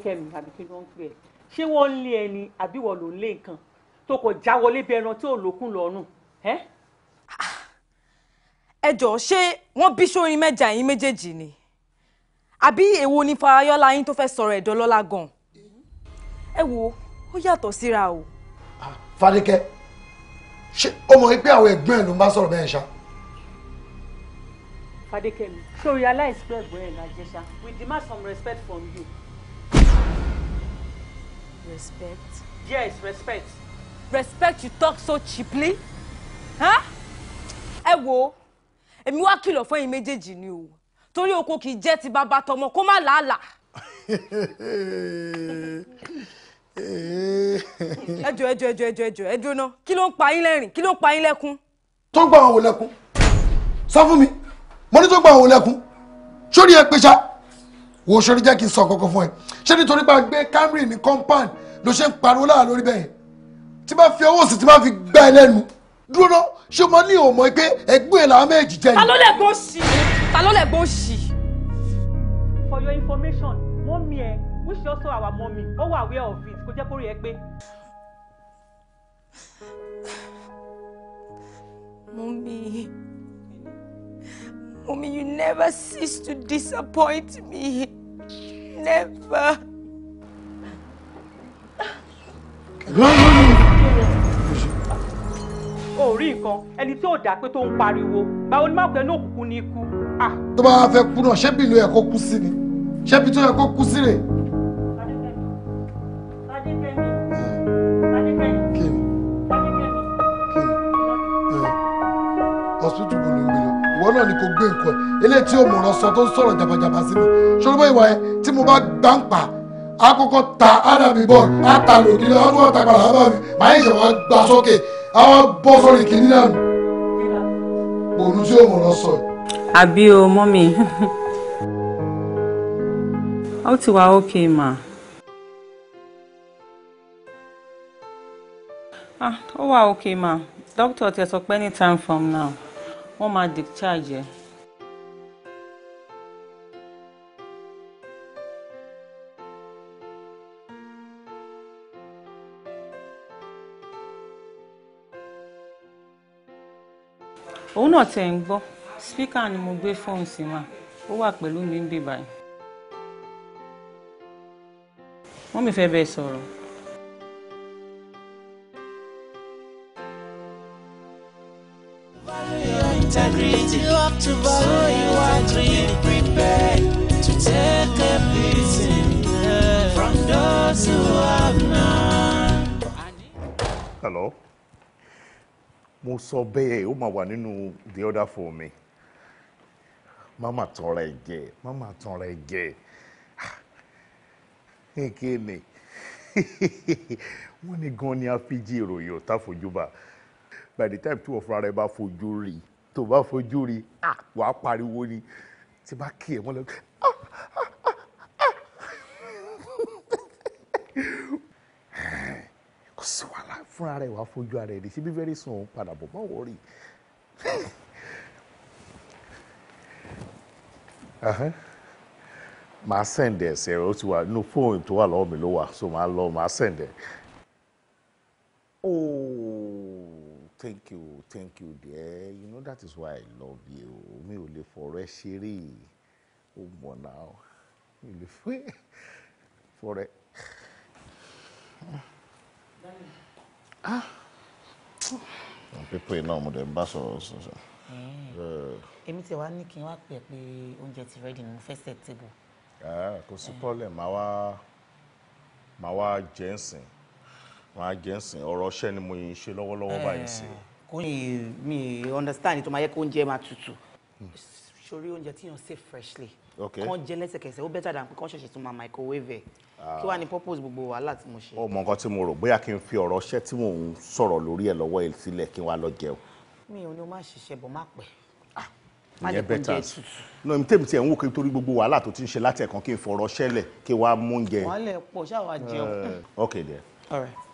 adékẹ́mi àbí kí ló ń pè ẹ́ ṣé wọ́n ń lé ẹni àbí wọ́n ló ń lé nǹkan tó kọ̀ já wọlé bí ẹran tí ò lókun lọ́rùn ẹ́. ẹ jọ̀ọ́ ṣé wọ́n bí sórin mẹ́jà yín méjèèjì ni àbí èwo ni farayọ́lá yín tó fẹ́ sọ̀rọ̀ ẹ̀dọ́ lọ́la gan-an ẹ wo ó yàtọ̀ síra o. Ah, fadékẹ́ ṣé o mọ̀ pé àwọn ẹ̀gbọ́n ẹ̀ ló ń bá sọ̀rọ̀ bẹ́ẹ̀ ṣá. fadékẹ́ mi ṣé o realize pé ẹ̀gbọ́n ẹ̀ we demand some respect from you. Respect? Yes, respect. Respect you talk so cheaply? Huh? Ẹ wo, èmi wá kìlọ̀ fún ẹ̀yin méjèèjì ni o, torí oko kì í jẹ́ ti bàbá tọmọ kó má làálàá. Ẹjọ ẹjọ ẹjọ ẹjọ ẹjọ ẹjọ náà kí ló ń pa yín lẹ́rìn kí ló ń pa yín lẹ́kún. Tó ń gbà wọn wò lẹ́kún, sọ fún mi, mo ní tó ń gbà wọn wò lẹ́kún, sórí ẹ pèsè wo sori jẹ́ kí n sọ kankan fún ẹ ṣé nítorí pé a Camry ní compound ló ṣe ń pariwo láà lórí bẹ́ẹ̀ tí bá fi ọwọ́ sí tí bá fi gbá ẹ lẹ́nu dúró náà ṣé mo ní òmò pé ẹgbẹ́ ẹ̀ làwọn méjì jẹ́ ni. ta ló lè gbó sí i ta ló lè gbó sí i. for your information mọ́mí ẹ wíṣẹ́ ọ̀sọ́ àwa mọ́mí ó wà aware of it kó jẹ́ kórè ẹ pé. Mummy, Mummy, you never cease to disappoint me. Never. o rí nǹkan ẹni tí ò dá pé tó ń pariwo báwo ni máa pẹ ní òkùnkùn ní ikú. Ah. tó bá fẹ́ kú náà ṣé bí ìlú ẹ̀ kó kú sí ni ṣé bí tó yẹ kú sí rèé. ìwọ náà ni kò gbé nǹkan ẹ eléyìí tí òmùrọ̀ sọ tó ń sọ̀rọ̀ jàbàjàbà sí mi ṣòro ìwà ẹ tí mo bá gbà ń pa àkọ́kọ́ ta ara bọ ata lòdì náà wọn padà bá mi màá yẹ wọn gbà sókè àwọn bọ sórí kìíní náà nù òun tí òmùrọ̀ sọ. àbí o mọ́mì ó ti wá ókè mà. ó wà ókè mà dókítà ti sọ pé anytime from now. wọ́n máa discharge ẹ̀. òun náà tẹ̀ ń gbọ́ spíkà ni mo gbé fóònù sí ma, ó wà pẹ̀lú mi ń bì báyìí wọ́n mi fẹ́ bẹ́ẹ̀ sọ̀rọ̀. integrity. Up to value so you are really prepared to take a beating uh, from those who have none. Hello. mo sọ bẹ́ẹ̀ ó máa wà nínú the order for me mama tanra ẹ jẹ mama tanra ẹ jẹ kéèké ni wọ́n ní gan ni a fi jí ìròyìn ọ̀tá fojúbà by the time two of fúnra rẹ̀ bá fojú rí tó bá fojú rí wà á pariwo ni tí bá kí ẹ mọ́ lọ. Ah, ah, ah, kò sí wàhálà fúnra rẹ̀ wàá fojú ara ẹ̀ ṣe bí very soon padà bọ̀ má wọrí. màá send ẹ̀ sẹ́rẹ̀ ó ti wà nínú fóònù tó wà lọ́wọ́ mi ló wà so màá lọ màá send ooo. Oh thank you thank you there you know that is why i love you mi ò lè fọ̀rọ̀ ẹ ṣeré o mọ̀ náà mi ò lè fẹ́ fọ̀rọ̀ ẹ. pípé náà mo dẹ̀ ń bá sọ̀rọ̀ sọ̀rọ̀. Hmm. èmi tí wàá ní kí n wá pè pé oúnjẹ ti rẹ́dì ni mo fẹ́ set table. Ah, kò sí problem màá wá màá wá jẹ́ ń sìn máa jẹ́ ǹsìn ọ̀rọ̀ ọṣẹ́ ni mo yìí ṣe lọ́wọ́lọ́wọ́ eh, báyìí sí. kò ní mi understand tó máa kó oúnjẹ máa tutù hmm. sórí oúnjẹ tí yàn ṣe freshly kàn jẹ lẹ́sẹ̀kẹsẹ̀ ó better than pé kàn ṣẹ̀ṣẹ̀ tún máa microwave ẹ̀ ah. kí wàá ní purpose gbogbo wàhálà tí mo ṣe. ó mọ nǹkan tí mo rò bóyá kí n fi ọ̀rọ̀ ọṣẹ́ tí mò ń sọ̀rọ̀ lórí ẹ̀ lọ́wọ́ ẹ̀ sílẹ̀ kí n wá lọ jẹun. mi ò ní o máa ṣiṣẹ́ bọ̀ má pẹ́ ah, ìyẹn bẹ́tà náà mi tèmi tiẹ̀ ń wò kí n torí gbogbo wàhálà tó ti ń ṣe látẹ̀kan kí n fọ̀rọ̀ ṣẹlẹ̀ kí n mú oúnjẹ. wàhálà pọ̀ ṣáà wá jẹun. Eh, ok there. all right.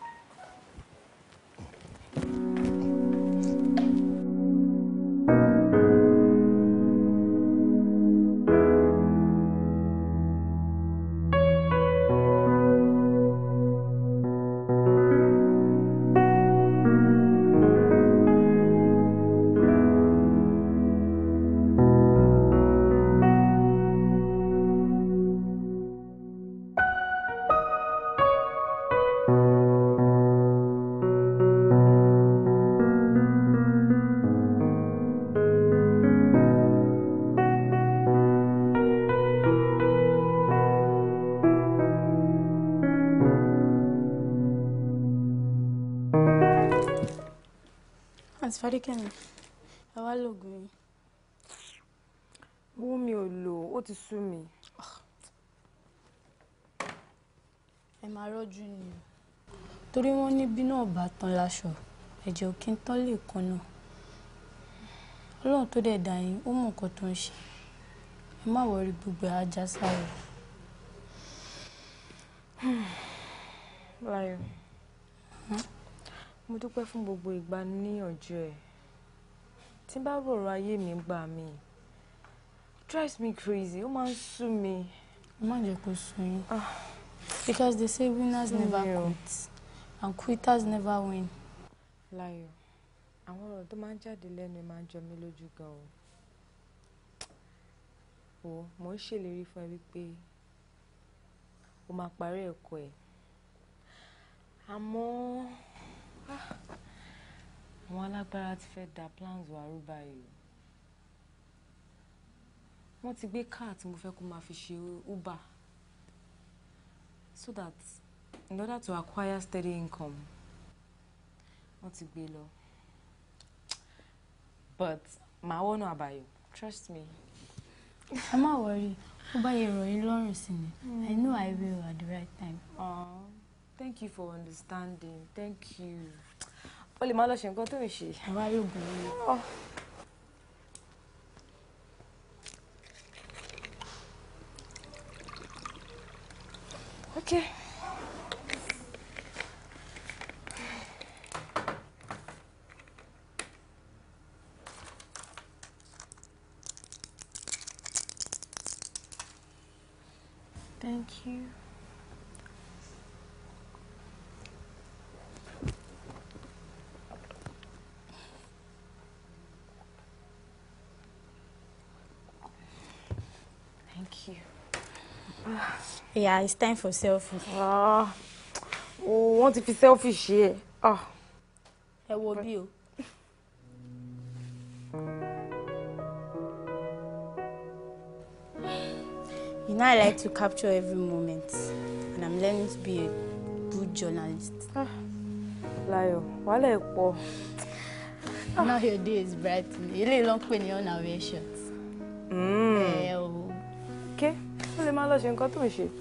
nurse fadékẹ́mi ẹ wá lóògùn yìí. wú mi ò lò ó ti sú mi. ẹ máa rọ́jú ni o torí wọ́n ní bí náà bá tán láṣọ ẹ̀jẹ̀ ò kí ń tán lè kan náà ọlọ́run tó dẹ̀ dà yín ó mọ̀ nǹkan tó ń ṣe ẹ má wọrí gbogbo ajá sáré. láyọ̀. Hmm. Huh? Hmm mo dúpẹ́ fún gbogbo ìgbaniníyànjú ẹ tí n bá rọ̀rọ̀ ayé mi gbà mí drives me crazy ó máa ń sú mi. má jẹ́ kó sú yín ah. because they say winners never quit and quitters never win. láyọ̀ àwọn ọ̀rọ̀ tó máa ń jáde lẹ́nu máa ń jọ mí lójú gan-an o mo ń ṣèlérí fún ẹ wípé o máa parí ẹ̀kọ́ ẹ̀ àmọ́. Ah. àwọn alágbára ti fẹ́ da plans wa rú báyìí o wọ́n ti gbé káà tí mo fẹ́ kó máa fi ṣe uber so that in order to acquire steady income wọ́n ti gbé lọ but màá wọ́nà àbàyọ trust me. ẹ má wọrí ó bá yẹ rọ̀ yín lọ́rùn sí mi i know i will at the right time. Aww thank you for understanding thank you o lè máa lọ ṣe nǹkan tó ń ṣe. àwa yóò gùn okay. Yeah, it's time for selfish. Ah, oh, wọ́n ti fi selfie ṣe ẹ. Ah. Ẹ wo bí o. You know, I like to capture every moment, and I'm learning to be a good journalist. Ah, what are you pọ̀. Ah. Now your day is bright. You're ló ń pè ní ọ̀nà away hmm. eh, Okay. Ẹ o. Ké, ó lè máa lọ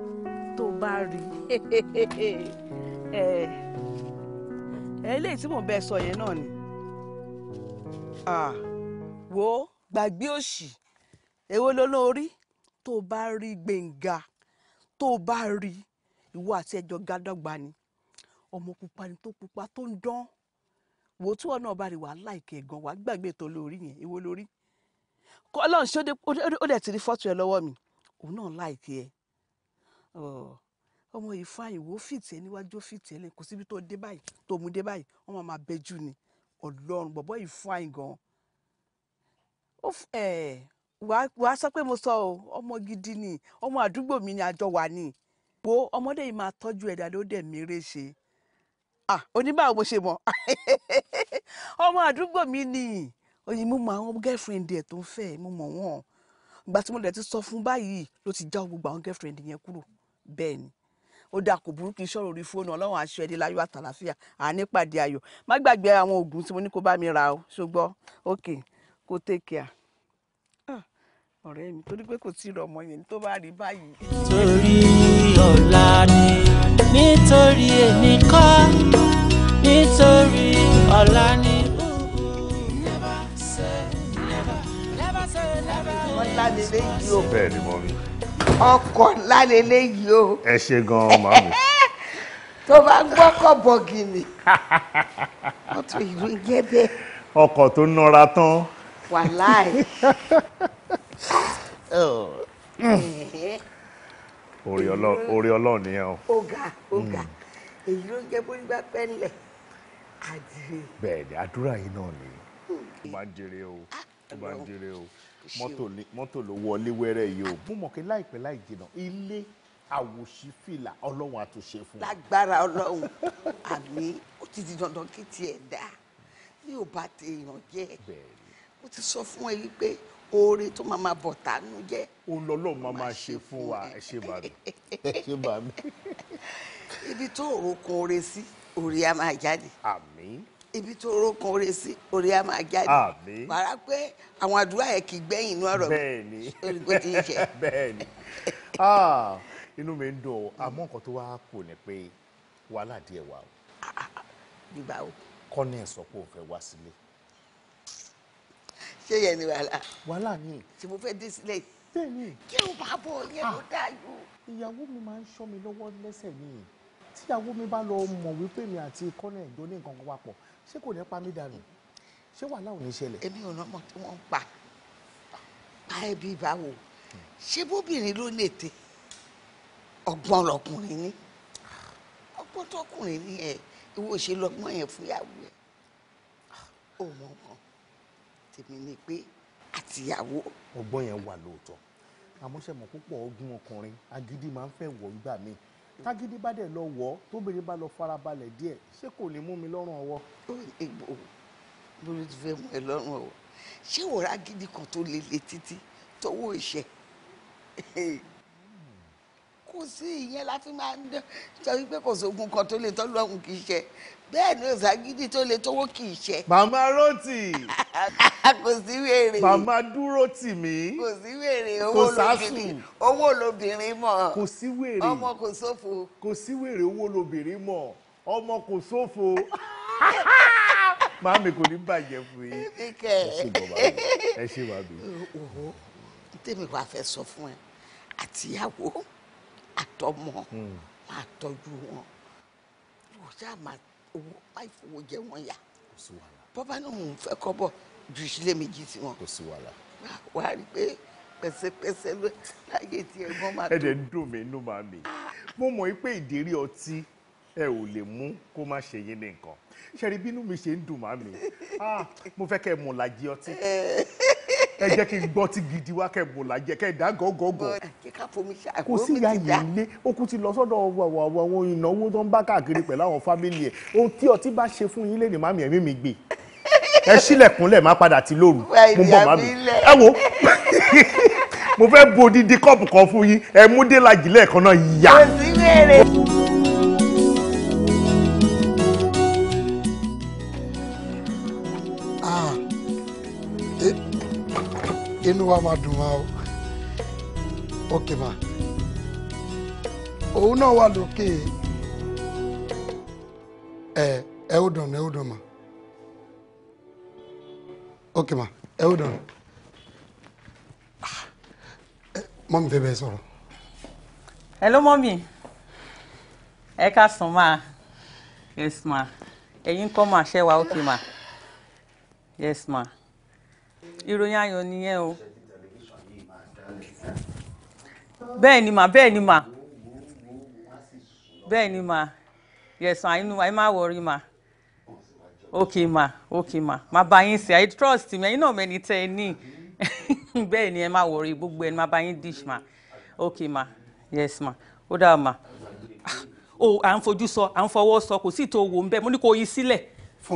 tó bá rí eh. Eh, eléyìí tí mò ń bẹ sọ yẹn náà ni wo gbàgbé òṣì èwo ló lórí tó bá rí gbẹ̀ngà tó bá rí ìwọ àti ẹjọ́ gádọ́gba ni ọmọ pupa ni tó pupa tó ń dán wo tí wọn náà bá rí wàá láìkè gan wàá gbàgbé tó lórí yẹn èwo lórí kọ́ ọlọ́run ṣé ó dẹ̀ ti rí fọ́tò ẹ lọ́wọ́ mi òun náà láìkè ẹ ọmọ yìí fa ìwò fìtì ẹ níwájú fìtì ẹ lẹ kò síbi tó dé báyìí tó mú dé báyìí wọn máa máa bẹjú ni Ọlọ́run bọbọ yìí fa ìgàn ó ẹ wàá sọ pé mo sọ o ọmọ gidi ni ọmọ àdúgbò mi ni àjọ wà ni wo ọmọdé yìí máa tọ́jú ẹ̀dá ló dẹ̀ méré ṣe ah oníbàwọ̀ mo ṣe mọ̀ ọmọ àdúgbò mi ni oyin mo mọ àwọn girlfriend ẹ̀ tó ń fẹ́ mo mọ̀ wọ́n ìgbà tí mo dẹ̀ ti sọ fún báyìí ló ti já gbogbo àwọn girlfriend yẹn kúrò bẹ́ẹ̀ ni ó dáa kò burú iṣẹ́ òrì fóònù ọlọ́run aṣọ ẹni láyọ̀ àtàlàfíà àní pàdé ayọ̀ má gbàgbé àwọn oògùn tí mo ní kó bá mi ra o ṣùgbọ́n ok kó take care ah, ọ̀rẹ́ mi torí pé kò tí ì rọ̀ yẹn tó bá rí báyìí. torí ọ̀la ni nítorí èmi kọ́ nítorí ọ̀la ni. wọ́n lá mi ọkọ̀ lálẹ́lẹ́ yìí o. ẹ ṣe gan-an màmí. tó bá gbọ́kọ̀ bọ̀gìnì wọ́n tún ìlú jẹ́ bẹ́ẹ̀. ọkọ̀ tó nọra tán. wàláì. orí ọlọ́run nìyẹn o. ọ̀gá ọ̀gá hmm. èyí ló jẹ́ bó nígbà pẹ́ńlẹ̀ àdìrẹ́. bẹ́ẹ̀ ni àdúrà yìí náà ni. Hmm. ó máa ń jèrè o. Ah, tó bá jèrè o mọ́tò ló wọlé wẹ́rẹ́ yìí o mo mọ̀ pé láì jìnà ilé àwòṣífìlà ọlọ́run àtúnṣe fún un. lágbára ọlọ́run àmì ó ti di dandan kí tiẹ̀ dá bí ò bá tèèyàn jẹ́ ó ti sọ fún ẹ wípé oore tó máa ma bọ̀ tánú jẹ́. ó lọ lọ́ọ́ máa ma ṣe fún wa ẹ ṣe bá ẹ ṣe bá ibi tó òrokun oore sí oore a máa jáde. àmín ibi tó rókan oore sí oore á máa jáde wàrà pé àwọn àdúrà yẹn kì í gbẹ̀yìn inú ọ̀rọ̀ mi lórí bó ti ń ṣe. ni ah, inú mi ń dùn ọ àmọ́ nǹkan tó wá kù ni pé wàhálà díẹ̀ wà o. Ah, ah, bíbá o. kọ́ni ẹ̀ sọ pé òun fẹ́ wá sílé. ṣé yẹn ni wàhálà. wàhálà ni. tí mo fẹ́ dé sílé. bẹ́ẹ̀ni. kí o máa bọ̀ yẹn ló dáa ìyàwó mi máa ń ṣọ́ mi lọ́wọ́ lẹ́sẹ̀ mi tíyàwó mi bá lọ mọ̀ wípé mi àti kọ́ni ẹ̀jọ́ ní nǹkan kan papọ̀ ṣé kò ní pa mí dànù ṣé wàhálà ò ní ṣẹlẹ̀. èmi ò nọmọ tí wọn ń pa pa ẹbí báwo ṣé bóbìnrin ló lè tẹ ọgbọ́n lọkùnrin ní ọgbọ́n tọkùnrin ní ẹ ìwọ ṣe lọgbọ́n yẹn fúyàwó ẹ ò mọ ọmọ tèmi ni pé àtìyàwó. ọgbọ́n yẹn wà lóòótọ́ àmọ́ ṣe mọ̀ púpọ̀ ọgbọ́n ọkùnrin agídí máa ń fẹ́ wọ̀ ń gbà míì tágídí bá dẹ̀ lọ wọ̀ tóbìnrin bá lọ farabalẹ̀ díẹ̀ ṣé kò ní mú mi lọ́rùn ọwọ́. ìgbò lórí ti fẹ́ mú ẹ lọ́rùn ọwọ́ ṣé wòrà gidi kan tó lè lè títí tọwọ́ ìṣẹ́ kò sí ìyẹn la fi máa ń sọ wípé kò sóògùn kan tó lè tọ́lú ọ̀hún kì í ṣe bẹ́ẹ̀ ni òṣàgídí tó le tówó kì í ṣe. màmá rántí. kò sí wèrè. màmá dúró tì mí. kò sí wèrè owó lobìnrin owó lobìnrin mọ̀. kò sí wèrè ọmọ kò sófo. kò sí wèrè owó lobìnrin mọ̀ ọmọ kò sófo. màmí kò ní bàjẹ́ fún yín. ẹ ṣe bàbá mi. tèmi wàá fẹ́ sọ fún ẹ àtìyàwó àtọmọ máa hmm. tọ́jú wọn. Ọjà máa owó àìfowó jẹ wọn yà bọ́bá náà mò ń fẹ́ kọ́ bọ̀ ju ìṣílẹ̀ méjì sí wọn. kò sí wàhálà. wà á rí i pé pẹ̀sẹ̀pẹ̀sẹ̀ ló láyé tí ẹ̀gbọ́n máa tó. ẹ̀dẹ̀ ń dùn mí inú máa mi mo mọ̀ pé ìdérí ọtí ẹ ò lè mú kó má ṣe yín ní nǹkan ṣe bínú mi ṣe ń dùn máa mi ah, mo fẹ́ kẹ́ ẹ làjì ọtí. Eh ẹ jẹ́ kí n gbọ́ tí gidi wá kẹ́ bò lájẹ́ kẹ́ dá gọ́gọ́gọ́. kò sí ìyá yìí lé okùn ti lọ sọ́dọ̀ àwọn ìnáwó tó ń bá káàkiri pẹ̀lú àwọn fámìlì ẹ̀ ohun tí ọtí bá ṣe fún yín lè ní màmí ẹ̀mí mi gbé ẹ sílẹ̀kùnlẹ̀ má padà ti lóru mo bọ̀ màmí ẹ wo mo fẹ́ bo dídí kọ́ọ̀pù kan fún yín ẹ mú dé lẹ́ẹ̀kan náà yá. kò sí wẹ́rẹ́. wá máa dùn máa o okay ma òun náà wà lókè ẹ ẹ ó dùn ẹ ó dùn ma okay ma ẹ ó dùn mọ́mí fẹ́ bẹ́ẹ̀ sọ̀rọ̀. hello mọ́mí ẹ ká sùn máa yes ma ẹ̀yin kọ́ máa ṣẹ́ wa ó ma yes ma ìròyìn ayọ̀ nìyẹn o. bẹ́ẹ̀ ni mà bẹ́ẹ̀ ni mà bẹ́ẹ̀ ni mà yes ma inú ma ẹ má wọrí ma ok ma okay ma má bá yín sí i trust mi ẹ̀yin náà mẹ́ni tẹ́ ẹ ní bẹ́ẹ̀ ni ẹ má wọrí gbogbo ẹ ma bá yín dish ma Ok ma yes ma ó dáa ma ah, o oh, à ń fojú sọ à ń fọwọ́ sọ kò sí ìtòwò ń bẹ mo ní kó yí sílẹ̀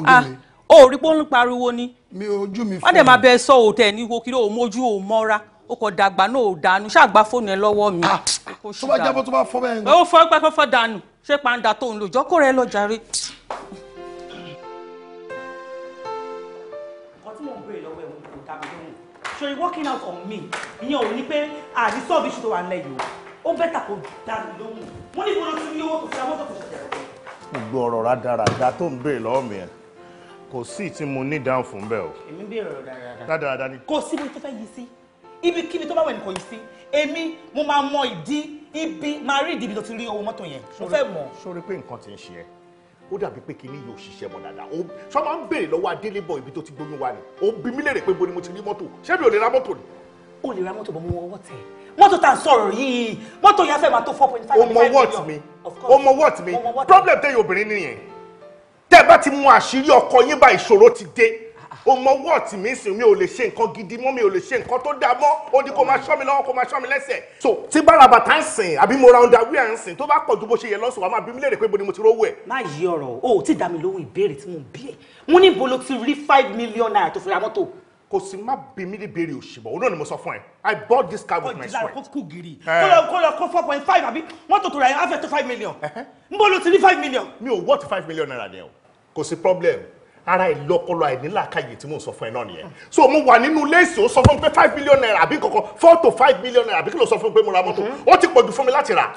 ah o oh, rí pé ń pariwo ni mi ojú mi wọ́n dẹ̀ máa bẹ sọ òtẹ̀ ní wo kiri òun mójú òun mọ́ra ó kò dàgbà náà ò dànù ṣáà gba fóònù ẹ lọ́wọ́ mi. Ah, tó bá jábọ́ tó bá fọ́ bẹ́ẹ̀ ni. ó fọ́ pẹ́ fọ́fọ́ dànù ṣé pàǹdà tó ń lò jọ́kọ́ rẹ lọ jàre. ṣe you working out on me ìyẹn ò ní pé àdìsọ́ọ̀bì ṣètò wà lẹ́yìn o ó bẹ́tà kó dànù lóhùn mo ní ìbọn tí ní owó kò sí amọ́tò kò ṣẹ̀ṣẹ̀ rẹ̀. gbogbo ọ̀rọ̀ rádaràda tó ń béèrè lọ́wọ́ mi ẹ̀ kò sí tí mo ní dáhùn fún bẹ́ẹ̀ o. èmi béèrè ọ̀rọ̀ dáradára. dáradára ni. kò sí bó tó fẹ́ yí sí ibikíbi tó bá wẹ̀ nìkan yìí sí èmi mo máa mọ ìdí ibi máa rí ìdí ibi tó ti rí owó mọ́tò yẹn mo fẹ́ mọ̀. sórí pé nǹkan ti ń ṣe ẹ́ ó dàbí pé kinní yóò ṣiṣẹ́ mọ́ dáadáa ó sọ máa ń béèrè lọ́wọ́ adélébọ̀ ibi tó ti gbóyún wa ni ó bí mí lérè pé bo ni mo ti rí mọ́tò ṣé mi ò lè ra mọ́tò ni. ó lè ra mọ́tò bọ́ mo wọ ọwọ́ tẹ̀ mọ́tò tá à sọ̀rọ̀ yìí mọ́tò yẹn fẹ́ máa tó four point five million. ọmọ wọ́ọ̀tì mi ọmọ wọ́ọ̀tì mi problem tẹ́yìn obìnrin nìyẹn tẹ́ ẹ bá ti mú àṣírí ọkọ yín bá ìṣòro ti dé o mọ wọ́ọ̀tì mi sìn mi ò lè ṣe nǹkan gidi mọ́ mi ò lè ṣe nǹkan tó dáa mọ́ ó ní kó máa ṣọ́ mi lọ́wọ́ kó máa ṣọ́ mi lẹ́sẹ̀. so tí báraba tá ń sìn àbí mo ra ọ̀dà wíà ń sìn tó bá pọ̀ ju bó ṣe yẹ lọ́sùn wa máa bí mi léèrè pé bo ni mo ti rówó ẹ̀. má yí ọ̀rọ̀ o ò tí ì dá mi lóhùn ìbéèrè tí mo bí ẹ̀ mo ní ibo ti rí five million naira tó fi ra mọ́tò kò sí má bí mi lè béèrè òṣìbọ̀ òun ni mo sọ fún ẹ i bought this car with my sweat. kò kú giri kó lọ kó four point five àbí mọ́tò tó ra yẹn á fẹ́ tó five million. n bó ti rí five million. mi ò wọ́ọ̀tì five million naira ni o kò sí problem ara ìlọkọlọ àìnílàkàyè tí mò ń sọ fún ẹ náà nìyẹn so mo wà nínú léèsì ó sọ fún mi pé five million naira àbí kankan four to five million naira àbí kí ló sọ fún mi pé mo ra mọ́tò mm-hmm. ó ti pọ̀jù fún mi láti rà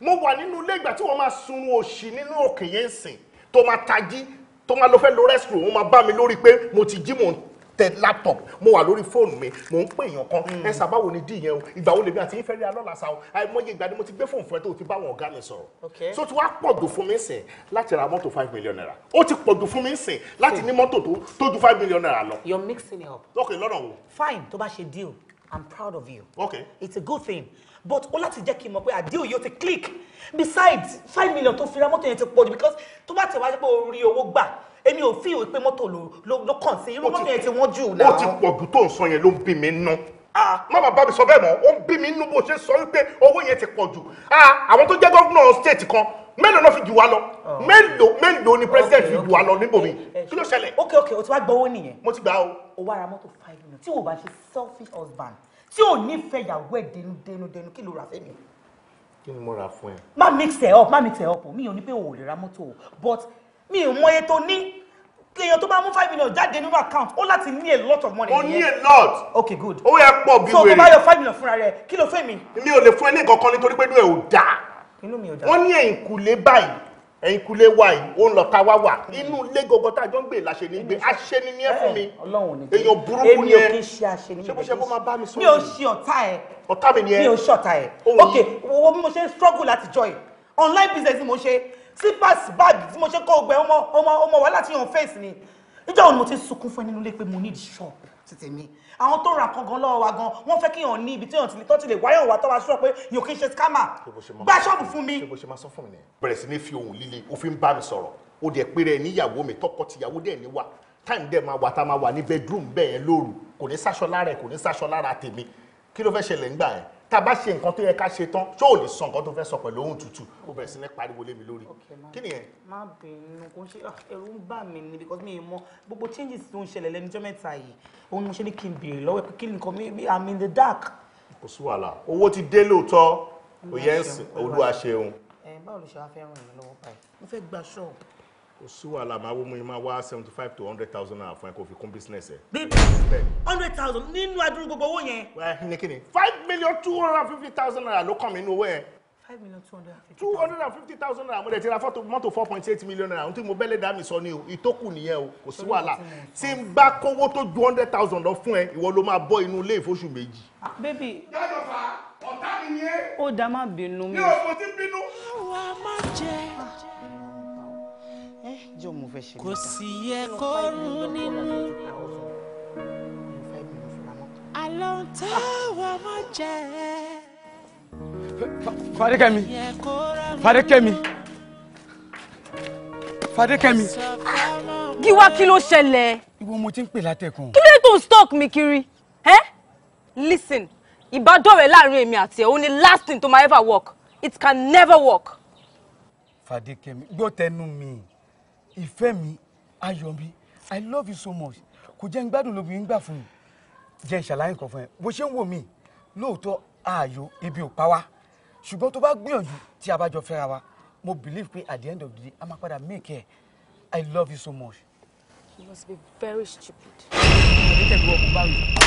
mo wà nínú ilé ìgbà tí wọ́n máa sun òṣì nínú òkè yẹn sìn tó máa tají tó máa lọ fẹ́ lo restroom wọ́n máa bá mi lórí pé mo ti jí mò ń tẹ laptop mo wà lórí fóònù mi mò ń pè èèyàn kan hmm. ẹ sà báwo ni dí yẹn o ìgbà wo lèmi àti yín fẹ́ rí alọ́la sa o àìmọye ìgbà ni mo ti gbé fóònù fún ẹ tó o ti bá àwọn ọ̀gá mi sọ̀rọ̀ so ti wá pọ̀ jù fún mi sìn láti ra mọ́tò five million naira ó ti pọ̀ jù fún mi sìn láti ní mọ́tò tó ju five million naira lọ. you're mixing it up. ok lọ́nà wo. fine tó bá ṣe deal i'm proud of you. okay it's a good thing but ó láti jẹ́ kí n mọ̀ pé àdéhùn yóò ti click besides five million tó fi ra mọ́tò yẹn ti pọ̀ jù because tó bá ti wáyé pé o rí owó gbà èmi ò feel pé mọ́tò ló kàn sí irú mọ́tò yẹn ti wọ́n jù náà. ó ti pọ̀ jù tó ń sọ yẹn ló ń bí mi nú ah. má bàbá mi sọ bẹ́ẹ̀ mọ́ ó ń bí mi nú bó ṣe sọ wípé owó yẹn ti pọ̀ jù ah, àwọn tó jẹ́ gọ́vùnà stéètì kan mélòó ló fi jù wá lọ oh. mélòó mélòó ni president fi jù wá lọ níbòmí eh, eh, kí ló ṣẹlẹ̀. ok ok o ti wá gbowó nìyẹn. mo ti gbà o. o wá ra mọ́tò five minutes. tí o bá ṣe selfish husband tí o nífẹ̀ẹ́ ìyàwó ẹ̀ dẹnu dẹnu dẹnu kí ló rà fẹ́ mi. kí ni mo rà fún ẹ. má mix ẹ up má mix ẹ up mi ò ní pé o ò lè ra mọ́tò o but mi ò mọ iye tó ní èèyàn tó bá mú five million jáde nínú account ó láti ní a lot of money. o ní a lot. ok good. ó yẹ pọ̀ bí wèrè. so tó bá yọ five million fúnra rẹ̀ kí ló fẹ́ mi. mi ò lè fún ẹ ní nǹkan kan nítorí pé inú ẹ ò dáa. inú mi ò dáa. wọ́n ní ẹ̀yìn kùlé báyìí ẹ̀yìn kùlé wa yìí ó ń lọ ta wá wà inú ilé gọgọ tá a jọ ń gbé láṣẹ ní gbé aṣẹni ní ẹ fún mi èèyàn burúkú ni ẹ èmi ò kí ń ṣe aṣẹni ṣé bó struggle láti joy online business mo ṣe sípàsì báàgì tí mo ṣe kó gbẹ ọmọ ọmọ ọmọ wàhálà tí yàn fẹ́ẹ̀sì ni ìjọ òun ni mo ti sunkún fún ẹ nínú pé mo need shop ti tèmi àwọn tó ra kankan lọ́wọ́ wa gan wọ́n fẹ́ kí yàn ní ibi tí yàn ti lè tọ́jú lè wáyàn wá tọ́wọ́ aṣọ pé yòó kí n ṣe scammer gba ṣọ́ọ̀bù fún mi. ṣé bó ṣe máa sọ fún mi nìyẹn. bẹ̀rẹ̀ sí ní fi ohun líle òfin bá mi sọ̀rọ̀ bedroom bẹ́ẹ̀ lóru kò ní sáṣọ lára ẹ̀ kò ní sáṣọ tá a bá ṣe nǹkan tó yẹ ká ṣe tán ṣó ò lè sọ nǹkan tó fẹ́ sọ pẹ̀lú ohun tútù ó bẹ̀rẹ̀ sí ní pariwo lé mi lórí kí ni yẹn. má bínú kò ń ṣe ah, ẹ̀rù ń bà mí ni because mi ì mọ gbogbo changes tó ń ṣẹlẹ̀ lẹ́nu jọ́ mẹ́ta yìí òun ni mo ṣe ní kí n béèrè lọ́wọ́ pé kí ni nǹkan mi i'm in the dark. kò sí wàhálà owó ti dé lóòótọ́ òye ń sìn olúwa ṣeun. ẹ báwo ló ṣe wá fẹ́ ràn mí lọ́wọ́ báyìí mo fẹ́ gba ṣọ́ọ̀bù kò sí wàhálà máa wó mi máa wá seventy five to hundred thousand naira fún ẹ kó fi kún business ẹ. bíbí hundred thousand nínú adúrú gbogbo owó yẹn. wẹ́ẹ́ ní kíni five million two hundred and fifty thousand naira ló kàn mí nínú owó yẹn. five million two hundred and fifty thousand. two hundred and fifty thousand naira mo de ti ra mọ́tò four point eight million naira ohun mo bẹ́lẹ̀ dá mi sọ ni o ìtókù nìyẹn o kò sí wàhálà tí n bá kówó tó ju hundred thousand lọ fún ẹ ìwọ ló máa bọ́ inú ilé ìfóṣù méjì. Ah, bébì. yàtọ̀ fà ọ̀tá mi ni ẹ. ó dá má bínú mi. mi ò mo ti bínú. àwa máa jẹ jọ mo fẹ́ ṣe mí dá. kò sí yẹ kó rú nínú. àlọ́ ń tẹ́ wà mọ́ jẹ́. Fadékẹ́mi Fadékẹ́mi Fadékẹ́mi. Gíwá kí ló ṣẹlẹ̀? Ìwọ mo ti ń pè látẹ̀kùn. Kí ló dé tó ń stalk mi kiri? Eh? Listen, ìbádọ́rẹ̀ẹ́ láàrin èmi àti ẹ̀ ó ní last thing to my ever work. It can never work. Fadékẹ́mi, gbọ́ tẹnu mi ìfẹ́ mi ayọ̀ mi i love you so much kò jẹ́ ń gbádùn lóbi ń gbà fún mi jẹ́ ìṣàlàyé kan fún ẹ bó ṣe ń wò mí lóòótọ́ ààyò ibi ò pa wá ṣùgbọ́n tó bá gbìyànjú tí a bá jọ fẹ́ra wa mo believe pé at the end of the day a máa padà make ẹ i love you so much. you must be very stupid. ọ̀rẹ́ tẹ̀lé ọkùnrin báyìí.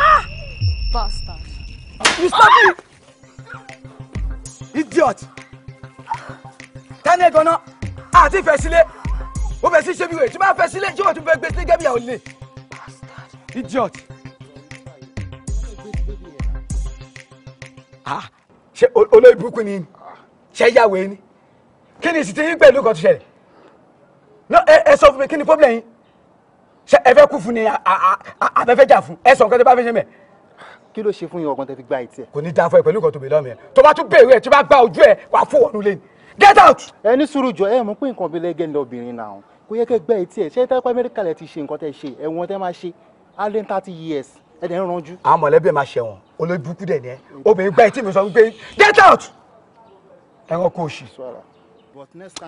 ah bastard. you stop me. idiot. tẹ́lẹ̀ gan-an àti ìfẹ́ sílé ó bẹ̀ sí ṣe bí wèrè tí máa fẹ́ sílé tí wọ́n tún fẹ́ gbé sí gẹ́bíà ò lè. idiot. Ah, ṣe olóyè burúkú ni ṣe yàwé ni kí ni ìsìtì yín pẹ̀lú kan tó ṣẹlẹ̀ no ẹ sọ fún mi kí ni problem yín ṣe ẹ fẹ́ kú fún ni àbẹ́fẹ́ jà fún ẹ sọ nǹkan tó bá fẹ́ ṣe mẹ́ kí ló ṣe fún yín ọgbọ́n tẹ fi gba ìtì ẹ. kò ní dáa fún ẹ pẹ̀lú nǹkan tó bẹ lọ́mọ yẹn tó bá tún béèrè ẹ tó bá gba ojú ẹ wàá fò wọnú lẹ́nu get out. ẹ ní sùúrù jọ ẹ mọ̀ pé nǹkan bíi lẹ́gẹ̀ẹ́ lọ́bìnrin náà kò yẹ kẹ́ gbẹ́ etí ẹ̀ ṣé tẹ́pẹ́ amẹ́ríkà lẹ ti ṣe nǹkan tẹ́ ṣe ẹ̀wọ̀n tẹ́ máa ṣe alẹ́ thirty years ẹ̀ dẹ̀ ń ranjú. àwọn mọ̀lẹ́bí ẹ̀ máa ṣẹ̀wọ̀n olóyè burúkú dẹ̀ ni ẹ mm. obìnrin gbá etí mi sọ wípé get out ẹ̀rọ kò ṣì.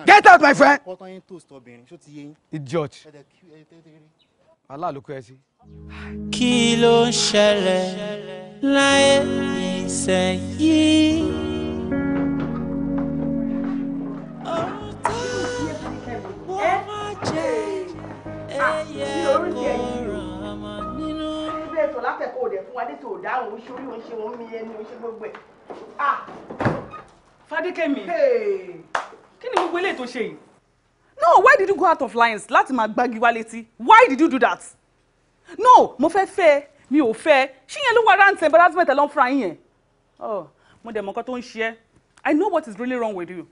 get out my friend. idiot aláàlùkọ ẹ sí. kí ló ń ṣẹlẹ̀ láyé ìsẹ̀yìn. ètò látẹ̀kọ́ òdẹ̀ fún wa dé tó dáhùn oṣù orí oṣù wọn mi ẹni oṣù gbogbo ẹ̀. Fadékẹ́mi kí ni gbogbo eléyìí tó ṣe yìí. No, why did you go out of lines láti máa gbági wá létí? Why did you do that? No, mo fẹ́ fẹ́ mi ò fẹ́ ṣíyẹn ló wà rántí embarrassment ẹ̀ lọ́n fúnra yín yẹn. Oh, mo dẹ̀ mọ̀ nǹkan tó ń ṣe ẹ́. I know what is really wrong with you.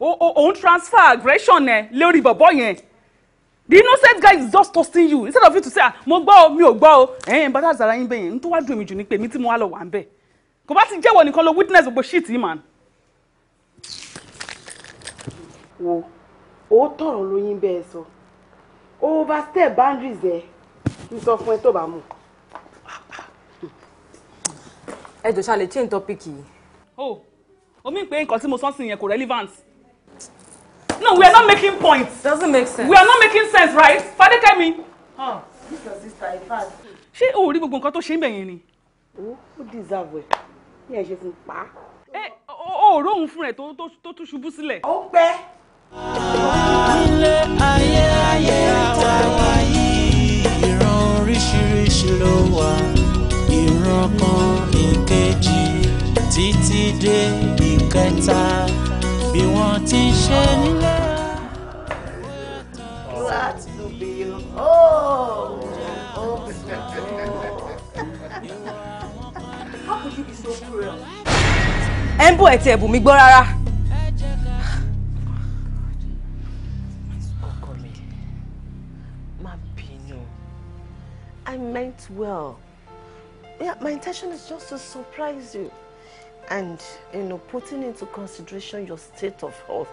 Òun transfer aggression ẹ lórí bọ̀bọ̀ yẹn the innocent guy is just trusting you instead of you to say ah mo gbọ́ o mi ò gbọ́ o ẹ̀yin bàtà zara yín bẹ́yẹn n tó wá dùn èmi jù ní pé èmi tí mo wá lọ wà ń bẹ̀ kò bá ti jẹ́wọ́ nìkan lọ witness gbogbo shit yìí man. wo ó tọrọ lóyún bẹ́ẹ̀ sọ overstep boundaries ẹ n sọ fún ẹ tó bá mú. ẹ jọ̀ọ́ ṣá lè change topic yìí. Oh, o omi pé nǹkan tí mo sọ sí yẹn kò relevant No, we are not making points. Doesn't make sense. We are not making sense, right? Father, Oh, sister, sister, this is Ṣé o rí gbogbo nǹkan tó ṣe ń bẹ̀yẹn ni? Ó deserve it? Ní ẹ̀ ṣe fún pa. Ẹ o ò róhun fún rẹ̀ tó tún ṣubú sílẹ̀. Ó pẹ́. Ilé ayé ayé àwa bí wọ́n ti ṣe nílé. Glad to be home. Oh, oh. How could you be so cruel? Ẹ ń bọ̀ ẹ̀tẹ̀ ẹ̀bùn mi gbọ́ rárá. Ọkọ mi, má bínú. I meant well. Yeah, my intention is just to surprise you and you know putting into consideration your state of health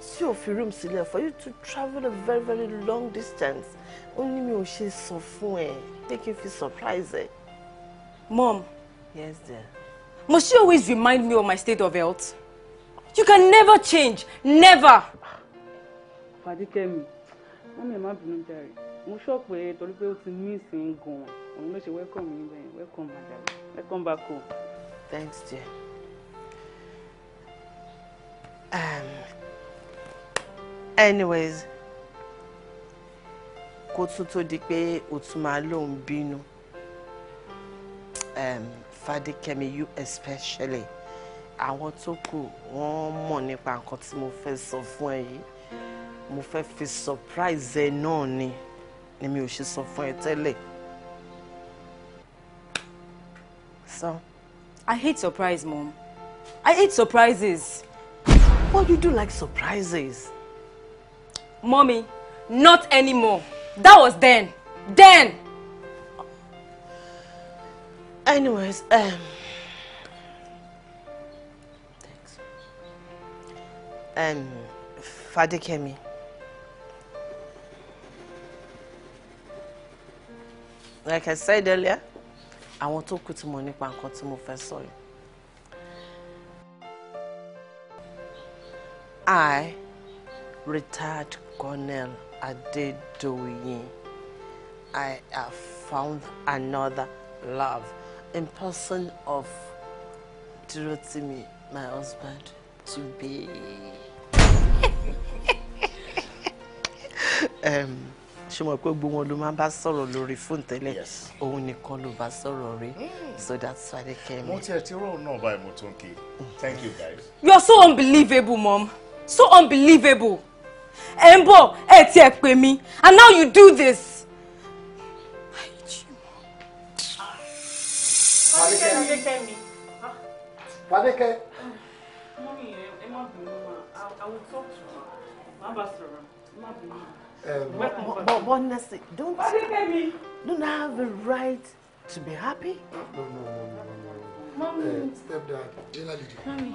tí o fi room sílẹ̀ for you to travel a very very long distance ó ní mi ò ṣe sọ fún ẹ pé kí n fi surprise mom. yes dear. must you always remind me of my state of health you can never change never. fàdíkẹ́mi mọ́mí ẹ̀ má bínú jàre mo sọ pé torí pé ó ti mí ìsìn gan-an òun ló ṣe welcome yín bẹ́ẹ̀ welcome madam welcome back home. thanks dear um, anyways kó tún tó di pé òtún máa lóun bínú um, Fadékẹ́mi you especially àwọn tó kù wọ́n mọ̀ nípa nǹkan tí mo fẹ́ sọ fún ẹ yìí mo fẹ́ fi surprise ẹ náà ni ni mi ò ṣe sọ fún ẹ tẹ́lẹ̀. So, I hate surprise, Mom. I hate surprises. What you do like surprises? Mommy, not anymore. That was then. Then! Anyways, um... Thanks. Um, Father, Fadikemi. Like I said earlier, I want to tí money nípa nǹkan tí mo fẹ́ sọ yìí. I, retired Colonel Adedoyin, I have found another love in person of Tirotimi, my husband, to be. um, ṣe mọ̀ pé gbogbo wọn ló máa bá sọ̀rọ̀ lórí fóònù tẹ́lẹ̀ òun nìkan ló bá sọ̀rọ̀ rí hmm. so that's why they came. mo tiẹ̀ ti rọ̀ náà báyìí mo tún kí thank you guys. you are so unbelievable mom so unbelievable ẹ ń bọ̀ ẹ tiẹ̀ pè mí and now you do this. Fadékẹ́. Fadékẹ́. Mọ́mí honestly, don't don't I have a right to be happy? No, no, no, no, no. no. Mommy. Uh, step down. Mommy,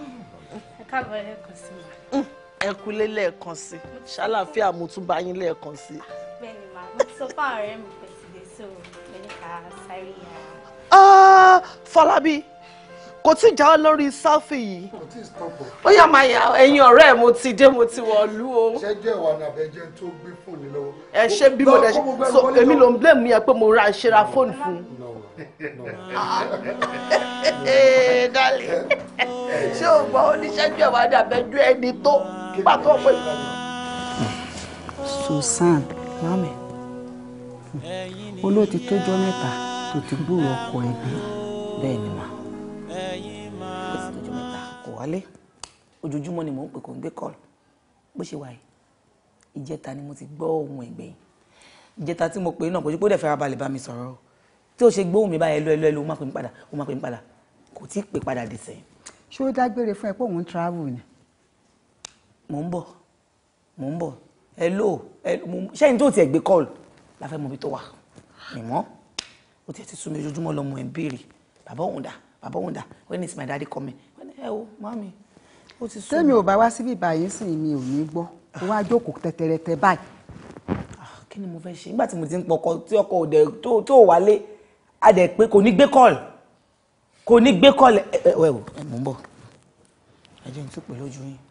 I can't go ahead, Kosima ẹ kúlé lẹ́ẹ̀kan sí ṣàlàáfíà mo tún bá yín lẹ́ẹ̀kan sí. Ah, bẹ́ẹ̀ni màá mo ti sọ fún àwọn mi pẹ̀sìdẹ̀ so mo ní ká sáré yàrá. Ah, Fọlábí kò tí jáwọ́ lórí sáfì yìí ó yà máa yà ẹ̀yin ọ̀rẹ́ mo ti dé mo ti wọ̀lú o. ṣẹ́jẹ́ wà ní abẹ́jẹ́ tó gbé fóònù lọ́wọ́. ẹ ṣe bí mo dẹ̀ ṣe so èmi ló ń blame mi yẹn pé mo ra ṣe ra fóònù fún un. Eh, eh, eh. ṣé o gbọ́ oníṣẹ́jú ẹ̀ wà ní ẹni tó ìgbà tó pè mí. Susan mami olóòtú tó jọ mẹ́ta tó ti gbúrò ọkọ ẹbí bẹ́ẹ̀ ni mà ó ti tó jọ mẹ́ta kò wálé ojoojúmọ́ ni mò ń pè kò ń gbé kọ́ọ̀lù bó ṣe wà yìí ìjẹta ni mo ti gbọ́ ohun ẹ̀gbẹ̀yìn ìjẹta tí mo pè náà kò jẹ́ pé ó dẹ̀ fẹ́ra balẹ̀ bá mi sọ̀rọ̀ o tí o ṣe gbóhùn mi báyìí ẹlú ẹlú ẹlú o máa pè mí padà o máa pè mí padà kò tí ì pè padà dì sẹ́yìn. ṣé ó dágbére fún ẹ pé òun travel ni mò ń bọ̀ mò ń bọ̀ hello ṣẹ́yìn tó tiẹ̀ gbé call la fẹ́ mọ ibi tó wà mímọ́ ó tiẹ̀ ti sún mi ojoojúmọ́ lọ́mọ ẹ̀ ń béèrè bàbá òun dà bàbá òun dà when is my daddy coming ẹ o mami ó ti sún mi. tẹ́mi ò bá wá síbí báyìí sìn mi ò ní gbọ́ ó wá jókòó tẹ́tẹ́rẹ́tẹ́ báyìí. kí ni mo fẹ́ ṣe nígbà tí mo ti ń pọkọ tí ọkọ òde tó wálé a dẹ̀ pé kò ní gbé call kò ní gbé call ẹ ẹ wẹ̀ o ẹ mò ń bọ̀ ẹ jẹ́ n tún pè lójú yín.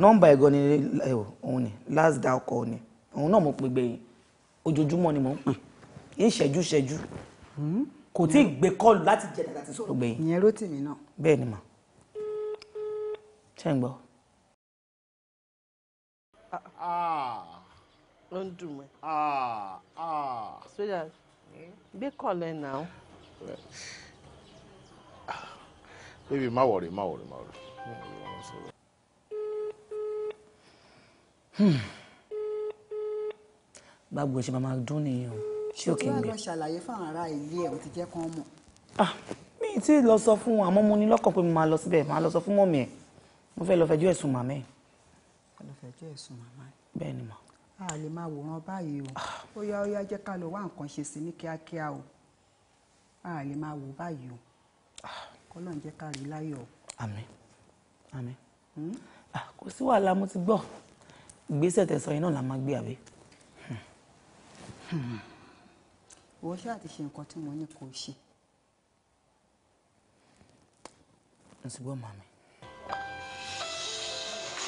nọ́mbà ẹ̀gọ́ ni òun ni last da ọkọ̀ òun ni òun náà mo pè gbẹ̀yìn ojoojúmọ́ ni mo ń pè ní ìṣẹ́jú ìṣẹ́jú hmm? kò tí ì gbé kọ́ọ̀lù láti jẹ dàda ti sọ̀rọ̀ gbẹ̀yìn. ìyẹn Rótìmí náà. bẹ́ẹ̀ ni mà ṣe ń gbọ́. Ah, ah. ó ń dùn mọ́ ah, ẹ. sójà gbé kọ́ọ̀lù ẹ̀ náà. bébí má wọrí má wọrí má wọrí. Hmm. gbàgbọ́ ṣe máa dún nìyẹn ṣé òkè ń gbé. o ti wá lọ ṣàlàyé fáwọn ará ilé ẹ̀ o ti jẹ́ kán mọ̀. Ah, mi ì lọ sọ fún wọn àmọ́ mo ní lọ́kàn pé mo máa lọ síbẹ̀ máa lọ sọ fún mọ̀mí ẹ̀ mo fẹ́ lọ fẹjọ́ ẹ̀sùn màmá ẹ̀. lọ fẹjọ́ ẹ̀sùn màmá ẹ̀. bẹ́ẹ̀ ni mà. a lè máa wòran báyìí o ah. ó yá ó yá jẹ́ ká lọ wá nǹkan ṣe sí ní kíákíá o a lè máa wò báyìí o ah. kọ́lọ́n jẹ́ ká rí láyọ̀. àmín àmín hmm? kò sí wàhálà mo ti gbọ́ ìgbésẹ̀ tẹ̀sán yìí náà la máa gbé àbí. ìwọ ṣáà ti ṣe nǹkan tí mo ní kó ṣe. n sì gbọ́ màmí.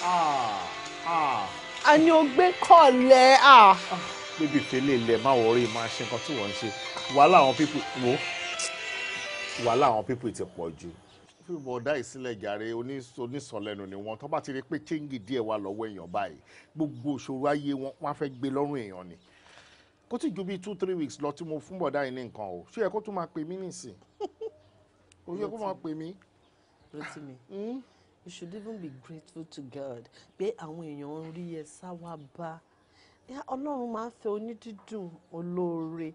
Ah, ah. a ní o gbé kọ̀ọ̀lẹ́ a. Ah. bébí fèlè lẹ má wọrí máa ṣe nǹkan tí wọ́n ń ṣe wàhálà àwọn pípì ti pọ̀ jù fi bọ̀dá ìsílẹ̀ jàre onísọlẹ́nu ni wọ́n tó bá ti rí pé chéńgì díẹ̀ wà lọ́wọ́ èèyàn báyìí gbogbo òṣòro ayé wọn wá fẹ́ gbé lọ́rùn èèyàn ni kó tí ju bíi two three weeks lọ tí mo fún bọ̀dá yìí ní nǹkan o ṣé ẹ kó tún máa pè mí nísìn o ṣe kó máa pè mí. Rotimi hmm? you should even be grateful to God pé àwọn èèyàn ń rí ẹ sáwá bá ọlọ́run máa ń fẹ́ onídídùn olóore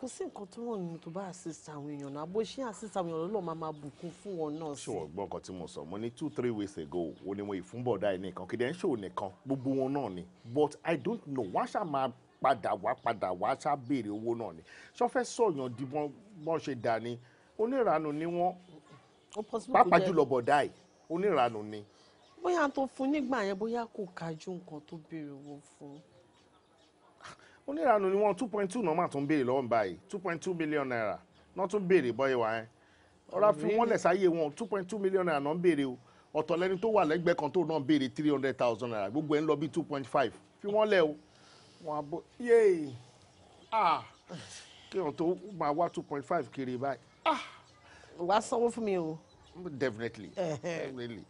kò sí nǹkan tó ràn nínú tó bá assist àwọn èèyàn náà bó ṣe assist àwọn èèyàn lọ́lọ́ máa máa bùkún fún wọn náà sí. ṣòwò gbọ́ nǹkan tí mo sọ mo ní two three weeks ago wo ni mo yìí ẹ̀ nìkan kí dẹ́n ṣòwò nìkan gbogbo wọn náà ni but i don't know wọ́n ṣáà máa padà wá padà wá ṣáà béèrè owó náà ni ṣọ́ fẹ́ sọ̀yàn di bọ́n ṣe dà ní oníranù ni wọ́n pàápàá jùlọ bọ̀dá ẹ̀ oníranù ni. bóyá tó fún nígbà yẹn bóyá kò kájú nǹkan tó béèrè owó fún oníranú ni wọ́n two point two nọ́mà tó ń béèrè lọ́wọ́ báyìí two point two million naira náà tún béèrè bọ́ ìwà yẹn ọ̀rá fi wọ́n lẹ̀ sáyé wọn two point two million naira náà béèrè o ọ̀tọ̀ lẹ́ni tó wà lẹ́gbẹ̀ẹ́ kan tó náà béèrè three hundred thousand naira gbogbo ẹ̀ ń lọ bí two point five fi wọ́n lẹ̀ o wọn àbọ̀ yéè ah kí wọn tó máa wá two point five kiri báyìí ah. wàá sanwó fún mi o. definitely definitely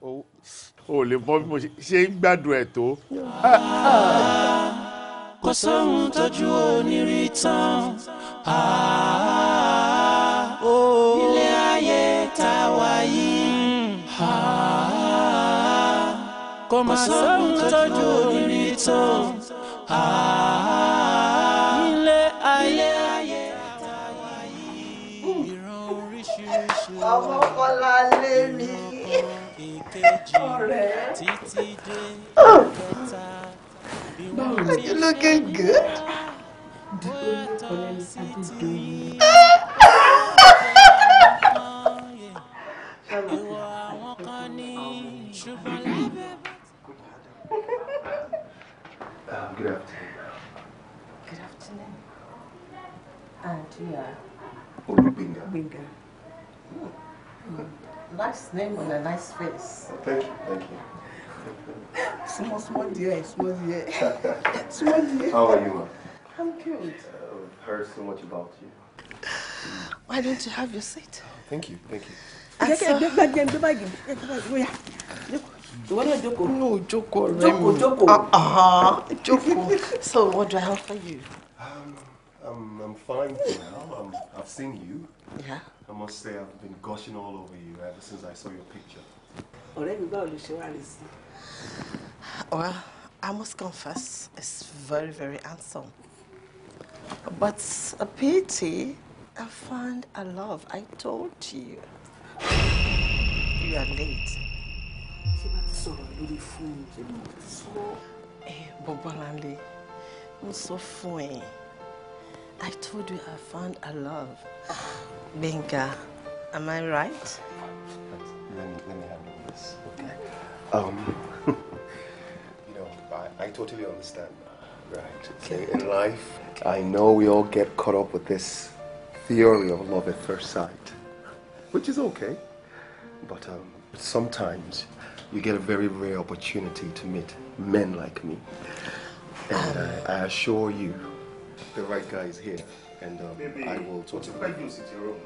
o lè mọ bí mo ṣe ń gbádùn ẹ̀ tó. kò sóhun tójú onírí tán ilé ayé tá a yìí kò sóhun tójú onírí tán. Oh. Are you looking good? Um, good afternoon. Good afternoon. And you are? Olu oh, Binga. Binga. Nice name on a nice face. Thank you, thank you. small, small dear, small dear. small dear. How are you, ma? I'm good. Uh, heard so much about you. Why don't you have your seat? Thank you, thank you. no, Joko. Joko, Joko. Uh-huh. Joko. So, what do I offer you? Um, I'm, I'm fine for now. i have seen you. Yeah. I must say I've been gushing all over you ever since I saw your picture. Ọ̀rẹ́ mi báwo ló Well, I must confess, it's very, very handsome. But a uh, pity, I found a love. I told you. You are late. Ṣé bá ti sọ̀rọ̀ lórí fóònù? I told you I found a love. Binka. am I right? Let me, let me handle this, okay? Um, you know, I, I totally understand, right? Okay. In life, okay. I know we all get caught up with this theory of love at first sight, which is okay. But um, sometimes you get a very rare opportunity to meet men like me. And um, I, I assure you, the right guy is here, and um, Maybe I will talk to him. What if I room?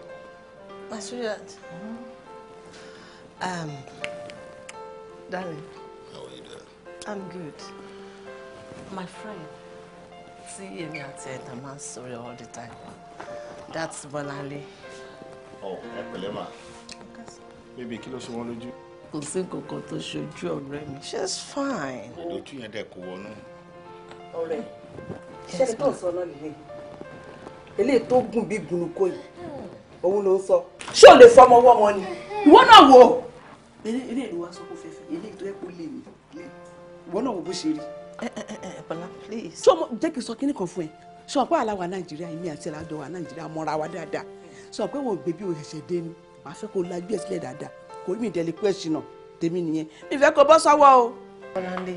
My sweetheart. Mm -hmm. Um, darling. How are you doing? I'm good. My friend, see me at the man sorry all the time. That's Bolale. Oh, Epelema. Maybe kí ló ṣe wọ́n lójú. Kò sí kankan tó ṣojú ọ̀rẹ́ mi. She's fine. Lójú yẹn dẹ̀ kò wọnú. Ọ̀rẹ́ iṣẹ́ tó ń sọ náà nìyẹn eléyìí tó gùn bí gùnùkọ yìí òun so. ń sọ ṣé o lè fọmọ ọwọ́ wọn ni ìwọ náà wò ó. eléyìí ló wá sọ kó fẹ́fẹ́ eléyìí tó yẹ kó lè mí ìwọ náà please. ṣé ọmọ jẹ́ kí n sọ kínní kan fún ẹ ṣé ọ̀pá aláwa nàìjíríà èmi àti ẹ̀làjọ wa nàìjíríà mọ́ra wa dáadáa ṣé ọ̀pá ìwọ̀n gbèbí ò ṣẹ̀ṣẹ̀ dé ni màá fẹ́ kó lajú ẹ̀ sílẹ̀ dáadáa kò rí mi ìdẹ́lẹ̀ question náà tèmi nìyẹn mi fẹ́ kó bọ́ sọ́wọ́ o. ọ̀làǹdé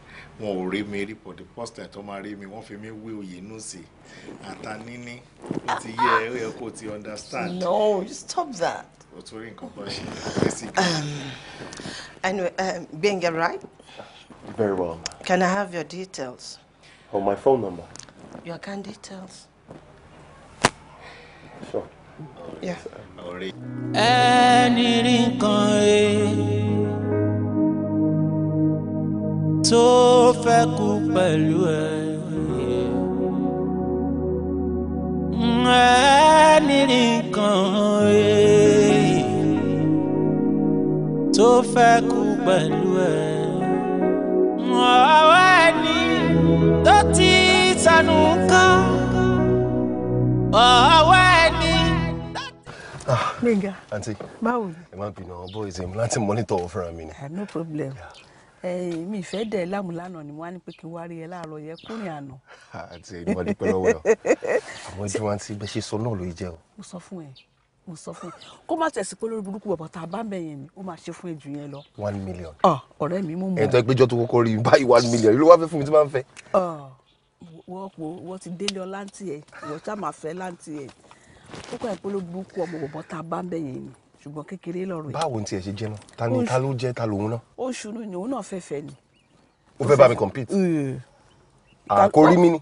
wọn ò rí mi rí pọ̀ the tó máa rí mi wọ́n fi mí wé òye inú àtàníní ó ti yẹ ẹ ó kó ti understand. no you stop that. o tún rí nǹkan tó ṣe basically. Um, anyway um, Gbenga right. very well. can I have your details. or oh, my phone number. your account details. sure. yeah. ẹni rí nǹkan ẹ̀ tó fẹ́ kú pẹ̀lú ẹ. ẹni nìkan tó fẹ́ kú pẹ̀lú ẹ. ọwọ́ ẹni tó ti sanu kan ọwọ́ ẹni. Ah, Gbẹ̀ngà, báwo ni? Ẹ má bínú, boys, èmi láti mọ́nítọ̀ ọ̀fẹ́ra mi ni. Ah, no problem. Yeah mi ìfẹ́ dẹ̀ láàmú lánàá ni mo wá ní pé kí n wá rí ẹ láàárọ̀ yẹ kúrin àná. àti ìdúpọ̀ dúpẹ́ lọ́wọ́ ẹ̀ àwọn ojú wa ti bẹ́ ṣe sọ náà ló jẹ́ o. mo sọ fún ẹ mo sọ fún ẹ kó má tẹ̀sí pé lórí burúkú bàbá tá a bá ń bẹ̀yẹn ni ó máa ṣe fún ẹ jù yẹn lọ. one million. Ah, ọ̀rẹ́ mi mú mọ́ ẹ. ẹ̀tọ́ ìpéjọ tó kọ́kọ́ rí báyìí one million ló wá fẹ́ fún mi tí máa ń fẹ́. wọ́n po wọ́n ti délé ọ láǹtì ẹ̀ wọ́n ṣá máa fẹ́ láǹtì ẹ̀ ó kọ́ ẹ̀ pé lórí burúkú ọmọ bàbá tá a bá ń bẹ̀yẹn ni ṣùgbọ́n kékeré lọ́rọ̀ yìí. báwo ni tiẹ̀ ṣe jẹ́ náà ta ni ta ló jẹ́ ta lòun náà. ó ṣùnú ni òun náà fẹ́ fẹ́ ni. ó fẹ́ bá mi compete. àkórí mi ni.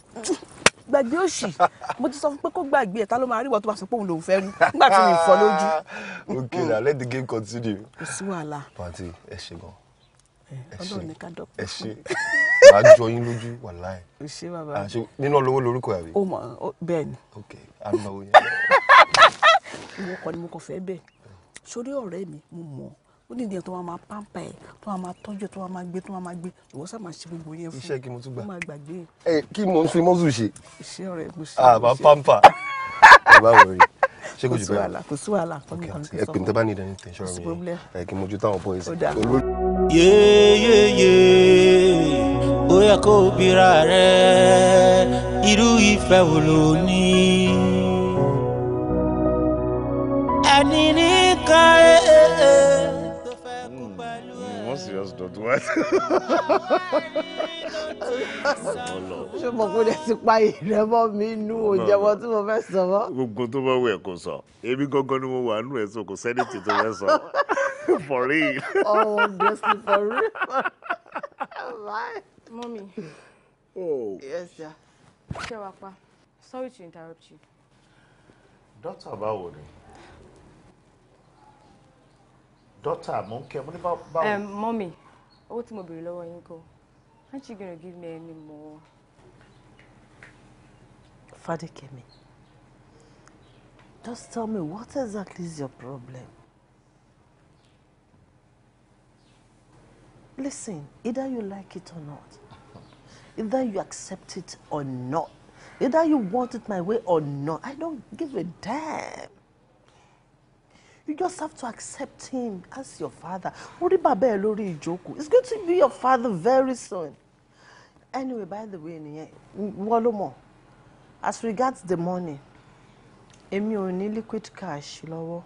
gbàgbé òṣì mo ti sọ fún pé kó gbàgbé ẹ̀ ta ló máa rí ìwọ tó bá sọ pé òun lòun fẹ́ rí nígbà tí mi fọ́ lójú. okay na let the game continue. kò sí wàhálà. pàǹtí ẹ ṣe gan. ọlọ́run ní ká dọ́pọ̀. ẹ ṣe wàá jọ yín lójú wàhálà ẹ. ò ṣe bàbá. Ah, nínú olówó lorúkọ yàrá. ó mọ bẹ́ẹ̀ ni. ok àmọ́ òye. ìwọ kọ́ ni mo kàn fẹ́ bẹ́ẹ̀ sórí ọ̀rẹ́ mi mo mọ̀ ó ní ìdíyẹn tó máa máa pàmpà ẹ̀ tó máa máa tọ́jú tó máa máa gbé tó máa máa gbé ìwọ sábà máa ṣe gbogbo yẹn fún iṣẹ́ kí mo tún gbà gbàgbé. ẹ kí mo ń fi mọ́tò ṣe. iṣẹ́ ọ̀rẹ́ mo ṣe. àbá pàmpà àbá wọ̀rẹ́ ṣé kò jù bẹ́ẹ̀. kò sí wàhálà kò sí wàhálà. ẹ pè ní tẹ́ bá mi ẹ kí mo ju táwọn boys. yeyeye ó yẹ kó o bira rẹ káre tó fẹ́ kú pẹ̀lú ẹ̀. wọ́n sì yọ sọ̀tọ̀ tó wá sí. ṣé mo kó lè ti pa ìrẹ́mọ́ mi nú òjẹ́wọ́ tí mo fẹ́ sọ mọ́. gbogbo tó bá wù ẹ́ kò sọ èmi gangan ni mo wà nù ẹ̀ sọ kò sẹ́ni tí tó fẹ́ sọ for real. oh obviously for real. Mommy. Oh. Yes, sir. Ṣé wàá pa? Sorry to interrupt you. Dọ́tà báwo ni? dọ́tà mo ń kẹ́ mo ní báwo. mọ́mì owó mo béèrè lọ́wọ́ yín kọ́ aren't you gonna give me any more. Father Fadikemi, just tell me what exactly is your problem? Listen, either you like it or not, either you accept it or not, either you want it my way or not, I don't give a damn. You just have to accept him as your father. Orí babe ẹ ijoku. ìjókòó. going to be your father very soon. Anyway, by the way, nìyẹn, wọ́n ló As regards the money, emi ò ní liquid cash lọ́wọ́.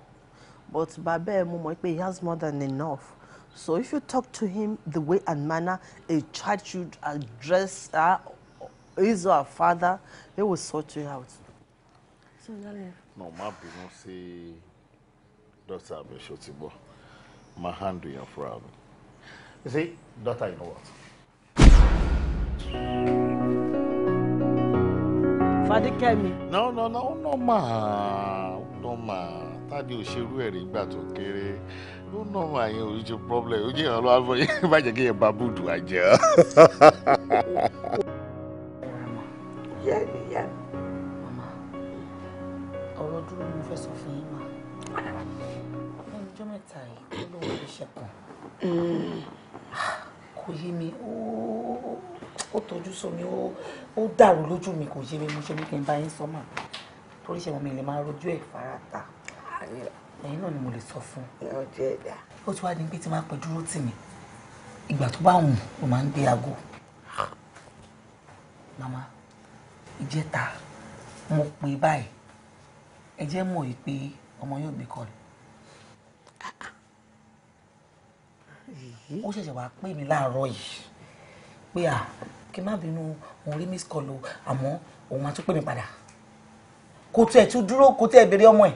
But babe ẹ mo mọ̀ pé he has more than enough. So if you talk to him the way and manner a child should address her, his or her father, he will sort you out. So, darling, no, má bínú sí i dọ́tà mi ṣó ti bọ́ máa handle you see daughter you know what. fadikemi. no no no no ma. no maa tádé òṣèrú ẹ̀rí gbà tó kéré No, ma, you àyẹn òjijì problem ojú ìrànlọ́ àbọ̀ yẹn má jẹ́ kí yẹn bá búdù àjẹ́ ọ́. ìyá mi ìyá mi. màmá ọ̀rọ̀ dúró ni mo fẹ́ sọ fún lẹ́tà yìí tó lóun fi ṣẹ̀kùn ah, kò yé mi ó tọ́jú sómi ó dàrú lójú mi kò yé mi mo ṣe ní kí n bá yín sọ mà torí ṣe wọn mi lè máa rojú ẹ̀ farata ẹ̀yin náà ni mo lè sọ fún ó ti wá ní pé tí máa pẹ́ dúró tì mí ìgbà tó bá wùn ó máa ń gbé aago màmá ìjẹta mo pè báyìí ẹ jẹ́ mọ̀ pé ọmọ yóò gbé kọ́ni ó ṣẹ̀ṣẹ̀ wá pè mí láàárọ̀ yìí pé à kí n má bínú òun rí miss call o àmọ́ òun á tún pè mí padà kò tiẹ̀ tún dúró kò tiẹ̀ béèrè ọmọ ẹ̀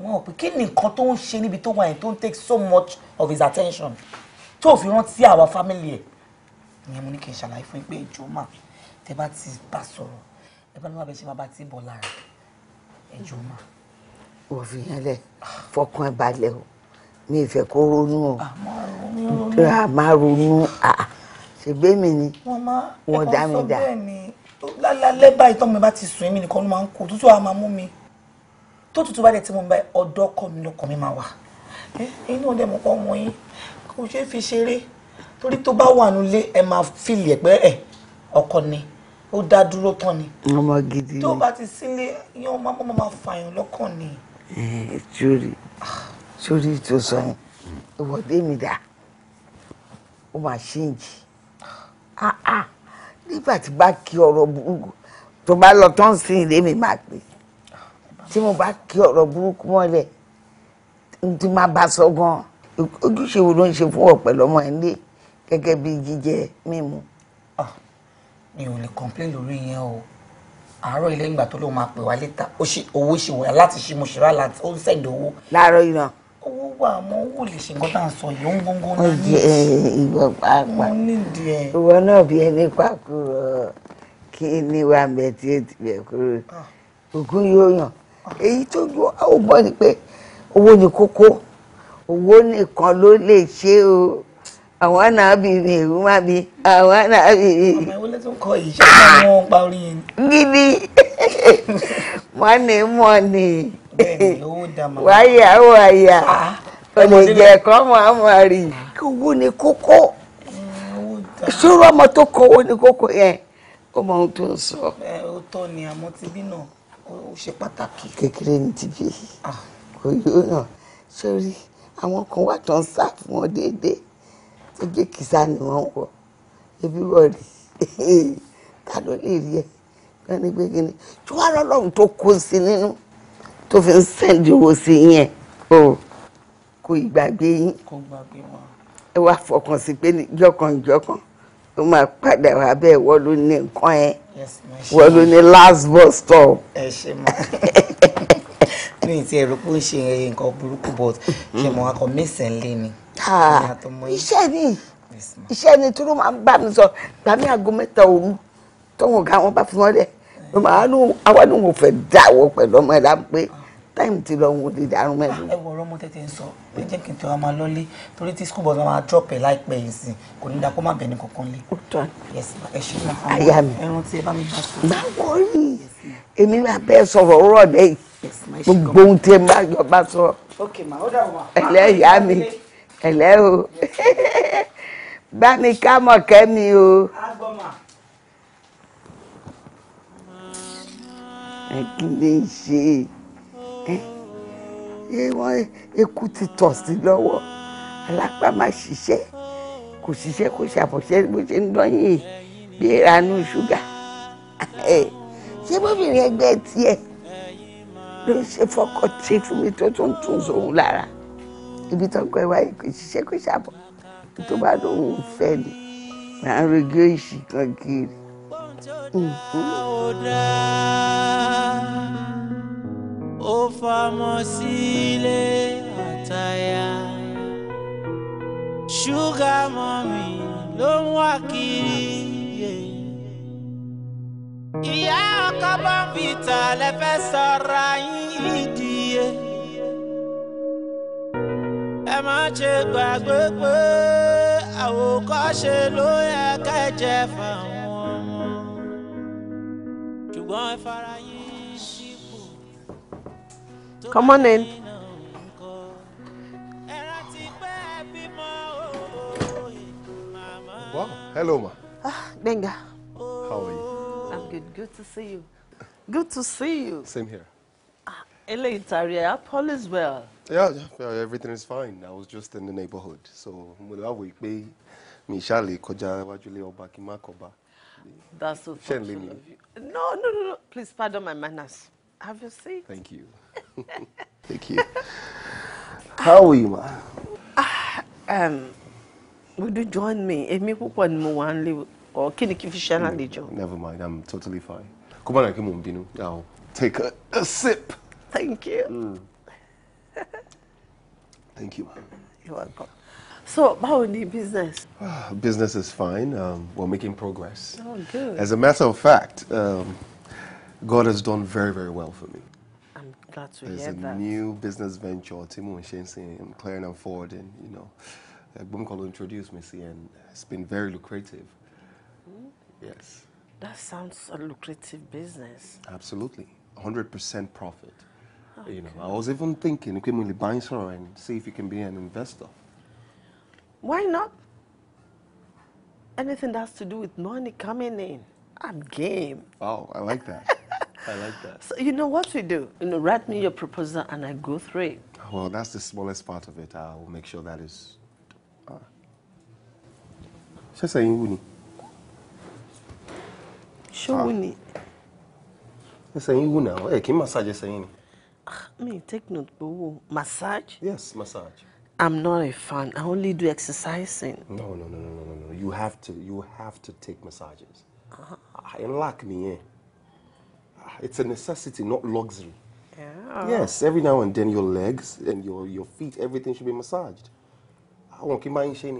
wọn ò pé kí ni nǹkan tó ń ṣe níbi tó wà yẹn tó ń take so much of his attention tó fi rántí àwa family ẹ̀ ìyẹn mo ní kí n ṣàlàyé fún yín pé ìjọ mà tẹ bá ti bá sọ̀rọ̀ ẹ bá ní wàá bẹ ṣe máa bá ti bọ̀ lára ẹjọ́ mà. òfin yẹn lẹ fọkàn ẹ balẹ̀ o mi ìfẹ́ kó ronú o a máa ronú a ṣègbè mi ni wọ́n dá mi dá. lálẹ́ báyìí tọ́mọ mi bá ti sùn mí nìkan ló máa ń kó tútù àá máa mú mi tó tútù bá dẹ̀ tí mo bá ọ̀dọ́ ọkọ mi lọkàn mi máa wà inú ọ̀dẹ̀ mọ̀ pọ̀ ọmọ yín kò ṣeé fi ṣeré torí tó bá wà nílé ẹ máa fìlì ẹ̀ pé ẹ̀ ọkọ ni ó dá dúró tán ni ọmọ gidi ni tó bá ti sílé yín ọmọ máa fààyàn lọ́kàn ni. ẹ ẹ tí ah sórí tó sọ yẹn ìwọ́dé mi dà ó máa ṣéǹjì ah, ah, nígbà tí bá kí ọ̀rọ̀ burúkú tó bá lọ tán sí ilé mi máa pè tí mo bá kí ọ̀rọ̀ burúkú mọ́lẹ̀ tí máa bá sọ gan ojúṣe wo ló ń ṣe fún ọ̀pẹ̀lọmọ ẹ̀ lé gẹ́gẹ́ bí jíjẹ mímu. Ah, mi ò lè complain lórí yẹn o àárọ̀ ilé ìgbà tó ló máa pè wá létà owó ṣì wà láti ṣe mo ṣe rà láti ó ń sẹ̀dọ̀ owó. láàárọ̀ ìran owó wà àmọ́ owó lè ṣe nǹkan tá à ń sọ yìí ó ń gbóngbó náà ní ìwọ náà bí ẹni pàkúrọ kí ni wà ń bẹ tí kúrò ah. ògùn yóò yàn ah. èyí tó gbọ́ ó gbọ́ ni pé owó ni kókó owó nìkan ló lè ṣe o àwọn ànábì mi ìwú má mi àwọn ànábì mi. ọmọ ìwọlé tó ń kọ ìṣẹ́ náà wọ́n ń pa orin yẹn. gidi money wáyà wáyà ọ̀lẹ̀ jẹ́ ẹ̀kọ́ máa ma rí owó ni kókó mm, ṣòro ọmọ tó kọ owó ni kókó yẹn ó mọ ohun tó ń sọ. ó tọ́ ni àmọ́ ti bí náà ó ṣe pàtàkì. kékeré ni ti bí kò yóò náà sórí àwọn kan wà tó ń sá fún wọn déédéé tó kìsà ni wọ́n wọ ebi wọ̀ rí ta ló lè rí ẹ wọ́n ní gbégé ni tí wàá rọ́ lọ́run tó kó sí nínú tó fi ń sẹ́ndì owó sí yẹn o kò ìgbàgbé yín ẹ wá fọkàn sí pé jọkàn jọkàn ló máa padà wá bẹ́ẹ̀ wọ́n ló ní nǹkan ẹ wọ́n ló ní last bus stop. ẹ ṣe mọ mi ì tiẹ̀ rò pé ń ṣe nǹkan burúkú but ṣe mọ akọ mẹ́sàn-án lé ni. iṣẹ́ ni iṣẹ́ ni tó ló máa ń bá mi sọ gbàmí aago mẹ́ta òru tọ́wọ́n ọ̀gá wọn bá fi wọ́n lẹ̀ àwa ló ń fẹ́ dáwọ́ pẹ̀lú ọmọ ẹ̀ láńpẹ́ táìmù ti lọ wọn ò lè dárún ẹ wọ ọ̀rọ̀ mo tètè ń sọ ẹ jẹ́ kí n tẹ ọ máa lọlé torí tí school bus máa drop ẹ láìpẹ́ yìí sí kò ní da má bẹ ní kankan lé. ó tọ́ ẹ ṣe máa fọwọ́ àyà mi ẹran tí ẹ bá mi bá sọ. má wọrí èmi náà bẹ́ẹ̀ sọ̀rọ̀ rọ̀ lẹ́yìn gbogbo ohun tí ẹ máa yọ bá sọ. ẹlẹ́ ìyá mi ẹlẹ́ o bá mi ká mọ̀ kẹ́ mi o. ẹ kí lè ṣe ẹ wọn eku ti tọ̀ sí lọ́wọ́ alápá máa ṣiṣẹ́ kò ṣiṣẹ́ kò ṣàfọ̀ṣẹ́ bó ṣe ń dọ́yìn bí ìranú ṣúgà ṣé bóbìnrin ẹgbẹ́ tiẹ̀ ló ń ṣe fọkọ tí fún mi tó tún tún sóhun lára ibi tó ń kọ́ ìwà ìkò ṣiṣẹ́ kò ṣàbọ̀ tó bá lóun fẹ́ ni màá rojú èṣì kan kiri ó dá ó famọ́ sílé àtayá ṣúgà mọ́mì ló kiri ìyá ọkọ bọ́ǹbìtà lẹ fẹ́ sọ̀rọ̀ yín ìdíye ẹ má ṣe gbàgbé pé àwòkọ́ṣe ló yẹ kẹ́jẹ fáwọn ṣùgbọ́n ìfara yín ṣípò. Come on in. Wow. Hello, ma. Ah, Benga. How are you? I'm good. Good to see you. Good to see you. Same here. Ah, Eléyìí tàrí Paul is well. Yeah, yeah, everything is fine. I was just in the neighborhood. So, mo láwọ̀ pé mi ṣáà lè kọjá iwájú ilé ọba kí n má kọba. That's so fortunate No, no, no, no. Please pardon my manners. Have your seat. Thank you. Thank you. How are you, ma? Ah, um, would you join me? Èmi púpọ̀ ni mo wà nílé or can you kí fi ṣe Never mind, I'm totally fine. Come on, nàkí mò ń I'll take a, a sip. Thank you. Mm. Thank you, ma. You're welcome. So, how is the business? Ah, business is fine. Um, we're making progress. Oh, good. As a matter of fact, um, God has done very, very well for me. I'm glad to There's hear that. There's a new business venture, Timu and Shensi, and Clarin and Ford, and you know, Bumkolo introduced me, see, and it's been very lucrative. Mm. Yes. That sounds a lucrative business. Absolutely. 100% profit. Okay. Oh, you know, I was even thinking, okay, buying and see if you can be an investor. Why not? Anything that has to do with money coming in, I'm game. Oh, I like that. I like that. So you know what we do? You know, write me your proposal and I go through it. Well, that's the smallest part of it. I will make sure that is. Uh, Ṣé sẹ́yìn wù ni? Ṣé wù ni? Ṣé sẹ́yìn wù massage ẹsẹ̀ yín ah, take note gbowó. Massage? Yes, massage. I'm not a fan. I only do exercising. No, no, no, no, no, no. You have to, you have to take massages. Ńlá uh-huh. me. yẹn. Eh? It's a necessity, not luxury. Yeah. Yes, every now and then your legs and your, your feet, everything should be massaged. Àwọn kì í máa ń ṣe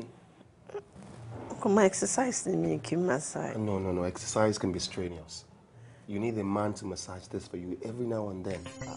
exercise ni mi kì massage. No, no, no. Exercise can be strenuous. You need a man to massage this for you every now and then. Ah.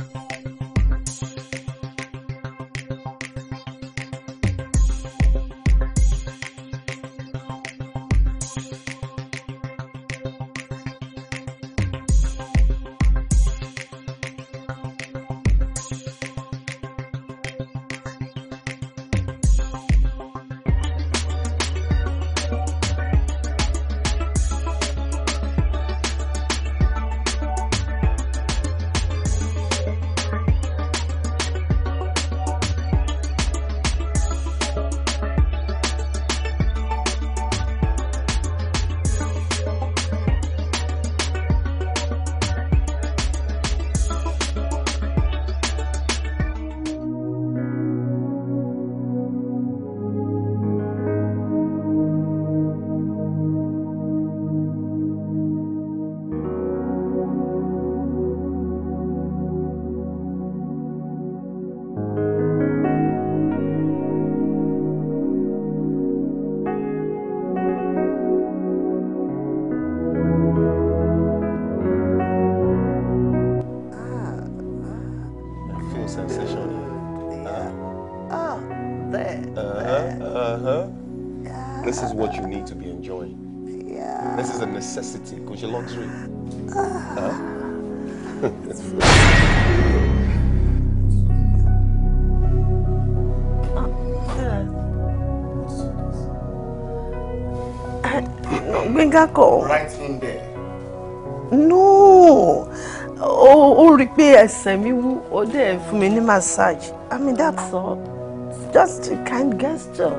ẹsẹ̀ mi wú ó dẹ̀ fún mi ní massage I mean that's all just a kind gesture.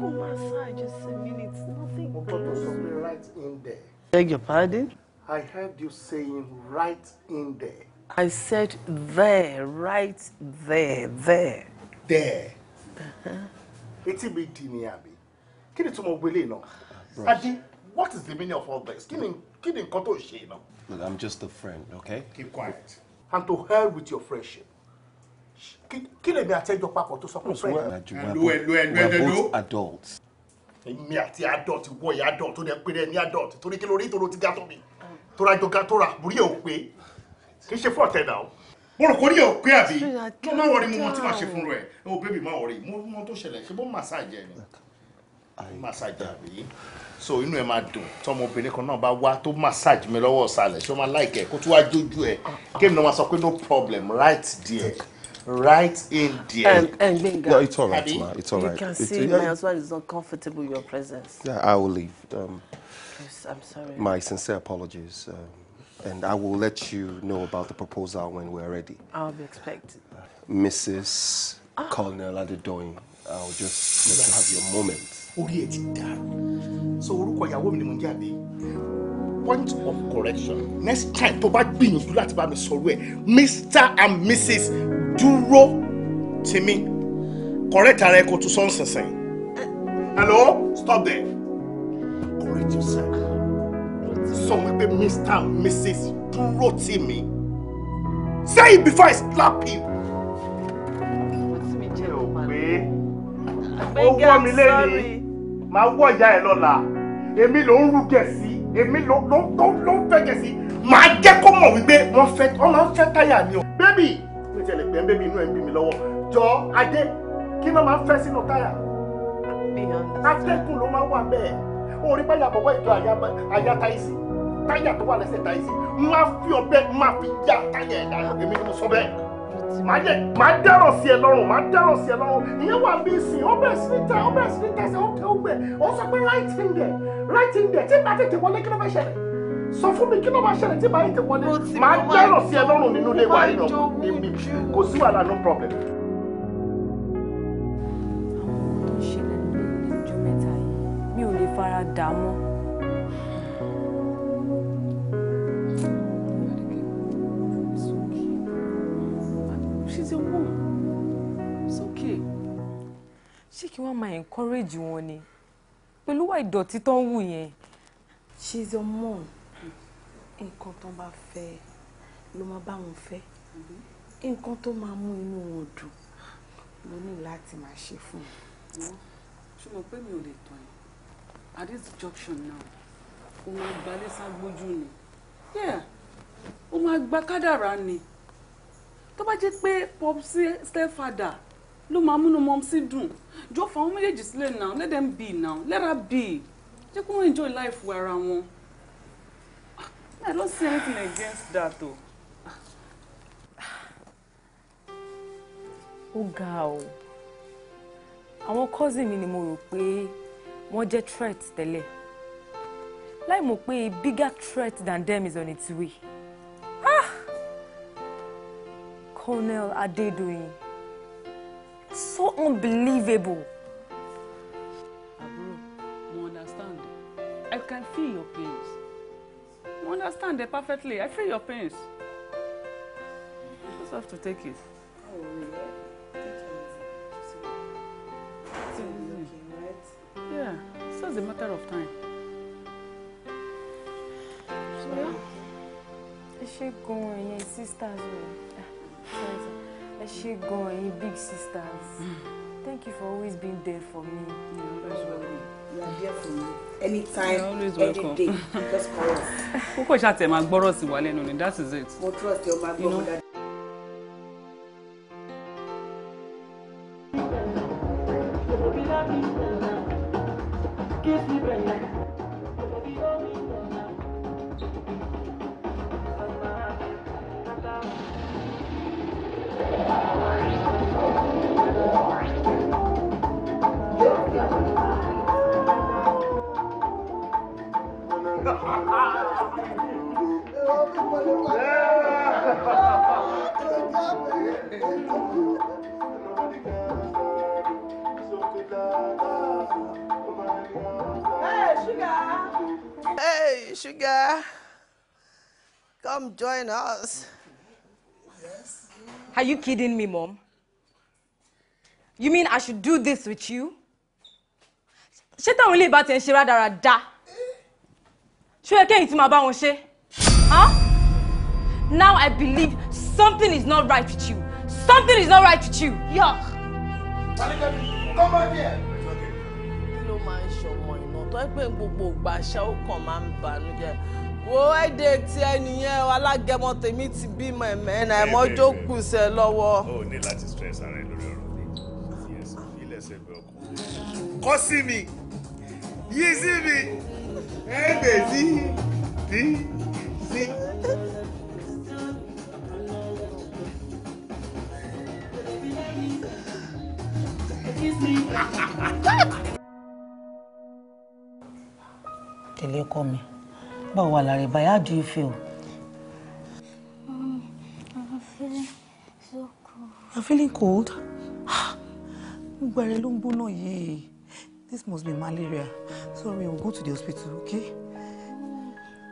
Go massage ẹsẹ̀ mi ni it's nothing. right in there. Beg your pardon? I heard you saying right in there. I said there, right there, there. There. Uh Etí mi dì ní àbí. Kí ni tí mo gbélé náà? Adé. What is the meaning of all this? Kí ni kí ni nǹkan Look, I'm just a friend, okay? Keep quiet. And to hell with your friendship. Kí lèmi àti ẹjọ́ papọ̀ tó sọ pé friend? Ẹ̀lú ẹ̀lú ẹ̀lú ẹ̀lú. We're both adults. Èmi àti adult wọ ìyá adult tó dẹ̀ pé rẹ̀ ní adult torí kí lórí ìtòrò ti ga tó mi. Tóra jọ ga tóra, bùrí ò pé. Kì í ṣe fọ́ọ̀tẹ̀ náà mo rò kó ní òkè àbí mo máa wọrí mo mọ tí màá ṣe fún rẹ o oh, bébì máa wọrí mo mọ tó ṣẹlẹ̀ ṣe bó màsáàjì ẹ ni màsáàjì àbí so inú ẹ máa dùn tọmọbìnrin kan náà bá wá tó massage mi lọ́wọ́ ọ̀sàlẹ̀ ṣé ó máa like ẹ kó tó wá jójú ẹ kéèmì náà máa sọ pé no problem right there right in there. Um, um, Benga, no, it's all right, ma. It's all you right. You can see my husband is not comfortable in your presence. Yeah, I will leave. Um, I'm sorry. My sincere apologies. Um, and I will let you know about the proposal when we're ready. I'll be expected. Uh, Mrs. Ah. Colonel Adedoyin, I'll just let you have your moment orí ẹ̀ ti dàrú so orúkọ ìyàwó mi ni mo ń jẹ́ point of correction next time tó bá gbìyànjú láti bá mi sọ̀rọ̀ ẹ̀ mr and mrs dúró tèmi correct ara ẹ kò tún sọ ń sẹ̀sẹ̀ hello stop there correct yourself sọ wọn pé mr and mrs dúró tèmi say it before i slap you. ó wọ́ mi lẹ́yìn máa wọ ìyá ẹ lọ́la èmi ló ń rúgẹ̀ sí èmi ló ló ló ló ń fẹ́gẹ̀ sí màá jẹ́ kó mọ̀ wípé wọ́n fẹ́ wọ́n máa ń fẹ́ táyà ni o. bébì mi tẹ̀lé pé bébì inú ẹ̀ ń bí mi lọ́wọ́ jọ adé kí ló máa ń fẹ́ sínú táyà. atẹ́kùn ló máa ń wà bẹ́ẹ̀ orí báyà bọ̀bọ̀ ìjọ àyà táyìsì táyà tó wà lẹ́sẹ̀ táyìsì máa fi ọbẹ̀ máa fi já táyà ẹ̀dá èmi ni mo sọ bẹ́ẹ̀ sí máa yẹ máa dáràn sí ẹ lọ́rùn máa dáràn sí ẹ lọ́rùn ìyẹn wà bí sìn ó bẹ̀rẹ̀ sí ní ta ó bẹ̀rẹ̀ sí ní ta ṣe ó tẹ ó sọ pé right in there right in there tí bá tètè wọlé kí ló fẹ́ ṣẹlẹ̀ sọ fún mi kí ló máa ṣẹlẹ̀ tí bá tètè wọlé máa dáràn sí ẹ lọ́rùn nínú ilé wa yìí lọ níbi kò sí wàhálà no problem. mi ò lè fara dà mọ́. ṣé kí wọ́n máa encourage wọn ni pẹ̀lú wà ìdọ̀tí tó ń wù yẹn. she is your mom nǹkan tó bá fẹ́ ló máa bá wọn fẹ́ nǹkan tó máa mú inú wọn dùn ló ní láti máa ṣe fún un. ṣé mo pé mi ò lè tọ́ ẹ at this junction now ó máa gba lẹ́sà gbójú ni ó máa gba kádàrá ni tó bá jẹ́ pé popsi stepfather ló máa múnú mọ́mísí dùn jọ fún àwọn méjèèjì sílẹ̀ náà let them be now let her be jẹ́ kó wọ́n enjoy life ara wọn ah, I don't see anything against that o. ó ga o àwọn cousin mi ni mo rò pé wọ́n jẹ́ threat tẹ́lẹ̀ láì mọ̀ pé a bigger threat than them is on its way. Ah! Colonel Adedoyin so unbelievable. Abro, you understand I can feel your pains mo understand it perfectly I feel your pains you just have to take it. yeah. Oh, yeah, it's just a matter of time. Ṣé ẹ ṣe gan-an ẹ̀yin sisters ah, rẹ̀? ẹ gan ẹ̀yin big sisters thank you for always being there for me. you are there for me anytime any day just call us. kókó ìṣàtẹ̀ máa gbọ́rọ̀ sí wa lẹ́nu ni that is it. mo trust your ma gbọ́ mo kidding me, Mom? You mean I should do this with you? Ṣé táwọn ilé ìbá ti ń ṣe rádaràda? Ṣé ẹ kẹ́yìn tí màá bá wọn ṣe? Now I believe something is not right with you. Something is not right with you. Yuck. Come on here. Kí ló máa ń ṣọmọ ìnà tó ẹgbẹ́ gbogbo ìgbà ó kàn máa ń bànújẹ́? wo ẹ̀dẹ̀ tí ẹnìyẹn alágẹmọ tèmi ti bímọ ẹ̀mẹ́ ẹ̀nà ẹ̀mọ́ jókòó sẹ lọ́wọ́. o ní láti stress ara ẹ lórí ọ̀rọ̀ mi ilé ẹsẹ̀ bẹ ọkọ. kọ́ sí mi yí sí mi ẹ̀ẹ́dẹ̀ sí sí sí. tẹ̀lé ọkọ mi. Báwo wà lára How do you feel? Um, I'm feeling so cold. You're feeling cold? Gbẹ̀rẹ̀ ló ń gbóná yìí. This must be malaria. Sorry, we'll go to the hospital, okay?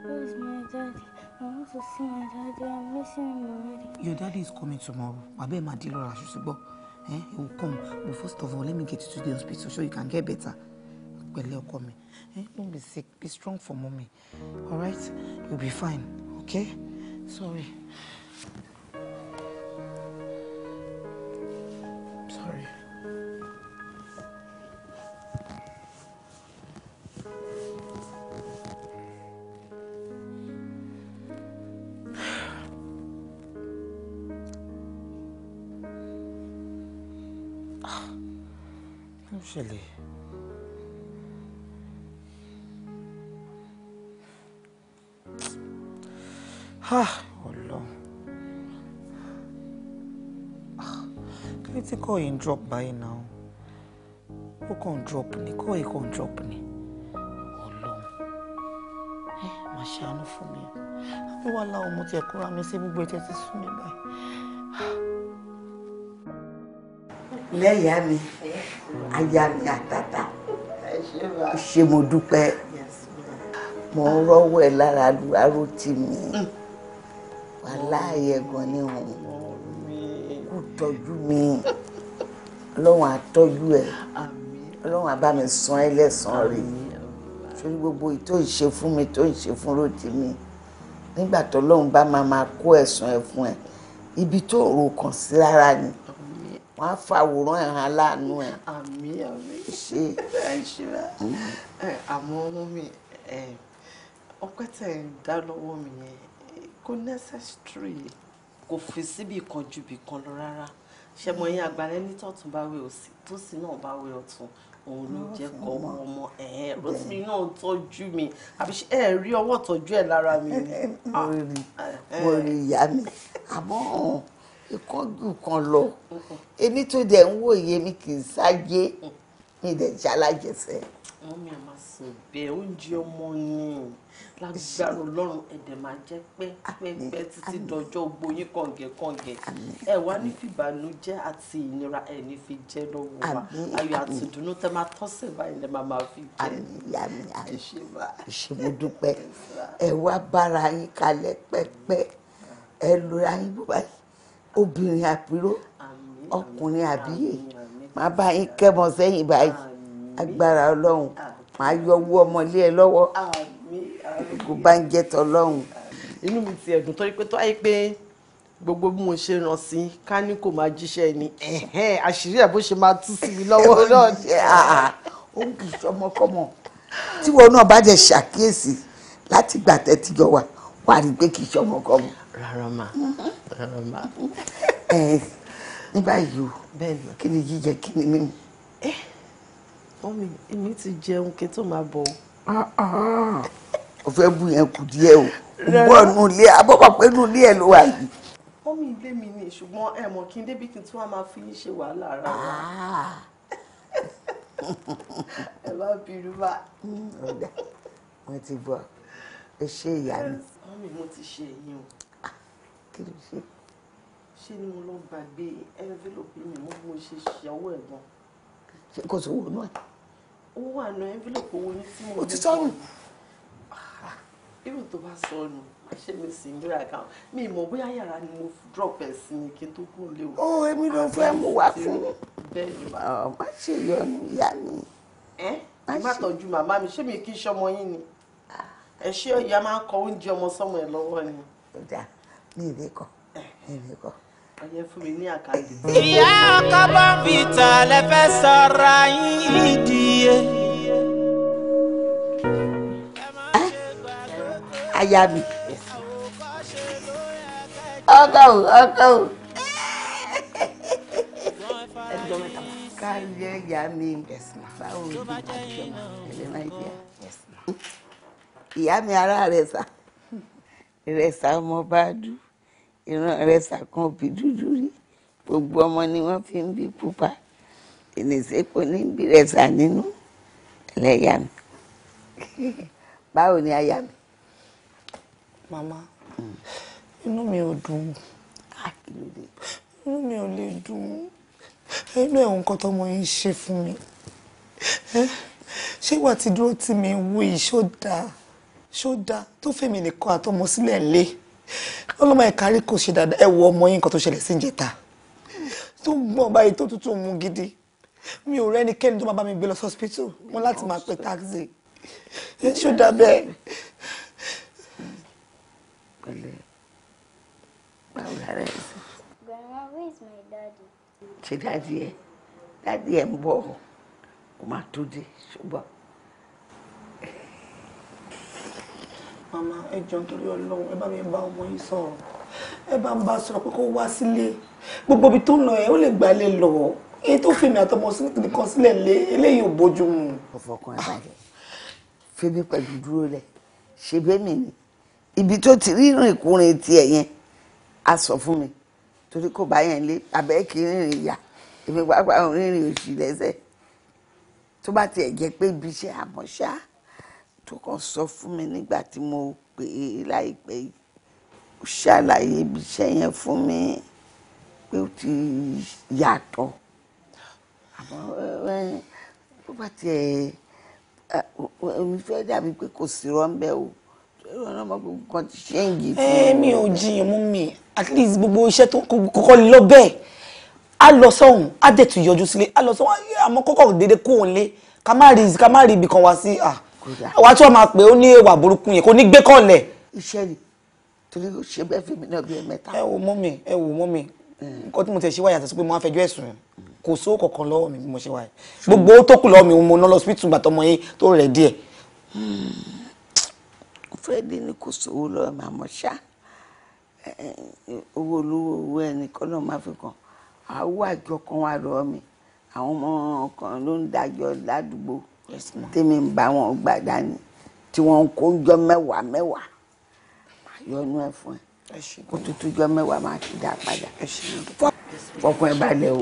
Where is my daddy? I want to see my daddy. I'm missing him already. Your daddy is coming tomorrow. Bàbá ẹ̀ máa dé lọ́la ṣùṣùgbọ́. Eh, he will come. But first of all, let me get you to the hospital so you can get better. Pẹ̀lẹ́ ọkọ mi. Eh? Don't be sick. Be strong for mommy. All right? You'll be fine. Okay? Sorry. Sorry. Ah, Ọlọ́run. Ah, kí Can you kọ́ yìí ń drop by now? Ó kàn drop ni, kọ́ yìí kàn ń drop ni. Ọlọ́run. Ẹ máa ṣàánú fún mi. Àbíwá láwọn mo ti ẹ̀kọ́ ra mi sí gbogbo ẹ̀jẹ̀ ti sún mi báyìí. Lẹ́yà mi, aya mi àtàtà, ṣé mo dúpẹ́? Mo ń rọ́wọ́ ẹ̀ lára aró tì mí aláàyè gan ni wọn kò tọ́jú mi ọlọ́run àtọ́jú ẹ̀ ọlọ́run àbá mi san ẹ́ lẹ́sàn-án rè sórí gbogbo ìtò ìṣe fún mi tó ìṣe fún ròdì mi nígbà tó lọ́run bá máa máa kó ẹ̀sùn ẹ̀ fún ẹ̀ ibi tó rò kàn sí lára ni wọ́n á fa àwòrán ẹ̀ hàn láàánú ẹ̀. àmì àmì ṣe ẹ ṣe àmọ́ ọmọ mi ọpẹ́ tẹ̀ ń dá lọ́wọ́ mi yẹn kò necessary kò fi síbi kan ju ibì kan lọ rárá ṣe mọ yín àgbà lẹni tọ̀tún bá wẹ òsì tó sì náà bá wẹ ọ̀tún òun ló jẹ́ kọ́ ọmọ ọmọ ẹ̀ rọ́sìmí náà tọ́jú mi àbí ṣe ẹ̀ rí ọwọ́ tọ́jú ẹ̀ lára mi ni. Ah. mo rí ìyá mi àmọ́ ìkọ́jú kan lọ èmi mm-hmm. tó dẹ̀ ń wòye mi kì í sáyé mi dẹ̀ ṣalájẹsẹ̀ wọn mi àmà sùn bẹ́ẹ̀ oúnjẹ ọmọ yẹn lágbára Ọlọ́run ẹdẹ máa jẹ pẹ́pẹ́pẹ́ títí dọjọ́ gboyin kàngẹkàngẹ ẹ wá ní fìbànújẹ́ àti ìnira ẹ ní fi jẹ lọ́wọ́ wa ayọ̀ àti ìdùnnú tẹ máa tọsẹ báyìí lẹ máa máa fi jẹ ẹ ṣe bá ṣe mo dúpẹ́ ẹ wá bára yín kalẹ̀ pẹ́pẹ́ ẹ lóra yín bó báyìí obìnrin àpérò ọkùnrin àbíyè má bá yín kẹ́mọ sẹ́yìn báyìí agbára ọlọ́run màá yọ owó ọmọlé ẹ lọ́wọ́ gbogbo bá ń jẹ́ tọ́lọ́run. inú mi ti ẹ̀dùn torí pé tó ayé pé gbogbo bí mo ṣe ràn sí ká ní kò máa jíṣẹ́ ni àṣírí ẹ̀ bó ṣe máa tú sí mi lọ́wọ́ náà ni. Ah, ah. ó ń kì í ṣọmọkọmọ tí wọn náà bá jẹ ṣàkíyèsí láti gbà tẹ́tíjọ wà wà ní pé kì í ṣọmọkọmọ. rárá mà rárá mà. ẹ ní báyìí o kí ni jíjẹ kí ni mímu. Eh, mọ́mí èmi ti jẹun kí tó máa bọ̀. o fẹ́ bu yẹn kù díẹ̀ o gbọ́ nù ilé abọ́bà pé nù ilé ẹ̀ ló wà yìí. mọ́mí ilé mi ni ṣùgbọ́n ẹ mọ̀ kí n débi kí n tún wá máa fi yín ṣe wàhálà ara wa. Ah. ẹ bá bínú bá. mo ti bọ̀ ẹ ṣe ìyá mi. mọ́mí mo ti ṣe èyí o. kí ló ṣe ṣe ni mo lọ gbàgbé envelope mi mo bí mo ṣe ṣàwọ ṣé kò sówó náà owó wà nù envelope owó ní tí mo ní. o ti sọnù. irú ah, tó bá sọnù má ṣe mi sí ìmúra kan mi ìmọ̀ bóyá yàrá ni mo drop ẹ̀ sí ni kí n tó kúrò léwu. ó èmi ló fẹ́ mú wá fún mi. bẹ́ẹ̀ ni má ṣe yọnu ìyá mi. ẹ má tọ́jú màmá mi ṣé mi kì í ṣọmọ yín ni ah. ẹ ṣé ìyá máa ń kọ oúnjẹ ọmọ sọmọ ẹ lọ́wọ́ ni. ó dáa mi ò lè ẹyẹ fún mi ní àkàndé. ìyá ọkọ bọ́ǹbìtà lè fẹ́ sọ̀rọ̀ yín ìdíye. Ah, aya mi ọkọ o ọkọ o. ìyá mi ara rẹ̀ sá rẹ̀ sá ọmọ bá dùn ìran rẹ ṣàkan òbí dúdú rí gbogbo ọmọ ni wọ́n fi ń bí pupa ìnìsẹ́pò ní bí rẹ ṣà nínú ẹlẹ́yà mi báwo ni aya mi. màmá inú mi ò dùn inú mi ò lè dùn inú ẹ̀ ń kọ́ tọmọ yín ṣe fún mi ṣé wàá ti dúró tì mí wí ṣó dáa ṣó dáa tó fẹ́mi nìkan àtọmọ sílẹ̀ lé ọlọ́mọ ẹ̀ka rí kò ṣe dáadáa ẹ wo ọmọ yín nǹkan tó ṣẹlẹ̀ sí ìjẹta tó gbọ́n báyìí tó tútù mú gidi mi ò rẹ́nikẹ́ni tó máa bá mi gbé lọ sọ́spítù wọn láti máa pe táxi ẹ ṣó dá Grandma, where my daddy? ṣe dáadé ẹ dáadé ẹ ń bọ̀ ọ́ kó má tó dé ṣùgbọ́n. màmá ẹ jọ̀ọ́ nítorí Ọlọ́run ẹ bá mi bá ọmọ yìí sọ̀rọ̀ ẹ bá ń bá sọ̀rọ̀ pé kó wá sílé gbogbo ibi tó ń lọ ẹ ó lè gbálẹ̀ lọ èyí tó fi mi àtọmọ nìkan sílẹ̀ lé eléyìí ò bójú mu. ọfọkàn ẹ bàjẹ́ fèmí pẹ̀lú dúró lẹ̀ ṣe bẹ́mi ni ibi tó ti rí ìrìn ìkùnrin tiẹ̀ yẹn a sọ fún mi torí kò bá yẹn lé abẹ́ kì í rìnrìn ìyá èmi pàápàá rìnrìn òṣì lẹ́sẹ̀ tó bá tiẹ̀ jẹ́ pé ibi iṣẹ́ àmọ́ṣáá tó kàn sọ fún mi nígbà tí mo pè é láìpẹ́ yìí ó ṣàlàyé ibi iṣẹ́ yẹn fún mi pé ó ti yàtọ̀ àmọ́ bó bá tiẹ̀ omi fẹ́ dàbí pé kò sí rọ́ńbẹ́ o mi ò jiyàn mú mi at least gbogbo iṣẹ́ tó kọ́kọ́ lọ bẹ́ẹ̀ a lọ sọ́hùn a dẹ̀ tún yọjú sílé a lọ sọ́hùn àmọ́ kọ́kọ́ déédéé kóhùn lé ká má rí ibì kan wá sí ah àwa tí wọ́n máa pè ó ní ìwà burúkú yẹn kò ní gbé kọ́lẹ̀. iṣẹ́ ni torí ó ṣe bẹ́ẹ̀ fèmí náà bí ẹ mẹ́ta. ẹ wò mọ́ mi ẹ wò mọ́ mi nǹkan tí mo tẹ̀ ṣe wáyà àtẹ̀sí pé mo máa fẹjọ́ ẹ̀sùn kò sówó kankan lọ́wọ́ mi bí mo ṣe wáyà gbogbo ó tó kù lọ́wọ́ mi mo ná lọ síbítù gbàtọ́mọ yín tó rẹ̀ díẹ̀. Hmm. fúrẹ́dì ni kò sówó lọ́wọ́ mi àmọ́ ṣá eh, eh, owó olówó owó ẹnì kan náà máa fi kàn àwọn àjọ kan wà lọ́wọ́ mi àwọn ọmọ kan ló ń dájọ́ ládùúgbò tèmi ń bá wọn gbà dání tí wọn kó jọ mẹ́wàá mẹ́wàá yọnu ẹ fún ẹ kó tuntun jọ mẹ́wàá máa fi dá padà fọkàn ẹ balẹ̀ o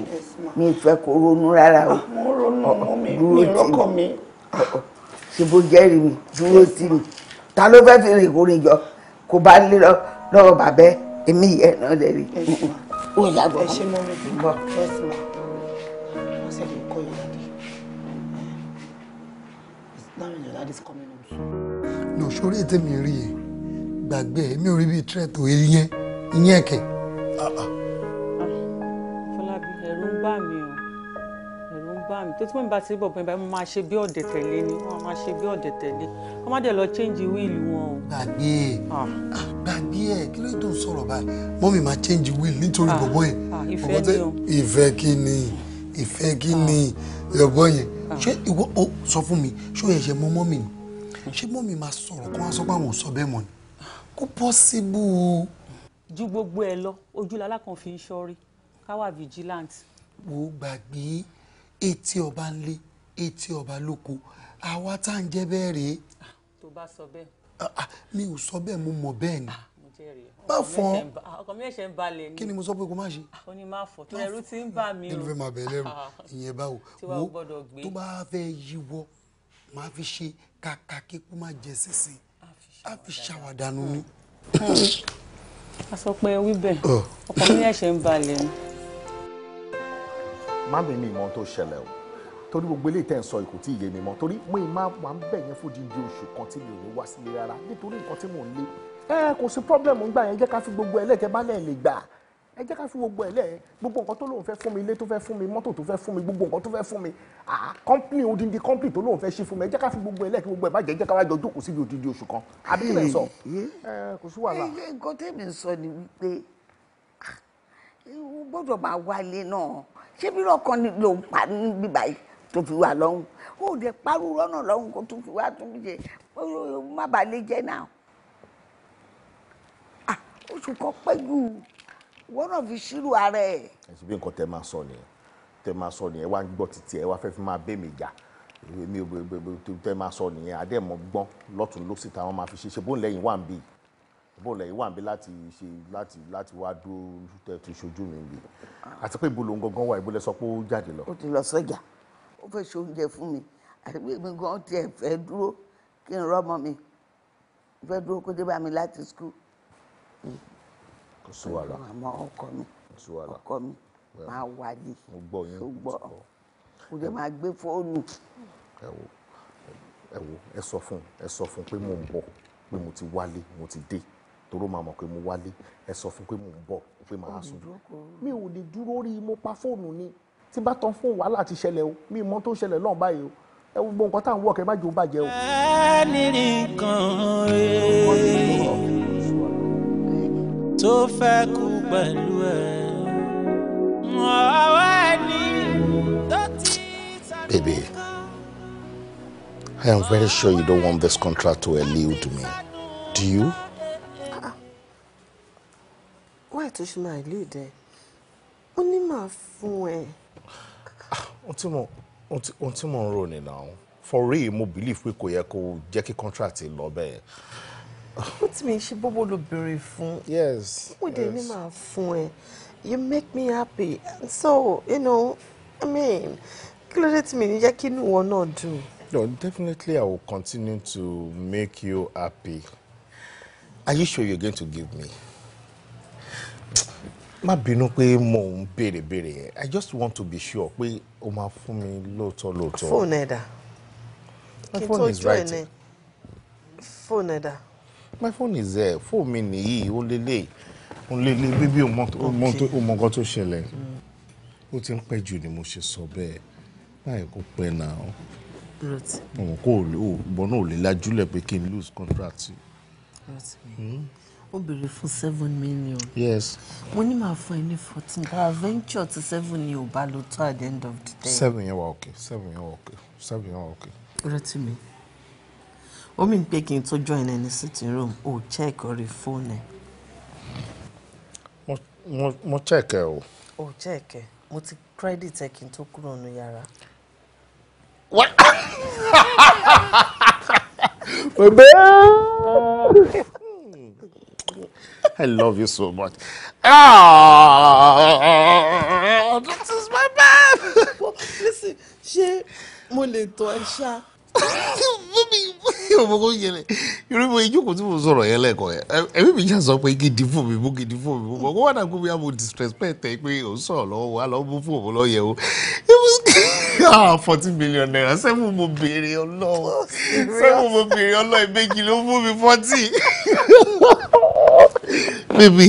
mi fẹ́ kó ronú rárá o ah, dúró tì mí ṣe bó jẹ́rìí mi dúró tì mí ta ló fẹ́ fi rìn kó rìn jọ kó bá lé lọ́wọ́ bàbẹ́ èmi yẹn náà lè rí. ó yàgò fún mi. Dad is coming home soon. No, sori ètè mi rí yẹn. E. Gbàgbé ẹ̀ e, mi ò rí bíi threat o ìyẹn ìyẹn ẹ̀kẹ́. Ah, ah. Fọlábí ẹ̀rù ń bà mí o ẹ̀rù ń bà mí tó tí mo bá ti rí bọ̀bọ̀ ìbámu máa ṣe bí ọ̀dẹ̀ tẹ̀lé ni wọ́n máa ṣe bí ọ̀dẹ̀ tẹ̀lé wọ́n má dẹ̀ lọ change wíìlì wọn o. Gbàgbé ẹ̀ e. ah. gbàgbé ẹ̀ kí ló tó ń sọ̀rọ̀ báyìí mọ́mì máa change wíìlì nítorí bọ̀bọ̀ yẹn. Ìfẹ́ ni o. Ìfẹ́ kí ni ìfẹ́ kí ni bọ̀bọ̀ yẹn Ah. ṣé ìwọ ó sọ fún mi ṣé ó yẹ ṣe mọ́ mọ́mì ni ṣé mọ́mì máa sọ̀rọ̀ kó wá sọ pé àwọn ò sọ bẹ́ẹ̀ mọ́ ni kó pọ́síbù. ju gbogbo ẹ lọ ojúlá alákan fi ń ṣọ́rí káwá vigilant. wo gbàgbé etí ọba ń lé etí ọba lóko àwa tá à ń jẹ́ bẹ́ẹ̀ rèé. Ah, tó bá sọ bẹ́ẹ̀. Ah, mi ò sọ bẹ́ẹ̀ mo mọ̀ bẹ́ẹ̀ ni má fọ́n ọkọ mi ẹ̀ṣẹ̀ ń balẹ̀ ni kí ni mo sọ pé kó má ṣe. ó ní má fọ tó ẹrú ti ń bà mí o. ẹnu fẹ́ máa bẹ̀ lẹ́rù ìyẹn báwo wo tó bá fẹ́ yíwọ́ máa fi ṣe kàkà kí kó má jẹ sísè á fi ṣàwàdànù ni. a sọ pé wíbẹ̀ ọkọ mi ẹ̀ṣẹ̀ ń balẹ̀ ni. má bẹ̀ mi ìmọ̀ tó ṣẹlẹ̀ o torí gbogbo eléyìí tẹ̀ ń sọ ìkò tí ìyé mi mọ́ torí mo ì máa wà ń bẹ̀ yẹn fún dídí oṣù kan tí mi ò ní wá sílé rárá nítorí nǹkan tí mò ń lé ẹ kò sí problem ńgbà yẹn jẹ́ ká fi gbogbo ẹlẹ́tẹ̀ bá lẹ̀ lè gbà ẹ jẹ́ ká fi gbogbo ẹ̀ lẹ̀ gbogbo nǹkan tó lóun fẹ́ fún mi ilé tó fẹ́ fún mi mọ́tò tó fẹ́ fún mi gbogbo nǹkan tó fẹ́ fún mi ah company odindi company tó lóun fẹ́ ṣe fún mi ẹ jẹ́ ká fi gbogbo ẹ̀ lẹ̀ kí gbogbo ẹ̀ má jẹ́ jẹ́ ká wá jọ jókòó síbi odindi oṣù kan àbí kí lè sọ ẹ kò sí wàhálà. ẹ nǹkan tèmi sọ ni wípé o gbọ́dọ̀ máa wálé náà ṣé bí lọ́kàn ni ló ń pa níbi báyìí tó fi wà lọ́hùn ó dẹ̀ parú rọ́nà lọ́hùn kó tó oṣù kan pẹ́ jù ìwọ náà fi ṣírò ara ẹ̀. ẹ ṣe bí nǹkan tẹ máa sọ nìyẹn tẹ máa sọ nìyẹn wá ń gbọ́ títí ẹ wá fẹ́ fi máa bẹ́ mi jà èmi ò tẹ máa sọ nìyẹn àdẹ́mọ̀ gbọ́n lọ́tún lọ́sì táwọn máa fi ṣe ṣe bóun lẹ́yìn wà ń bì bóun lẹ́yìn wà ń bì láti ṣe láti láti wá dúró tẹ ti ṣojú mi bì àti pé ibo lòun gangan wà ibo lẹ sọ pé ó jáde lọ. ó ti lọ sọ́jà ó fẹ́ ṣe oúnjẹ fún mi àti pé mi gan tiẹ̀ fẹ́ dúró kí n rọ́mọ mi fẹ́ dúró kó dé mi láti skul kò sí wàhálà àmọ́ ọkọ mi ọkọ mi máa wáyé mo gbọ́ kò dé máa gbé fóònù. ẹ wo ẹ sọ fún ẹ sọ fún pé mo ń bọ̀ pé mo ti wálé mo ti dé toró máa mọ̀ pé mo wálé ẹ sọ fún pé mo ń bọ̀ pé màá sùn mi ò lè dúró rí i mo pa fóònù ni tí bá tán fóònù wàhálà ti ṣẹlẹ̀ o mi mọ tó ń ṣẹlẹ̀ náà báyìí o ẹ wo gbogbo nǹkan tá à ń wọ̀ kẹ́ má jò ó bàjẹ́ o. ẹ ní nǹkan rẹ̀ tó fẹ́ kú pẹ̀lú ẹ̀. ọwọ́ ẹni tó ti sáré. Baby, I am very sure you don't want this contract to elude me. Do you? Uh, why tó ṣe máa elude ẹ ó ní màá fún ẹ. Ah, ohun tí mo ń rò nìyàwó for real mo believe pé kò yẹ kó jẹ́ kí contract lọ bẹ́ẹ̀ ó ti mi ṣe bóbó ló fún. yes mo dé ní màá fún ẹ you make me happy and so you know i mean kí ló dé tí mi ní kí inú ìwọ náà dùn. no definitely i will continue to make you happy are you sure you're going to give me. má bínú pé mo ń béèrè béèrè yẹn i just want to be sure pé o máa fún mi lóòótọ́ lóòótọ́. fóònù ẹ̀dá kí n tó jọ ẹ̀ ní fóònù ẹ̀dá my phone is there fóònù mi nìyí ó lélẹ̀ ó lélẹ̀ bíbí ó mọ nǹkan tó ṣẹlẹ̀ ó ti ń pẹ́ jù ni mo ṣe sọ bẹ́ẹ̀ báyìí kò pẹ́ náà ọmọ kò bọ́ náà ò lè lajúlẹ̀ pé kí n lose contract. Hmm? ó béèrè fún seven million. yes. mo ní màá fún ẹ ní fourteen Our venture to seven ni ò bá lò tó at the end of the day. seven yẹn wà okay seven yẹn wà okay seven yẹn wà okay. rántí mi ó mì pé kí n tó sitting room ò check orí fóònù ẹ. mo check ẹ o. check ẹ mo ti credit ẹ kí n tó kúrò nínú yàrá. I love you so much. Ah, this is my babe. Listen, ṣé mo lè tọ́ ẹ ṣáá? ọmọkùnrin yẹn lẹ yorùbá ìjókòó tí mo sọ̀rọ̀ yẹn lẹ́kọ̀ọ́ yẹn ẹbí mi yà sọ pé gidi fún mi mú gidi fún mi mú bọ kó wà dàgbò bí i àmọ́ disrespect ẹ pé ò ń sọ̀rọ̀ lọ́wọ́ wa lọ mú fún òun lọyẹ o ah, forty million naira sẹ́fún mo béèrè ọlọ́wọ́ sẹ́fún mo béèrè ọlọ́wọ́ ìbejì ló fún mi forty. bébí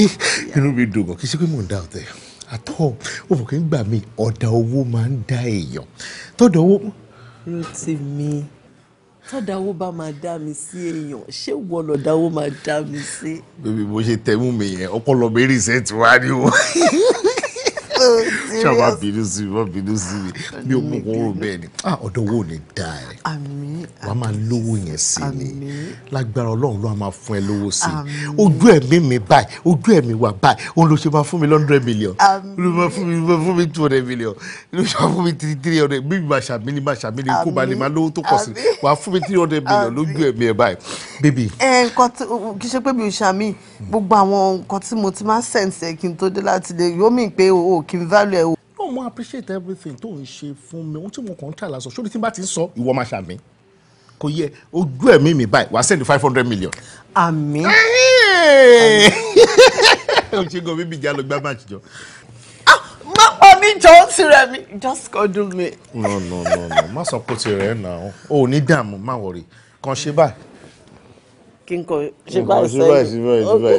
inú mi dùn gan kì í ṣe pé mò ń dá ọ̀tẹ̀ àtọ́ òfò kí n gbà mí ọ̀dà owó máa ń dá èèyàn tọ́dọ̀ owó. Rotimi tọ́dáwó bá máa dá mi sí èèyàn ṣé wọ́n máa dá mi sí. bébí mo ṣe tẹ̀mú mi yẹn ọpọlọ mi rìsẹ́ẹ̀tì wá ní o. ṣá má bínú sí mi má bínú sí mi mi ò mú kó rò bẹ́ẹ̀ ni ah, ọ̀dọ̀ wo ni dá ẹ̀ wàá máa lówó yẹn sí ni lágbára ọlọ́run ló wàá máa fún ẹ lówó sí ojú ẹ̀mí mi báyìí ojú ẹ̀mí wa báyìí òun ló ṣe máa fún mi lọ́ndrẹ̀ mílíọ̀n ló máa fún mi ló máa fún mi two hundred million. mílíọ̀n ló ṣe máa fún mi three three hundred bí mi máa ṣàmìlì máa ṣàmìlì kó ba lè máa lówó tó pọ̀ sí wàá fún mi three hundred mílíọ̀n lójú ẹ̀mí ẹ̀ báyìí bébì. ẹ nǹkan tí kì í ṣe pé mi ò ṣàmì gbogbo àwọn nǹkan tí mo ti máa ń sẹ̀ǹsẹ̀ kí n tó dé láti lè yóò mì pé o ò kí n value ẹ o. no mo appreciate everything tó ń ṣe fún mi ohun tí mo kàn ń tà lásán ṣóri tí n bá ti ń sọ ìwọ máa ṣàmì kò yẹ ojú ẹ̀mí mi báyìí wàá send five hundred million. àmín. o ṣe gan bíbí ìjà ló gbá máa jọ. Ah, má pa mi jọ ó mi just go do me. no no no no má sọ pé ó ti rẹ̀ ẹ́ nà ó ò ní dààmú má wọrí kàn ṣe báyìí kí n kọ ṣe báyìí sẹ́yìn. oúnjẹ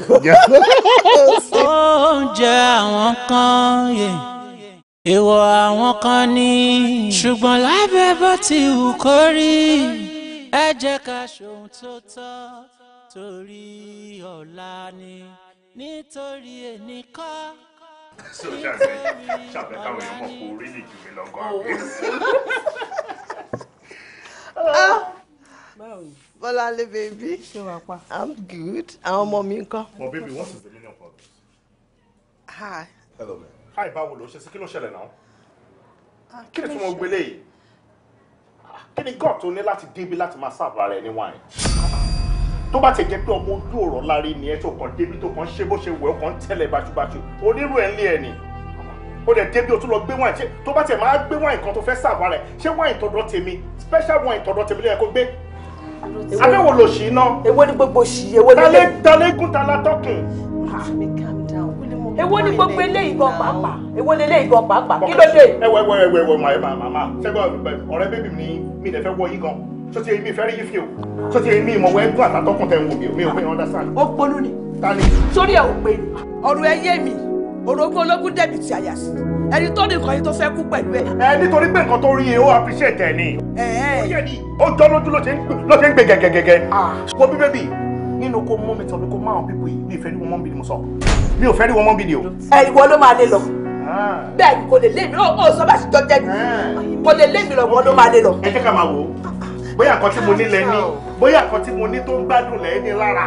àwọn kan yè èèwọ̀ àwọn kan ní. ṣùgbọ́n lábẹ́ bó ti wù kó rí ẹ jẹ́ ká ṣohun tó tọ́ torí ọ̀la ni nítorí èní kọ́ so ṣàbẹ ṣàbẹ káwọn èèyàn mọ̀ lọ́gọ́ àgbẹ̀. Ah! Bọ́láńlé baby. I'm good. Àwọn ọmọ mi ń kọ́. baby, what is the meaning of all this? Hi. Hello ma. Hi, báwo ló ṣe sí kí ló ṣẹlẹ̀ náà? Ah, kí ni tí mo gbélé yìí? Kí ni God To ní láti débi láti máa sáàbà rẹ̀ ní wáìn? Tó bá ti jẹ́ pé ọmọ ojú ọ̀rọ̀ lárí ni ẹ tó kàn débi tó kàn ṣe bó ṣe wẹ̀ ọ́ kàn tẹ́lẹ̀ báṣubàṣu. Onírú ẹ̀ ń lé ẹ ni ó dẹ̀ débi o tún lọ gbé wáìn tí tó bá tiẹ̀ máa gbé wáìn kan tó fẹ́ sáàbà rẹ̀ ṣé wáìn tọ̀dọ̀ tèmi special wáìn tọ̀dọ̀ tèmi lẹ́yìn kó gbé abẹ́wò lò sí iná. èwo ni gbogbo sí èwo ni. talé talégún tala tọkùn. èwo ah, ni gbogbo eléyìí gan pàápàá èwo ni eléyìí gan pàápàá kí ló dé. ẹwọ ẹwọ ẹwọ ẹwọ màá màá màá màá sẹgbọn ọ̀rẹ́ bébì mi mi lè fẹ́ wọ yìí gan tó ti èmi fẹ́ rí yìí fi o tó ti èmi ìmọ̀wé gún àtàtọ́kùn tẹ̀ ń wò mí o mi ò fẹ́ understand. ó polú ni. ta sórí ẹ̀ ò pé ọ̀rọ̀ ẹ mi orogún ológun dẹ̀bi ti àyà sí ẹni tó ní nǹkan yìí tó fẹ́ kú pẹ̀lú ẹ. ẹ nítorí pé nǹkan tó rí yẹn ó appreciate ẹ ni. ó jọ lójú ló ṣe ń gbé gẹ́gẹ́gẹ́gẹ́. Ah. Ah, wo bí bébì nínú kó mọ́ mi tọ́ mi kó máa pípọ̀ yìí mi ò fẹ́ rí wọn mọ́ mi ni mo sọ mi ò fẹ́ rí wọn mọ́ mi ni o. ẹ ìwọ ló máa lé lọ ah. bẹ́ẹ̀ ni kò lè lé mi lọ ó sọ bá sì jọ jẹ mi eh. kò lè lé mi lọ wọn ló máa lé lọ. ẹ jẹ́ ká máa wò ó bóyá nǹkan tí mo ní lẹ bóyá nǹkan mo ní tó ń gbádùn lẹ lára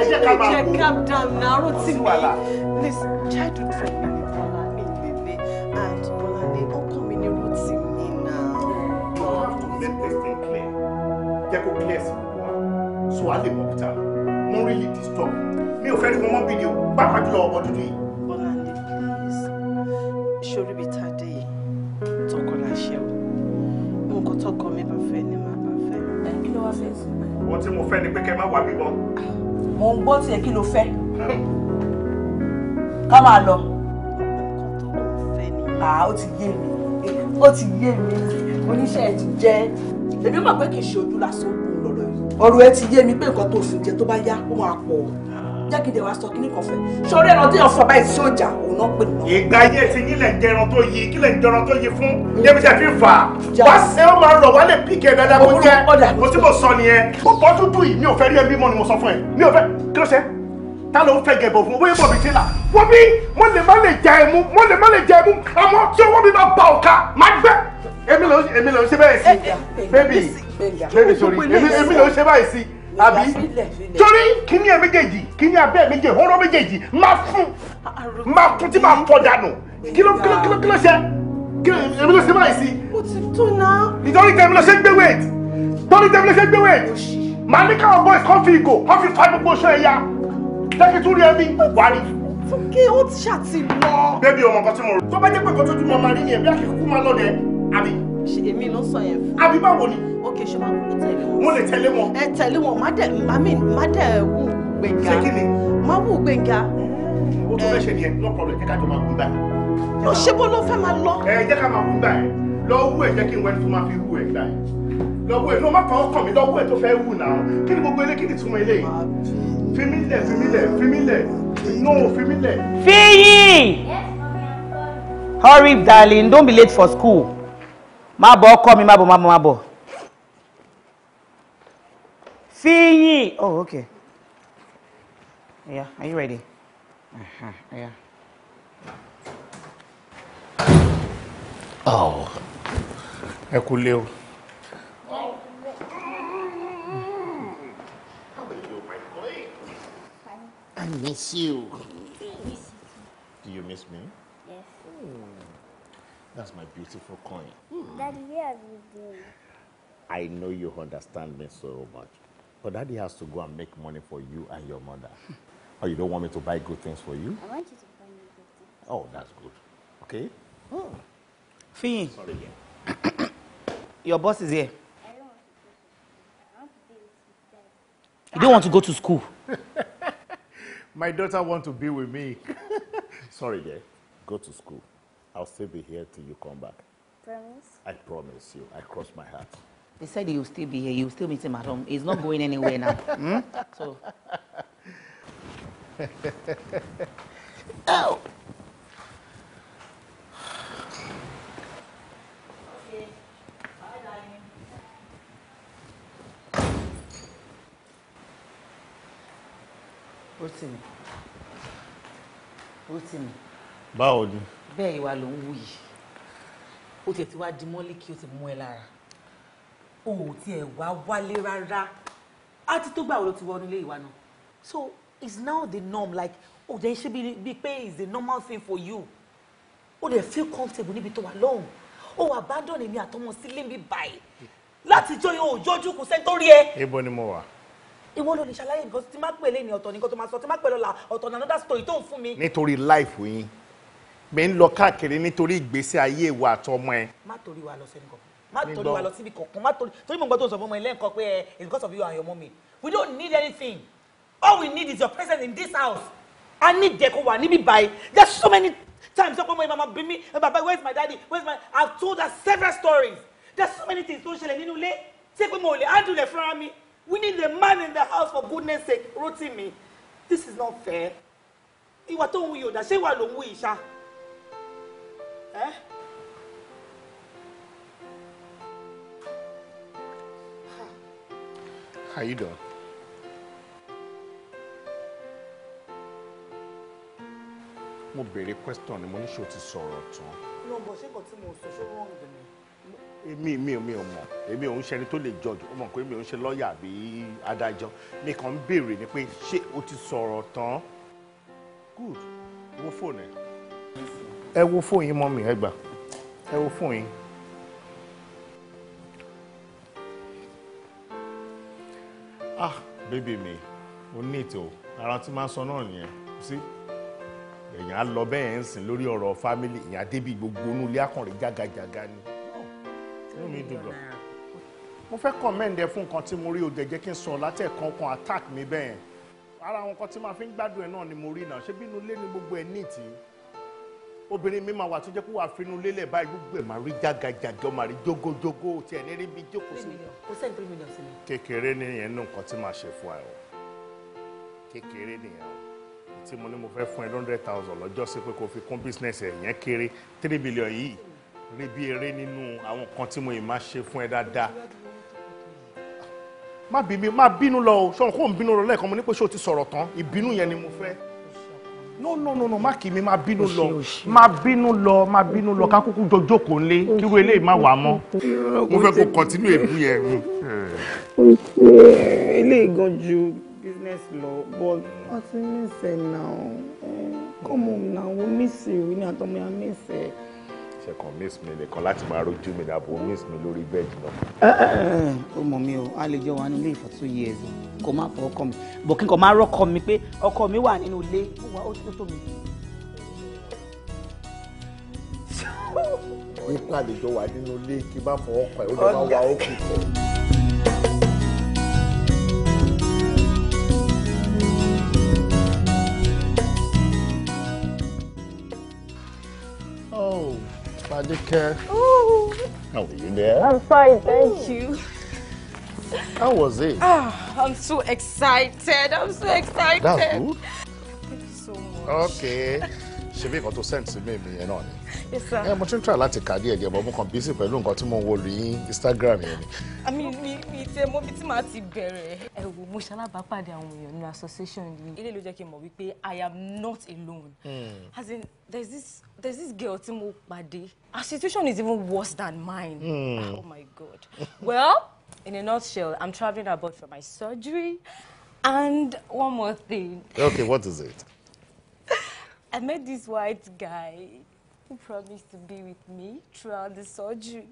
ẹ jẹ́ ká máa mú calm down na aró tí mi please childhood friend mi ni bọ́lá mi lèlé and bọ́lá ni ọkọ mi ni ro ti mi na. you have to make this thing clear jẹ́ kó clear sí gbogbo wa so I lè mọ̀ kíta mo really disturb mi ò fẹ́ rí wọn mọ́ bíi ni pàápàá jùlọ ọkọ̀ dúdú yìí. bọ́lá ni please ṣorí bíi tàdé yìí tọkọ la ṣe o nǹkan tọkọ mi bá fẹ́ ni màá bá fẹ́. kí ló wá fẹ́ sí. ohun tí mo fẹ́ ni pé kẹ́ ẹ má wá bímọ. Ah mò ń gbọ́ tiẹ̀ kí ló fẹ́ ká máa lọ. àá ó ti yé mi ó ti yé mi oníṣẹ́ ẹ̀ ti jẹ́ èmi mọ̀ pé kì í ṣe ojú lásán òun lọ̀rọ̀ yìí ọ̀rọ̀ ẹ ti yé mi pé nǹkan tó fi jẹ tó bá yá ó máa pọ̀ jẹ́ kí dèwà sọ kíní kan fẹ́ sórí ẹran tó yàn fún ọba yìí sí ọjà òun náà pè mí. ìgbà ayé ti yín lẹ̀ ń jẹran tó yí kí lẹ̀ ń jẹran tó yí fún débi tẹ̀ fi fà á wá ṣe ó máa rọ̀ wá lè pí kẹ́ dáadáa kó jẹ́ mo tí mo sọ nìyẹn ó bọ́ dúdú yìí mi ò fẹ́ rí ẹbí mọ́ ni mo sọ fún ẹ mi ò fẹ́ kí ló ṣe ta ló ń fẹ́ gẹ̀bọ̀ fún bóyá bọ̀ mi ti là wọ́n bí mo lè má lè jẹ ẹmu mo lè má lè jẹ ẹmu àmọ́ tí owó mi bá ba ọ̀ka má gbẹ́ èmi ló ń ṣe bẹ́ẹ̀ sí bébì bébì sori èmi ló ń ṣe báyìí sí àbí torí kíní ẹ méjèèjì kíní abẹ́ méjèèjì hóró méjèèjì máa fún máa fún tí máa fọ́ dànù kíló kíló kíló kíló ṣe èmi ló ṣe báyìí sí. o ti tún náà. ìtọ́rí tẹ̀mí ló ṣe gbé wéèt tọ́rí tẹ̀mí ló ṣe gbé wéèt màá ní káwọn boys kan fi ìgò kan fi fa gbogbo ṣọ ẹ̀yà lẹ́kì tún rí ẹbí wà ní. fúnkẹ́ ó ti ṣàtìlọ. bébí ọmọ kan tí mo rò. tó bá jẹ́ pé kó tó tún mọ máa rí ṣe èmi ló sọ yẹn fún. àbí báwo ni. ok ṣé máa kúkú tẹ̀lé wọn. mo lè tẹ̀lé wọn. ẹ tẹ̀lé wọn má dẹ̀ mami má dẹ̀ wù gbẹ̀ngà. ṣé kí ni. má wù gbẹ̀ngà. o tún fẹ́ ṣe ni ẹ no problem jẹ́ ká jọ máa wú gbà. lọ ṣé bó ló fẹ́ máa lọ. ẹ jẹ́ ká máa wú gbà ẹ lọ wú ẹ jẹ́ kí n wẹ́n tó máa fi wú ẹ gbà ẹ lọ wú ẹ lọ má kàn ọkàn mi lọ wú ẹ tó fẹ́ wù náà kí ni gbogbo eléyìí kí ni túmọ̀ eléyìí fimilẹ fimilẹ fimilẹ no fimilẹ. fiyin hurry darling don't be late for school má bọ̀ ọkọ mi má bọ̀ má bọ̀ má bọ̀ fíyìn oh okay yeah are you ready uh-huh, yeah. oh ẹ kú lé o. I miss you. Do you miss me? That's my beautiful coin. Hmm. Daddy, where have you been? I know you understand me so much. But daddy has to go and make money for you and your mother. Hmm. oh, you don't want me to buy good things for you? I want you to buy me good things. Oh, that's good. Okay? Oh. Fee. Sorry Yeah. your boss is here. I don't want to go to school. You don't want to go to school? My daughter wants to be with me. Sorry, dear. Go to school. I'll still be here till you come back. Promise? I promise you. I cross my heart. They said you'll still be here. You'll still meet him at home. He's not going anywhere now. Hmm? So. Ow! Rotimi. Rotimi. Báwo ni? bẹ́ẹ̀ ìwà ló ń wù yìí ó tiẹ̀ ti wá di mọ́lí kí ó ti mú ẹ lára o ò tiẹ̀ wá wálé rárá á ti tó gbà ló ti wọ nílé ìwà náà so it's now the norm like ó dẹ̀ ṣe bíi pé it's the normal thing for you ó dẹ̀ feel comfortable níbi tó wà lọ́hùn ó wà abandon èmi àtọmọ sílé mi báyìí látijọ́ yóò jọ́jú kù sẹ́ńtórí ẹ. ibo ni mo wà ìwọ ló lè ṣàlàyé nǹkan tí má pèlè ní ọ̀tọ̀ nǹkan tó máa sọ tí má pèlè ọ̀la ọ̀tọ̀ ní another story tó ń fún mi. nítorí life yín gbé ń lọ káàkiri nítorí ìgbésí ayé ìwà àtọmọ ẹ. má torí wa lọ sẹ́ni má torí wa lọ síbi kankan má torí torí mo gbọ́ tó sọ fún ọmọ ilé nǹkan pé ẹ eh, it's because of you and your mommy we don't need anything all we need is your presence in this house a ní ìjẹ́kọ̀ wà níbí báyìí there's so many times ọ̀pọ̀ ọmọ ìmọ̀ máa bí mi bàbá where's my daddy where's my I've told her several stories there's so many things tó ń ṣẹlẹ̀ nínú ilé ṣé pé mo ò lè handle ẹ̀ fúnra mi we need a man in the house for goodness sake Rotimi this is not fair ìwà tó ń wuyì ò dá ṣé ìwà ló ń wuyì ṣáá. How you doing? Mo béèrè question ni mo ní ṣé o ti sọ̀rọ̀ tán. No, bọ̀ ṣé kò tí mo sọ ṣé wọ́n ń dùn èmi mi ò mi ò mọ̀ èmi òun ṣẹni tó lè judge ó mọ̀ pé èmi òun ṣe lọ́ọ̀yà àbí adájọ́ mi kàn ń béèrè ni pé ṣé o ti sọ̀rọ̀ tán good wo fóònù ẹ̀ ẹ wo fóònù yín mọ́mì ẹ gbà ẹ wo fóònù yín. ah bébì mi ò ní ètò ara tí máa sọ náà nìyẹn sí èèyàn á lọ bẹ́ẹ̀ ń sìn lórí ọ̀rọ̀ fámìlì èèyàn á débi gbogbo inú ilé akànrin jágajàga ni mo fẹ́ kọ́mẹ́ǹdẹ fún nǹkan tí mo rí o jẹ́jẹ́ kí n sọ látẹ̀kan kan attack mi bẹ́ẹ̀ ara àwọn nǹkan tí màá fi ń gbádùn ẹ̀ náà ni mo rí náà ṣé bí inú ilé ni gbogbo ẹ̀ níìtì obìnrin mi máa wà tó jẹ́ kó wà fínú lélẹ̀ báyìí gbogbo ẹ̀ máa rí jágajàgọ́ máa rí jógójógó tí ẹ̀ ní rí bí jókòó sí. kò sẹ́ni three nù nǹkan tí màá ṣe fún ẹ o kékeré nìyẹn o tí mo ní mo fẹ́ fún ẹ hundred thousand lọ́jọ́ sí pé kò fi kún business ẹ̀ yẹn kéré three billion yìí rí bí eré nínú àwọn nǹkan tí mo yìí máa ṣe fún ẹ dáadáa má bínú lọ o ṣọ̀n kó ń bínú lọ lẹ́ẹ̀kan mo ní pé ṣé o ti sọ̀rọ̀ tán ìbínú yẹn ni mo fẹ́ no no no no má kì mi ma bínú lọ máa bínú lọ máa bínú lọ ká kúkú jọ jókòó nlé kíru eléyìí má wà mọ́. mo fẹ́ continue kọ́tínú èébú yẹn. eléyìí gan ju business lọ but wọ́n ti ní ìsẹ̀ náà come home now we miss you ní àtọ́mọ́ yà miss you ṣe kàn miss mi nìkan láti máa rojú mi dàbò miss mi lórí bẹ́ẹ̀dì náà. Eh, eh, eh, ó mọ̀ mi o a lè jọ wà nílé for two years kò má fọ ọkọ mi bọ̀ kí n kò má rọ́kọ mi pé ọkọ mi wà nínú ilé ó wà ó tó mi. wípé àlejò wà nínú ilé kí n bá fọ ọkọ ẹ ó lè wá wá ó kù. care. Ooh. How are you there? I'm fine, thank Ooh. you. How was it? Ah, I'm so excited. I'm so excited. That's good. Thank you so much. Okay. ṣe bí nǹkan tó send sí mi yẹn náà ni. ẹ mo ti ń try láti kà díẹ̀ díẹ̀ bọ́ mo kàn busy pẹ̀lú nǹkan tí mo wo lórí instagram yẹn ni. àmì mi mi ti ẹ mọ̀ bí tí màá ti bẹ̀rẹ̀. ẹ wo mo ṣalábàápàdé àwọn èèyàn ní association yìí. ilé ló jẹ́ kí n mọ̀ wípé i am not alone. Mm. as in there's this there's this girl tí mo pàdé her situation is even worse than mine. Hmm. Ah, oh my god. well in a nutshell i'm travelling abroad for my surgery and one more thing. okay what is it. I met this white guy who promised to be with me throughout the surgery.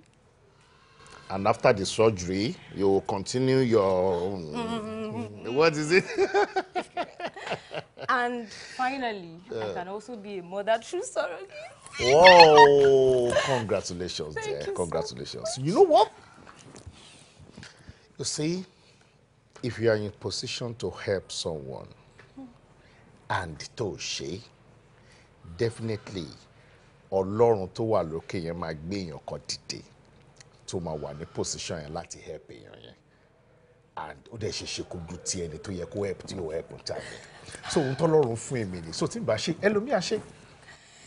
And after the surgery, you will continue your. Mm. What is it? and finally, uh. I can also be a mother through surrogacy. Whoa! Congratulations, Thank dear. You Congratulations. So you know what? You see, if you are in a position to help someone and to share, definitely ọlọ́run tó wà lókè yẹn máa gbé èèyàn kan dìde tó máa wà ní position yẹn láti help èèyàn yẹn and ó dẹ̀ ṣe ṣe kó ju ti ẹni tó yẹ kó help tí ò help ń ta mi so ohun tọ́lọ́run fún èmi ni so tí n bá ṣe ẹlòmíà ṣe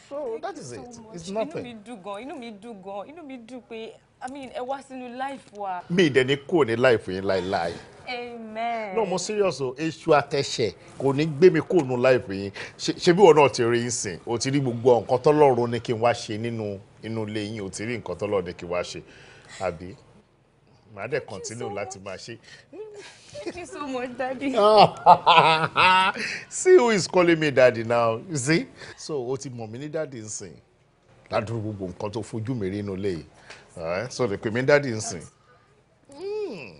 so that is it it's nothing. inú mi dùn gan inú mi dùn gan inú mi dùn pé I mean, ẹ wá sínú life wa. Mi ìdẹ ni kúrò ní life yín láéláé. Amen. No, mo serious o, èṣù àtẹ̀ṣẹ̀ kò ní gbé mi kúrò ní life yín. Ṣé bí ìwọ náà ti rí ìsìn? O ti rí gbogbo nǹkan tọ́lọ́run ní kí n wá ṣe nínú inú ilé yín, o ti rí nǹkan tọ́lọ́run ní kí n wá ṣe. Àbí? Màá dẹ̀ continue láti máa ṣe. Thank you so much, Daddy. See who is calling me Daddy now, you see? So, o ti mọ̀ mí ní Daddy ń sìn. Ládùúgbò gbogbo nǹkan tó fojú mi rí inú ilé yìí alright so lè pè mí dáàdi nsìn hmm.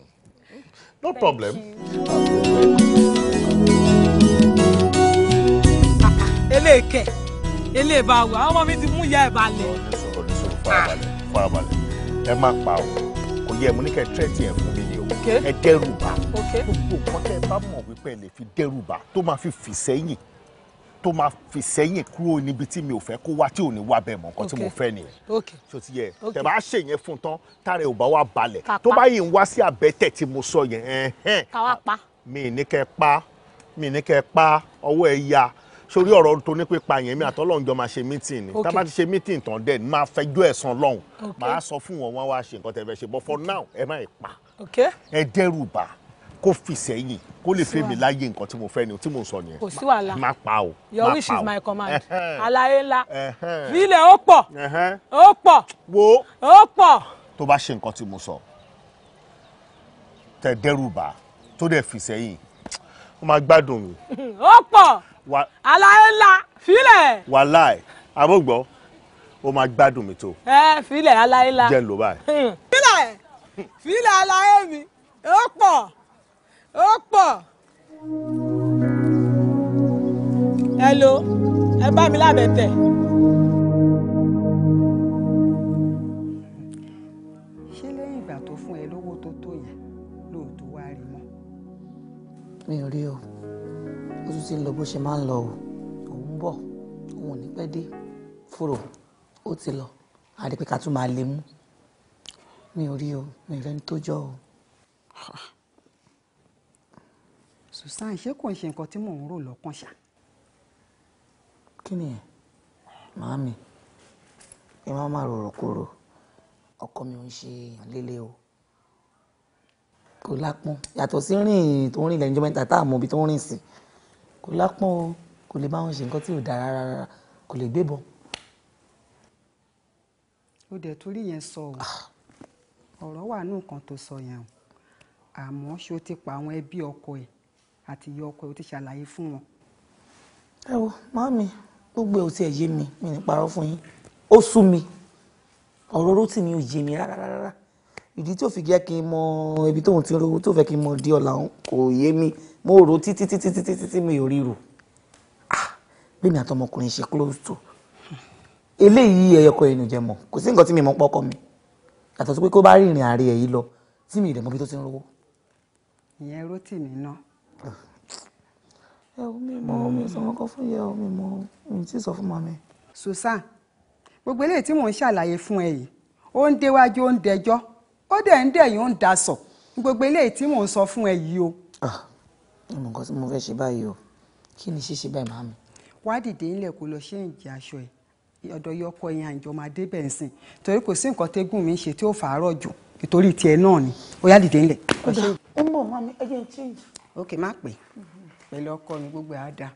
no problem. Okay. Okay. àwọn ọmọ mi ti mú ìyá ẹ̀ balẹ̀. oníṣòro oníṣòro farabalẹ̀ farabalẹ̀ ẹ má pa o kò yẹ mo ní kẹ́ tírẹ́tì ẹ̀ fún mi ni o ẹ dẹ́rù bà gbogbo nǹkan tẹ́ ẹ bá mọ̀ wípé ẹ lè fi dẹ́rù bà tó máa fi fì sẹ́yìn tó máa fi sẹ́yìn kúrò níbi tí mi ò fẹ́ kó wá tí ò ní wá bẹ́ẹ̀ mọ́ nǹkan tí mo fẹ́ nìyẹn tó ti yẹ tẹ̀ bá ṣe yẹn fún tán tára ẹ̀ ò bá wá balẹ̀ tó bá yìí ń wá sí àbẹ́tẹ̀ tí mo sọ yẹn mi ní kẹ́ pa mi ní kẹ́ pa ọwọ́ ẹ̀ ya sórí ọ̀rọ̀ tó ní pé pa yẹn mi àtọ́lọ́run jọ máa ṣe mítìn ni tá a bá ti ṣe mítìn tán dẹ̀ máa fẹjọ́ ẹ̀sán lọ́hùn máa sọ fún wọn wọn wá ṣe nǹkan tẹ̀ fẹ́ ṣe but for now ẹ má ì pa ẹ dẹ́rù bà kó fi sẹ́yìn kó lè fẹ́ mi láyé nǹkan tí mo fẹ́ ni tí mo sọ nìyẹn. kò sí wàhálà má pa o. your wish is my command. àlàyé ńlá nílẹ̀ ó pọ̀ ó pọ̀ wo ó pọ̀. tó bá ṣe nǹkan tí mo sọ tẹ dẹ́rù bá tó dẹ̀ fi sẹ́yìn ó máa gbádùn mi. ó pọ̀ àlàyé ńlá filẹ̀. wàláì àbúgbọ́ ó máa gbádùn mi tó. ẹ filẹ̀ àlàyé ńlá. jẹ́ ń lò báyìí. filẹ̀ filẹ̀ àlàyé mi ó pọ̀ ó pọ̀ ẹ lo ẹ bá mi lábẹ́ tẹ̀. ṣé lẹ́yìn ìgbà tó fún ẹ lówó tó tó yẹn lóòótọ́ wá rí mọ́. mi ò rí o ó tún ti ń lọ bó ṣe máa ń lọ o òun bọ̀ òun ò ní pẹ́ dé fúrò ó ti lọ àdìpẹ́ ká tún máa lè mú mi ò rí o mi ò rẹ́ni tó jọ o. Susan ṣé kò ń ṣe nǹkan tí mò ń rò lọ́kàn ṣá. kí ni ẹ màámi ẹ má má rọrọ kúrò ọkọ mi ò ń ṣe àlélẹ o kò lápọn yàtọ̀ sí rìn tó ń rìn lẹ́yìn ìjọba ìta tá a mọ ibi tó ń rìn sí kò lápọn o kò lè bá wọn ṣe nǹkan tí ò dára rárá kò lè gbébọn. ó dẹ̀ torí yẹn sọ o ah. ọ̀rọ̀ wà nù nǹkan tó sọ yẹn o àmọ́ ṣó ti pa àwọn ẹbí ọkọ ẹ̀ àti ìyá ọkọ ẹ̀ o ti ṣàlàyé fún wọn. ẹ wo màámi gbogbo ẹ ò tiẹ̀ yé mi mi ní parọ́ fún yín ó sú mi ọ̀rọ̀ rótì mi ò yé mi rárá rárá ìdí tí ò fi jẹ́ kí n mọ ibi tóun ti ń rówó tó fẹ́ kí n mọ di ọ̀la kò yé mi mo rò títí títí títí títí mi ò rí rò ah, bí mi àtọmọkùnrin ṣe close to eléyìí ẹyọkọ ẹnu jẹ mọ kò sí nǹkan tí mi mọ pọkọ mi àtọ̀ sí pé kó bá rìnrìn àárẹ̀ yìí lọ tí mi ì dẹ̀ mọ́ bí tó ti ń rówó. ìyẹn rótì mi náà ẹ ò mi mọ omi ìsọ̀rọ̀ kan fún yẹ omi mọ mi tí ì sọ fún màmí. Susan gbogbo eléyìí tí mò ń ṣàlàyé fún ẹ yìí ó ń déwájú ó ń dẹjọ́ ó dẹ̀ ń dẹ̀yìn ó ń daṣọ gbogbo eléyìí tí mò ń sọ fún ẹ yìí o. ẹ ah, nǹkan tí mo fẹ́ ṣe báyìí o kí ni ṣíṣe báyìí màmí. wá dìde ńlẹ̀ kó lọ ṣe ìjì aṣọ ẹ̀ ọ̀dọ̀ yọkọ yẹn àjọ máa dé bẹ́ẹ̀ sìn torí kò sí nǹkan tẹ́gùn mi ń ṣe tí ó fàárọ̀ jù nítorí tiẹ̀ náà ni ó yá dìde ńlẹ̀. ó mọ̀ mami ẹ jẹ́ ń change òkè má pè pẹ̀lú ọkọ mi gbogbo àá dáa.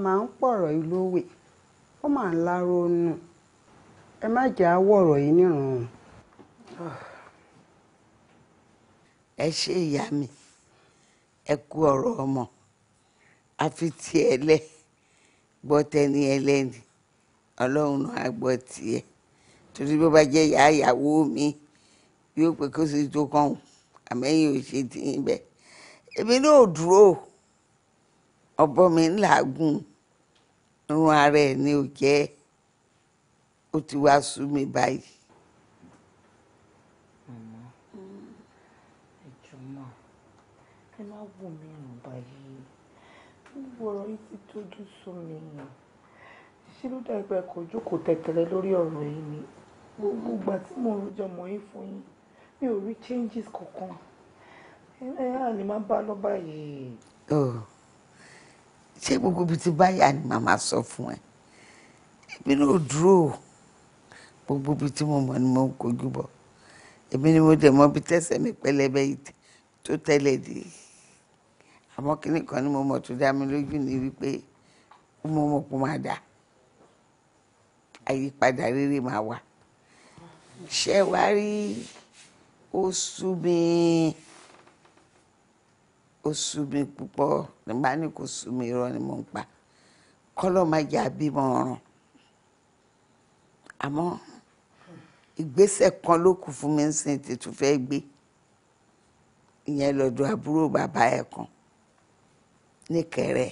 máa ń pọ̀rọ̀ ìlú òwe ó máa ń láró nù ẹ má jà á wọ̀rọ̀ yìí nírun. ẹ ṣe ìyá mi ẹ kú ọ̀rọ̀ ọmọ àfi tí ẹ lẹ gbọ́ tẹni ẹlẹ́ni ọlọ́run náà gbọ́ tiẹ̀ torí bó bá jẹ́ ìyá ìyàwó mi yóò pé kó sì tó kàn àmẹ́yìn ò ṣe tì í bẹ́ẹ̀ èmi náà dúró ọ̀bọ mi ń làágùn irun ara ẹ̀ ni ò jẹ́ ó ti wá sú mi báyìí. màmá ẹjọ máa ẹ má wò mí ràn báyìí gbogbo ọ̀rọ̀ yìí ti tójú sú mi ṣé ló dá ìgbà ẹ̀kọ́ jókòó tẹ̀tẹ̀rẹ̀ lórí ọ̀rọ̀ yìí ni gbogbo ìgbà tí mo rojọ́ mọ́ yín fún yín mi ò rí changes kankan ẹ ẹ àní má bá lọ báyìí se gbogbo ibi tí báyà ni màmá sọ fún ẹ èmi náà dúró gbogbo ibi tí mo mọ̀ ni mo ń kojú bọ̀ èmi ni mo dẹ̀ mọ̀ bí tẹ́sẹ̀ mi pẹlẹbẹ tó tẹ́lẹ̀ dé àmọ́ kínní kan ni mo mọ̀ tó dá mi lójú ni wípé mo mọ̀ kó máa dà àyípadà rere máa wà ṣé rí ó sú ó sú mi púpọ̀ nígbà ní kò sú mi irọ́ ni mo ń pa kọ́lọ́ má jẹ́ àbímọ ọ̀ràn àmọ́ ìgbésẹ̀ kan ló kù fún mi ń sin fẹ́ gbé ìyẹn lọ́dọ̀ àbúrò bàbá ẹ̀ kan níkẹrẹ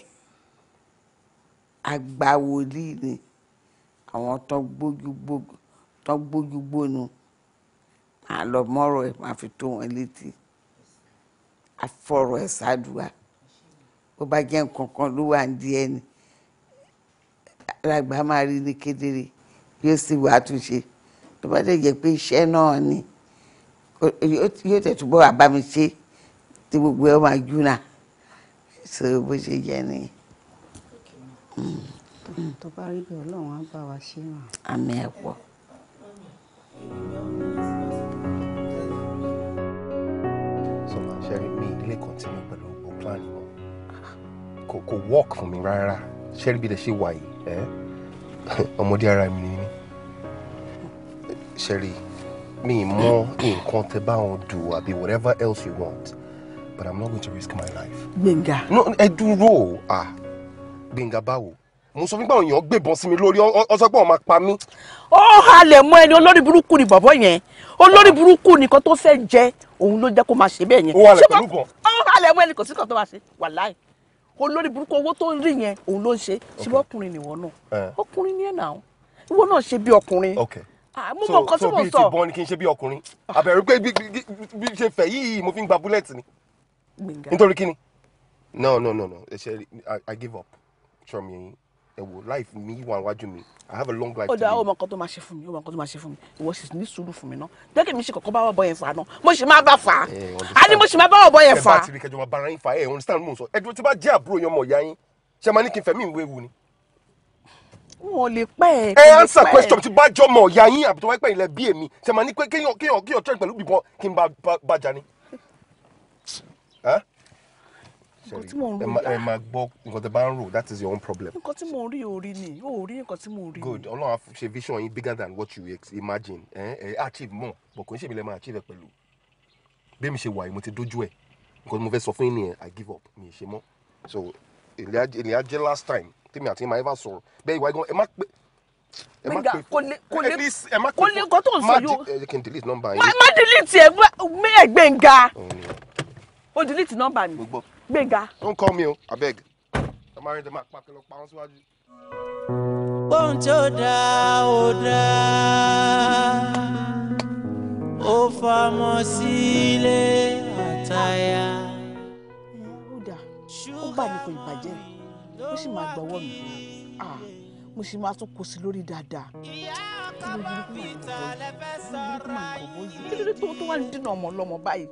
àgbà ni àwọn tó gbójúgbónu màá lọ mọ́rọ̀ ẹ̀ máa fi tó wọn létí àfọ̀rọ̀ ẹ̀ ṣáàdùà ó bá jẹ́ nǹkan kan ló wà ní díẹ̀ ni alàgbà máa rí ní kedere yóò sì wá àtúnṣe tó bá dẹ̀ jẹ́ pé iṣẹ́ náà ni yóò tẹ̀túbọ̀ àbámi ṣe tí gbogbo ẹ̀ máa júnà ṣe bó ṣe jẹ́ nìyẹn. Mm-hmm. tó bá rí bẹ́ẹ̀ ọlọ́run á bá wa ṣe é hàn. àmì ẹ̀ pọ̀. Thank you so ma ṣe rí mi ilé continue pẹ̀lú gbogbo plan wọn kò kò work fún mi rárá ṣe rí bí lè ṣe wà yìí ọmọdé ara mi ni ṣe rí mi mọ nǹkan tẹ bá wọn do àbí whatever else you want but i'm not going to risk my life. gbẹ̀ngà. no ẹ dúró ah gbẹ̀ngà báwo mo sọ fúnpá òyìnbó gbébọn sí mi lórí ọsọ pé wọn máa ó halẹ̀ mọ́ ẹni olórí burúkú ni bọ̀bọ̀ yẹn olórí burúkú nìkan tó fẹ́ jẹ òun ló jẹ́ kó máa ṣe bẹ́ẹ̀ yẹn. ó halẹ̀ pẹ̀lú bọ̀. ó halẹ̀ mọ́ ẹni kò sí kan tó máa ṣe wàláì olórí burúkú owó tó ń rí yẹn òun ló ń ṣe ṣùgbọ́n ọkùnrin nìwọ náà ọkùnrin ni ẹ̀ náà ìwọ náà ṣe bí ọkùnrin mo mọ nǹkan tí mo sọ. so bí ti bọ́n ni kí n ṣe bí ọkùnrin àbẹ̀rù pé bí ṣe no no no no i give up ṣọmi ẹyin ẹ wò life mi wà wájú mi i have a long life. ó dáa ó mọ nǹkan tó máa ṣe fún mi ó mọ nǹkan tó máa ṣe fún mi ìwọ sì ní sùúrù fún mi ná jẹ́ kí mi ṣe kọ̀kọ́ bá wà bọ́ yẹn fà á ná mo sì máa bá fà á á eh, ní mo sì máa bá wà bọ́ yẹn fà á. ẹ bá ti rí kẹjọ máa bára yín fà á ẹ eh, understand mo sọ ẹ dúró tí bá jẹ́ àbúrò yẹn mọ̀ ìyá yín ṣe máa ní kí n fẹ̀mí ìwé ewu ni. wọn ò lè pẹ́ eh, ẹ. ẹ answer question tí bá jọ mọ̀ ìyá yín àbùtọ́ wáyé pẹ̀lú ilẹ̀ bí èmi ṣe máa ní kéèyàn kéèyàn kéèyàn tẹ́ pẹ̀lú bìbọn kí n bá bàjá ni. nǹkan tí mò ń rò ẹ máa gbọ́ nǹkan tí bá ń rò that is your own problem. nǹkan tí mò ń rí ò rí ni ò rí nǹkan tí mò ń rí. good ọlọ́run ṣe vision yín bigger than what you imagine ẹ ẹ achieve more but kò ń ṣèbílẹ̀ máa achieve ẹ pẹ̀lú bí mi ṣe wà yìí mo ti dójú ẹ̀ nǹkan tí mo fẹ́ sọ fún yín nìyẹn i give up mi ì ṣe mọ́ so èlé ajé last time tèmi àti emma ever sọ̀rọ̀ bẹ́ẹ̀ ìwà ẹ̀gbọ́n ẹ má pé ẹ má pè fún at least ẹ má pè fún kò lè tó ń sọ yóò ẹ kì í delete number yẹn má delete ẹ gbẹ́ngà delete number mi gbéga. don't call me o I beg. máa rí ẹ máa pàkẹ́ lọ pa wọn síwájú. ohun tí ó dá ó dá ó famọ́ sílé àtayá. ó dà ó bà mí kò ìbàjẹ́ ó sì máa gbọ́wọ́ mi mo sì máa tún kó sí lórí dáadáa. kí ló dé tó wà ní dínà ọmọ ọlọmọ báyìí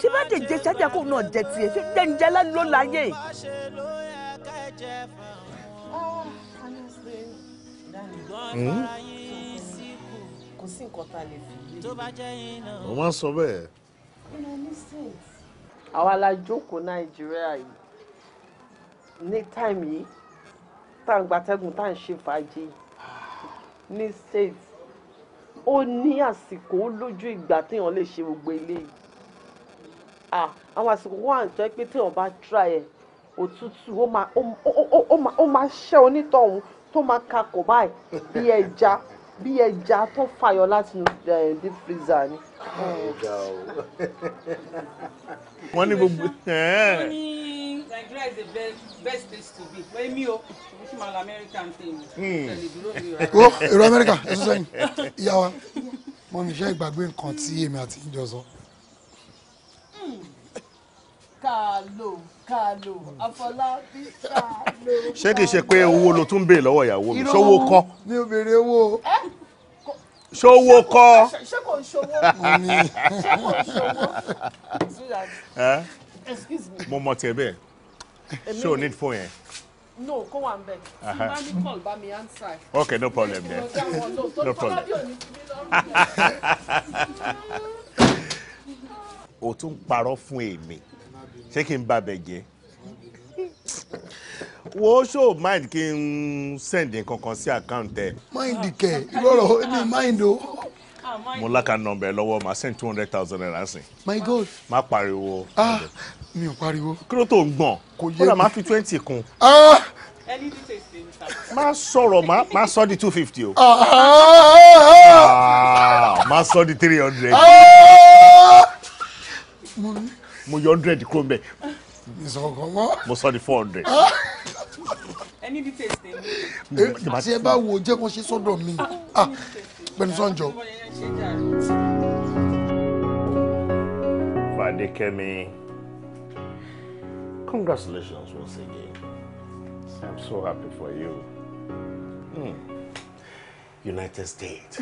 ṣé má jẹ jẹ ṣáájà kó náà jẹ tiẹ̀ ṣé jẹnjẹ ló láyé. Hmm? kò sí nǹkan tá a lè mo máa ń sọ bẹ́ẹ̀. àwa la jókòó nàìjíríà yìí ní táìmù yìí tá à ń tá à ṣe fàájì ní state ó ní àsìkò lójú ìgbà téèyàn lè ṣe gbogbo eléyìí àwọn àsìkò wà nítorí pé téèyàn bá try ẹ̀ òtútù ó máa ṣẹ́ onítọ̀hún tó máa kakọ̀ báyìí bí ẹja bí ẹja tó fàyọ láti deep freezer ni. wọ́n ní gbogbo. Nigeria is the best best place to be wẹ́n mi o mo ṣì máa lọ America ń tẹ̀ hmm. mí. ẹ sọ sẹ́yìn ìyá wa mo ní ìgbàgbé nǹkan tí èmi àti ìjọ sọ kàlò kàlò àfọlábí kàlò. ṣé kìí ṣe pé owó ló tún béèrè lọ́wọ́ ìyàwó mi ṣówó kọ́. mi ò béèrè owó. ṣówó kọ́. ṣé kò ń ṣòwò. ṣé kò ń ṣòwò. excuse me. mo mọ tiẹ̀ bẹ́ẹ̀ ṣé o need phone yẹn. no kó wà ń bẹ̀. tí ní call bá mi answer. okay no problem then. no problem. o tún parọ́ fún èmi ṣé kí n bàbẹ̀ jẹ́ wo show mind kí n send nǹkan kan sí account ẹ. mind kẹ ìrọ̀rọ̀ ní mind o. mo láka nọmba ẹ lọ́wọ́ send two hundred thousand naira sí. my god. má pariwo. ah mi ò pariwo. kí ló tó ń gbọ̀n kódà máa fi twenty kún. ah má sọ̀rọ̀ má sọ di two fifty o. Ah, ah, ah, má sọ di three hundred mo yọ hundred kúrò mbẹ. mo sọ di four hundred. ẹni di tèsí. àti ẹ bá wo jẹ́ kó ṣe sọ́dọ̀ mi ah, ah, pẹ̀lú sọ́njọ́. Fadekemi, congratulations once again. I'm so happy for you. Mm. United States.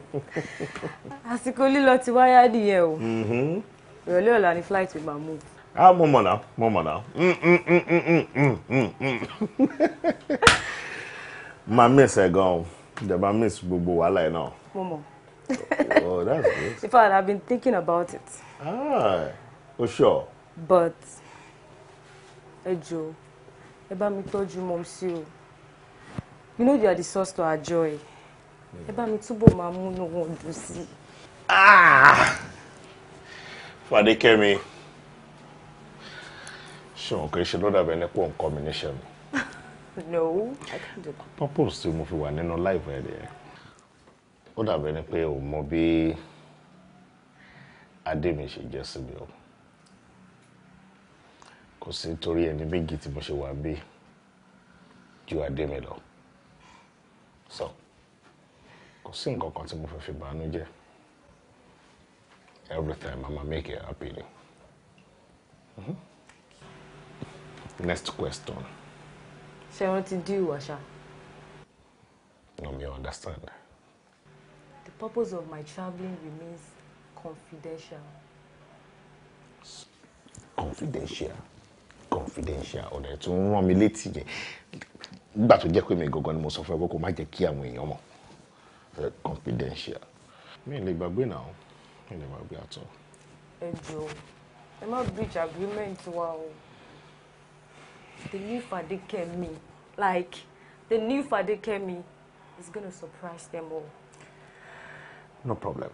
àsìkò lílọ ti wáyà nìyẹn o. Mm-hmm ìrọ̀lẹ́ ọ̀la ni flight ìgbà move. ah mo mọ̀ náà mo mọ̀ náà mm, mm, mm, máa miss ẹ gan-an ìjọba miss gbogbo wàhálà ẹ náà. mo mọ̀. oh that's good. in fact i've been thinking about it. ah o sure. but ẹ jọ̀ọ́ ẹ bá mi tọ́jú mọ́ sí o you know you are the source to our joy ẹ bá mi túbọ̀ máa múnú wọn dùn sí i. Ah! Fadékẹ́mi ṣùgbọ́n kì í ṣe ló dàbẹ̀ nípò nǹkan mi níṣẹ́ mi. no i can't do that. purpose tí mo fi wà nínú life ẹ̀ rẹ̀ ó dàbẹ̀ ni pé o mọ bí adé mi ṣe jẹ́ síbi o kò sí torí ẹni méjì tí mo ṣe wà bí ju adé mi lọ so kò sí nǹkan kan tí mo fẹ́ fi bàánú jẹ́ every time. I'm gonna make it appealing. Mm-hmm. Next question. So I want to do Asha? No, me understand. The purpose of my traveling remains confidential. Confidential? Confidential ọ̀dẹ̀ tó ń rán mi létí yẹn. Nígbà tó jẹ́ pé mi gangan ni mo sọ fún ẹ pé kó má jẹ́ kí àwọn èèyàn mọ̀. Confidential. Mi ò lè gbàgbé náà kí n lè máa gbé àtọ. ẹ jọ̀ọ́ ẹ má breach agreement wa o the new Fadekemi like the new Fadekemi is gonna surprise them all. no problem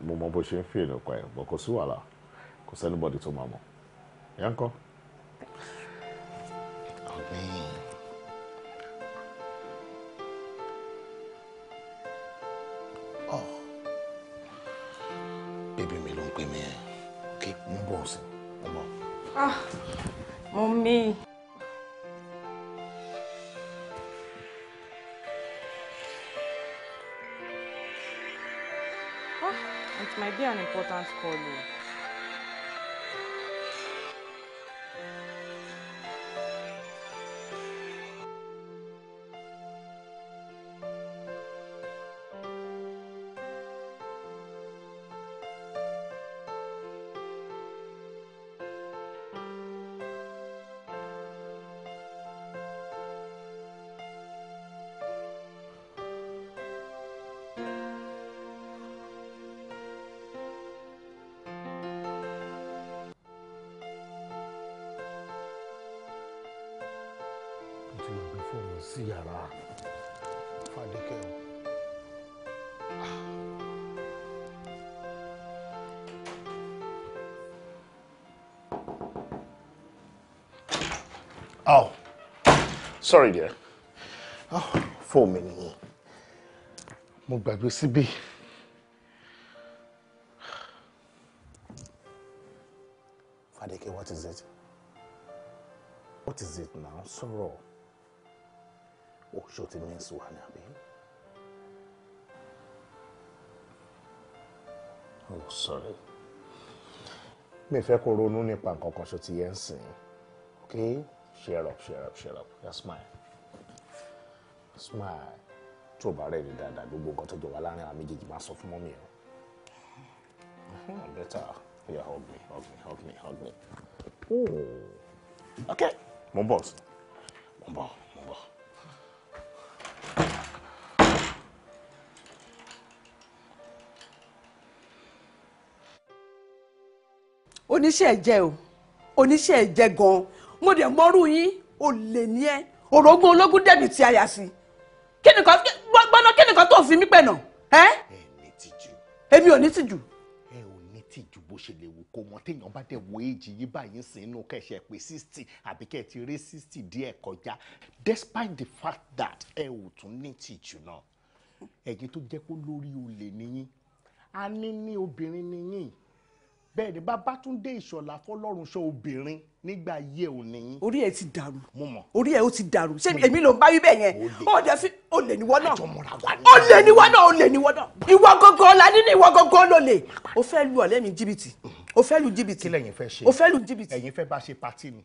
mo mọ bó ṣe ń fi èèyàn pa ẹ bọ kò sí wàhálà kò sẹ́nibọ́dì tó máa mọ̀ yánkọ́. ọ̀gbìn. bébí mi ló ń pè mí ẹ̀ ok mo ń bọ̀ ọ̀sìn mo ń bọ̀. Ah, ah It might be an important call. Though. sorry dear. oh, four minutes. mo gbàgbé síbí. Fadeke, what is it? What is it now? Sọ̀rọ̀. Oṣù ti ní ìsúwà ní àbí. Oh, sorry. Mi fẹ́ kó ronú nípa nǹkan kan ṣó ti yẹn ń sìn. Okay? Cheer up, cheer up, cheer up. Just smile. Smile. Tó o bá rẹ̀ rí dáadáa, gbogbo nǹkan tó jọ wá láàrin àwọn méjèèjì máa sọ fún mọ́mí ẹ̀. Better. Yeah, hug me, hug me, hug me, hug me. Ooh. Okay. Mo ń bọ̀. Mo ń bọ̀, mo ń bọ̀. oníṣẹ́ ẹ̀jẹ̀ o oníṣẹ́ ẹ̀jẹ̀ gan-an mo dẹ̀ mọ́rú yín ò lè ní ẹ òrógùn ológun dẹ̀bi ti àyà sí kí nìkan gbọ́nà kí nìkan tó fi mí pẹ̀ nà ẹ́. ẹ ní tìjú. èmi ò ní tìjú. ẹ ò ní tìjú bó ṣe lè wò kó mọ téèyàn bá dẹ̀ wo èjì yìí báyìí sí inú kẹ̀ṣẹ̀ pé sixty àbí kẹ́ rí sixty díẹ̀ kọjá despite the fact that ẹ ò tún ní tìjú náà ẹ̀yin tó jẹ́ kó lórí olè nìyí a ní ní obìnrin nìyí bẹ́ẹ̀ ni bàbá tún dé ìṣọ̀lá fọlọ́run ṣọ obìnrin nígbà yẹ ò ní. orí ẹ ti dàrú. mo mọ. orí ẹ ó ti dàrú ṣé èmi ló ń bá wíbẹ̀ yẹn. ó dẹ fi olè níwọ náà. àjọ mọ̀ra ni. olè níwọ náà olè níwọ náà. ìwọ gangan la nínú ìwọ gangan ló lè. o fẹ́ lu ọ̀lẹ́ mi jìbìtì. o fẹ́ lu jìbìtì. kílẹ̀ yẹn ṣe. o fẹ́ lu jìbìtì. ẹ̀yin fẹ́ bá ṣe pati ni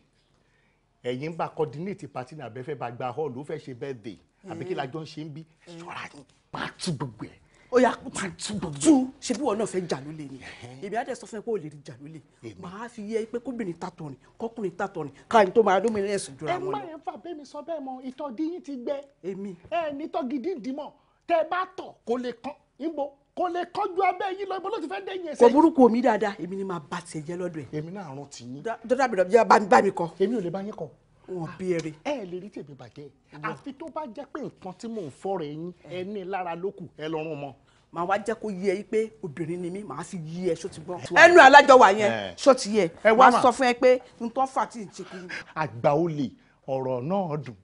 ẹ̀yin bá coordinate pati ni àbẹ́fẹ́ bá gba hall ó fẹ́ ṣe birthday àbí kí la ń ṣe ń bí ṣọ́ra yín pàtó gbogbo ẹ̀ ó yà tú ṣe bí wọn náà fẹ́ jà lólè ni èmi á dẹ̀ sọ fún ẹ pé ó lè jà lólè màá fi yẹ pé kóbìnrin tatọ̀ ni kọkùnrin tatọ̀ ni káyìn tó máa lómìnira ẹ̀sùn jura wọn. ẹ má yẹn fà bẹ́ẹ̀ mi sọ bẹ́ẹ̀ mọ ìtọ̀ díyín ti gbẹ èmi ẹ nítọ́ gidi dìímọ̀ tẹ́ ẹ bá tọ̀ kó lè kán níbo kó lè kánjú abẹ́ yín lọ ibo ló ti fẹ́ dé yẹn sẹ́yìn. kò burúkú mi dáadáa èmi ni máa bá tiẹ̀ jẹ́ lọ́dọ̀ ẹ̀. èmi náà rántí yín. dọ́dọ̀ àbẹ̀dọ̀ bá mi kọ. èmi ò lè bá yín kọ wọn bí ẹrẹ. ẹ ẹ lè rí tèmi bàjẹ́ àfi tó bá jẹ́ pé nǹkan tí mò ń fọ́ rẹ̀ yín ẹ ní lára lókù ẹ lọ́rùn mọ́. màá wá jẹ́ kó yé ẹ pé obìnrin ni mí màá sì yé ẹ ṣó ti gbọ́. ẹnu alájọ wà yẹn ṣó ti yẹ wá sọ fún ẹ pé n tó fà tí ì ṣe kiri. àgbà olè ọ̀rọ̀ náà dùn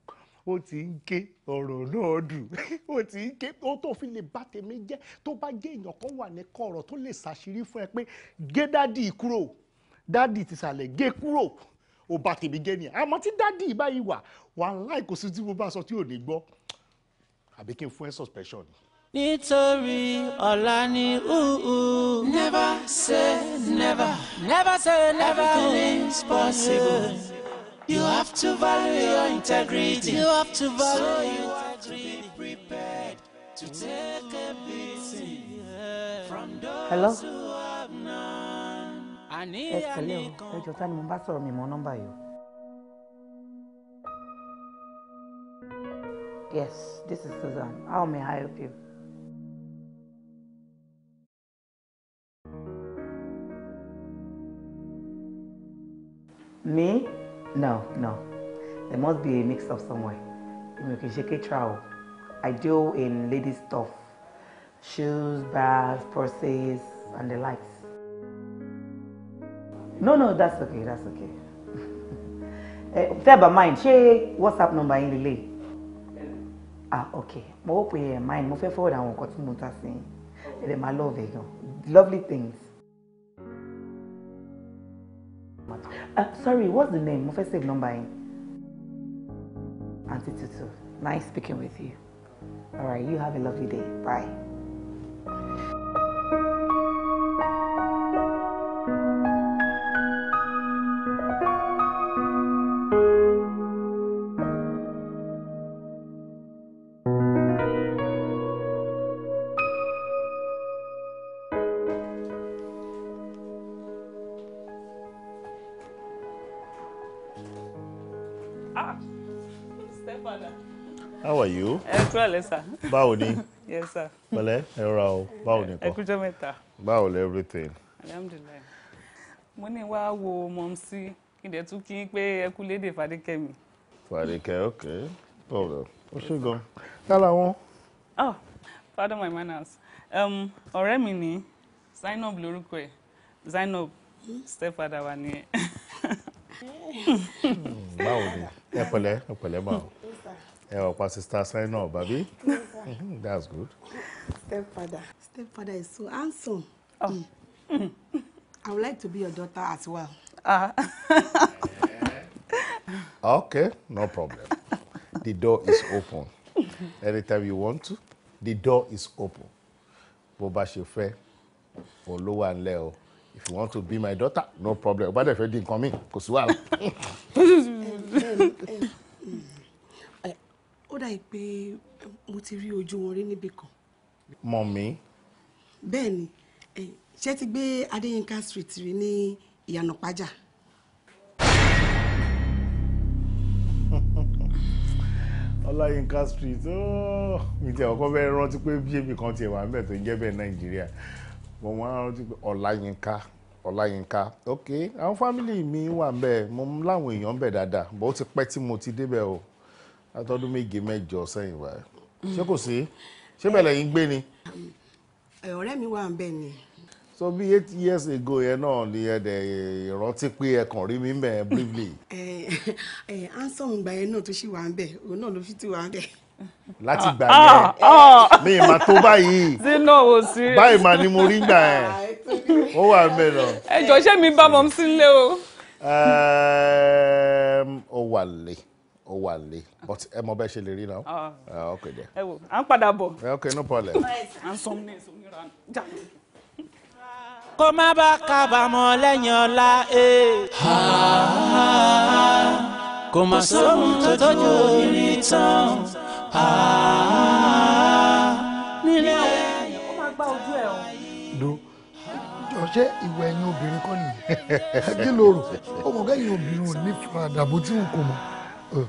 ó ti ń ké ọ̀rọ̀ náà dùn ó ti ń ké ó tó fi lè bá tèmi jẹ́ tó bá jẹ́ èèyàn kan wà ní kọ̀rọ̀ tó lè ṣàṣírí fún ẹ pé gé dádì kúrò dádì tìsàlẹ̀ gé kúrò ó bá tèmi gẹ́ ni àmọ́ tí dádì báyìí wà wàláì kò sí tí mo bá sọ tí ò ní gbọ́ àbí kí n fún ẹ suspension ni. nítorí ọ̀la ni uhu. never say never never say never everything is possible you have to value your integrity you have to value so you are to be prepared to take a beating from those Hello? who have not ẹ pẹ̀lẹ́ o ẹ jọ ta ni mo bá sọ̀rọ̀ mi mọ́ nọ́mbà yìí o. Yes, this is Susan. How may I help you? Me? No, no. There must be a mix-up somewhere. You can shake a trowel. I deal in ladies' stuff. Shoes, bags, purses, and the likes no no that's okay that's okay tẹ́ fair, but mind ṣé whatsapp number yín lélẹ̀ ah okay. mo wọ́n pe ẹ̀ mind mo fẹ́ forward àwọn nǹkan tí mo ta sí ẹ̀ dẹ̀ máa love ẹ̀ gan lovely things. Uh, sorry what's the name mo fẹ́ save number yín aunty tutu nice speaking with you all right you have a lovely day bye. pẹ̀lẹ́ sà. báwo ni pẹ̀lẹ́ ẹ rà o báwo ni kọ́ ẹkújọ́ mẹ́ta. báwo lẹ everything. alhamdulilayi mo ní wá wo mọ̀mísí kí n dẹ̀ tún kí pé ẹkú léde fàdékẹ́mi. fàdékẹ́ ok bọ́ọ̀lù ó ṣe gan. lára wọn. oh pardon my manners um, ọ̀rẹ́ mi ni Zainab lórúkọ ẹ̀ Zainab stepfather wa ni ẹ. Hmm, báwo ni ẹ pẹ̀lẹ́ ẹ pẹ̀lẹ́ báwo ẹ ọ̀pá sista Zainab baby. that's good. stepfather stepfather is so handsome. Oh. Mm. I would like to be your daughter as well. Uh. okay, no problem. The door is open. Anytime you want to, the door is open. Bó bá ṣe fẹ́, òun ló wà nílẹ̀ If you want to be my daughter, no problem. Bó bá dẹ̀ fẹ́ di nǹkan mi, kò ó dà pé mo ti rí ojú wọn rí níbì kan. mọ̀mí. bẹ́ẹ̀ ni ṣé ti gbé adéyínká street rí ní ìyànà pàjá. ọláyínká street mi ti ọkọ bẹ́ẹ̀ rántí pé bíébì kan tiẹ̀ wà ń bẹ̀ tó ń jẹ́ bẹ́ẹ̀ nàìjíríà mo máa ń rántí pé ọláyínká ọláyínká ok àwọn fámìlì mi wà ń bẹ̀ mo láwọn èèyàn ń bẹ̀ dáadáa bó ti pẹ́ tí mo ti débẹ̀ o látọdún méje mẹ́jọ sẹ́yìn wa ṣé kò sí ṣé bẹ̀rẹ̀ yín gbé ni. ọ̀rẹ́ mi wà ń bẹ̀ ni. so bí eight years ago yẹn náà ni ẹ dẹ̀ ìrántí pé ẹ kàn rí mi mẹ́ briefly. ẹ ẹ ansom ìgbà yẹn náà tó ṣì wà ń bẹ̀ òun náà ló fi ti wà ń bẹ̀ láti gbà ah, yẹn ah, ah. mi ìmà tó báyìí báyìí mà ni mo rí gbà yẹn ó wà ń bẹ̀ náà. ẹ jọ ṣé mi bá mọ́ sílé o. ó wà lè ó wà nílé but ẹ mọ bẹ́ẹ̀ ṣe lè rí náà ah. Ah, ok dẹ. ẹ wo à ń padà bọ̀. Eh, ok no problem. à ń sọm ní ìsọmíra jáde. kó má bàa kábàámọ̀ lẹ́yìn ọ̀la eh. kò má sóhun tó tọ́jú orí tán nílé. ó máa gbá ojú ẹ̀ o. do ọ̀sẹ̀ ìwà ẹ̀yin obìnrin kọ́ nìyẹn kí ló rò ó mọ̀ kẹ́yìn obìnrin ò ní fún àdàbò tí n kò mọ̀. Eh.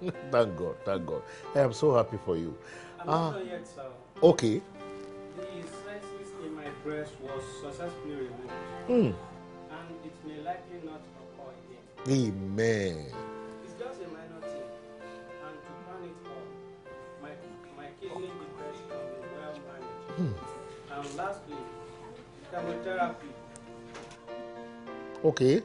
thank God, thank God. I am so happy for you. I'm not ah. yet, sir. Okay. The cyst in my breast was successfully removed. Mm. And it may likely not occur again. Amen. It's just a minor thing. And to plan it all, my, my kidney depression will be well managed. Mm. And lastly, chemotherapy. Okay.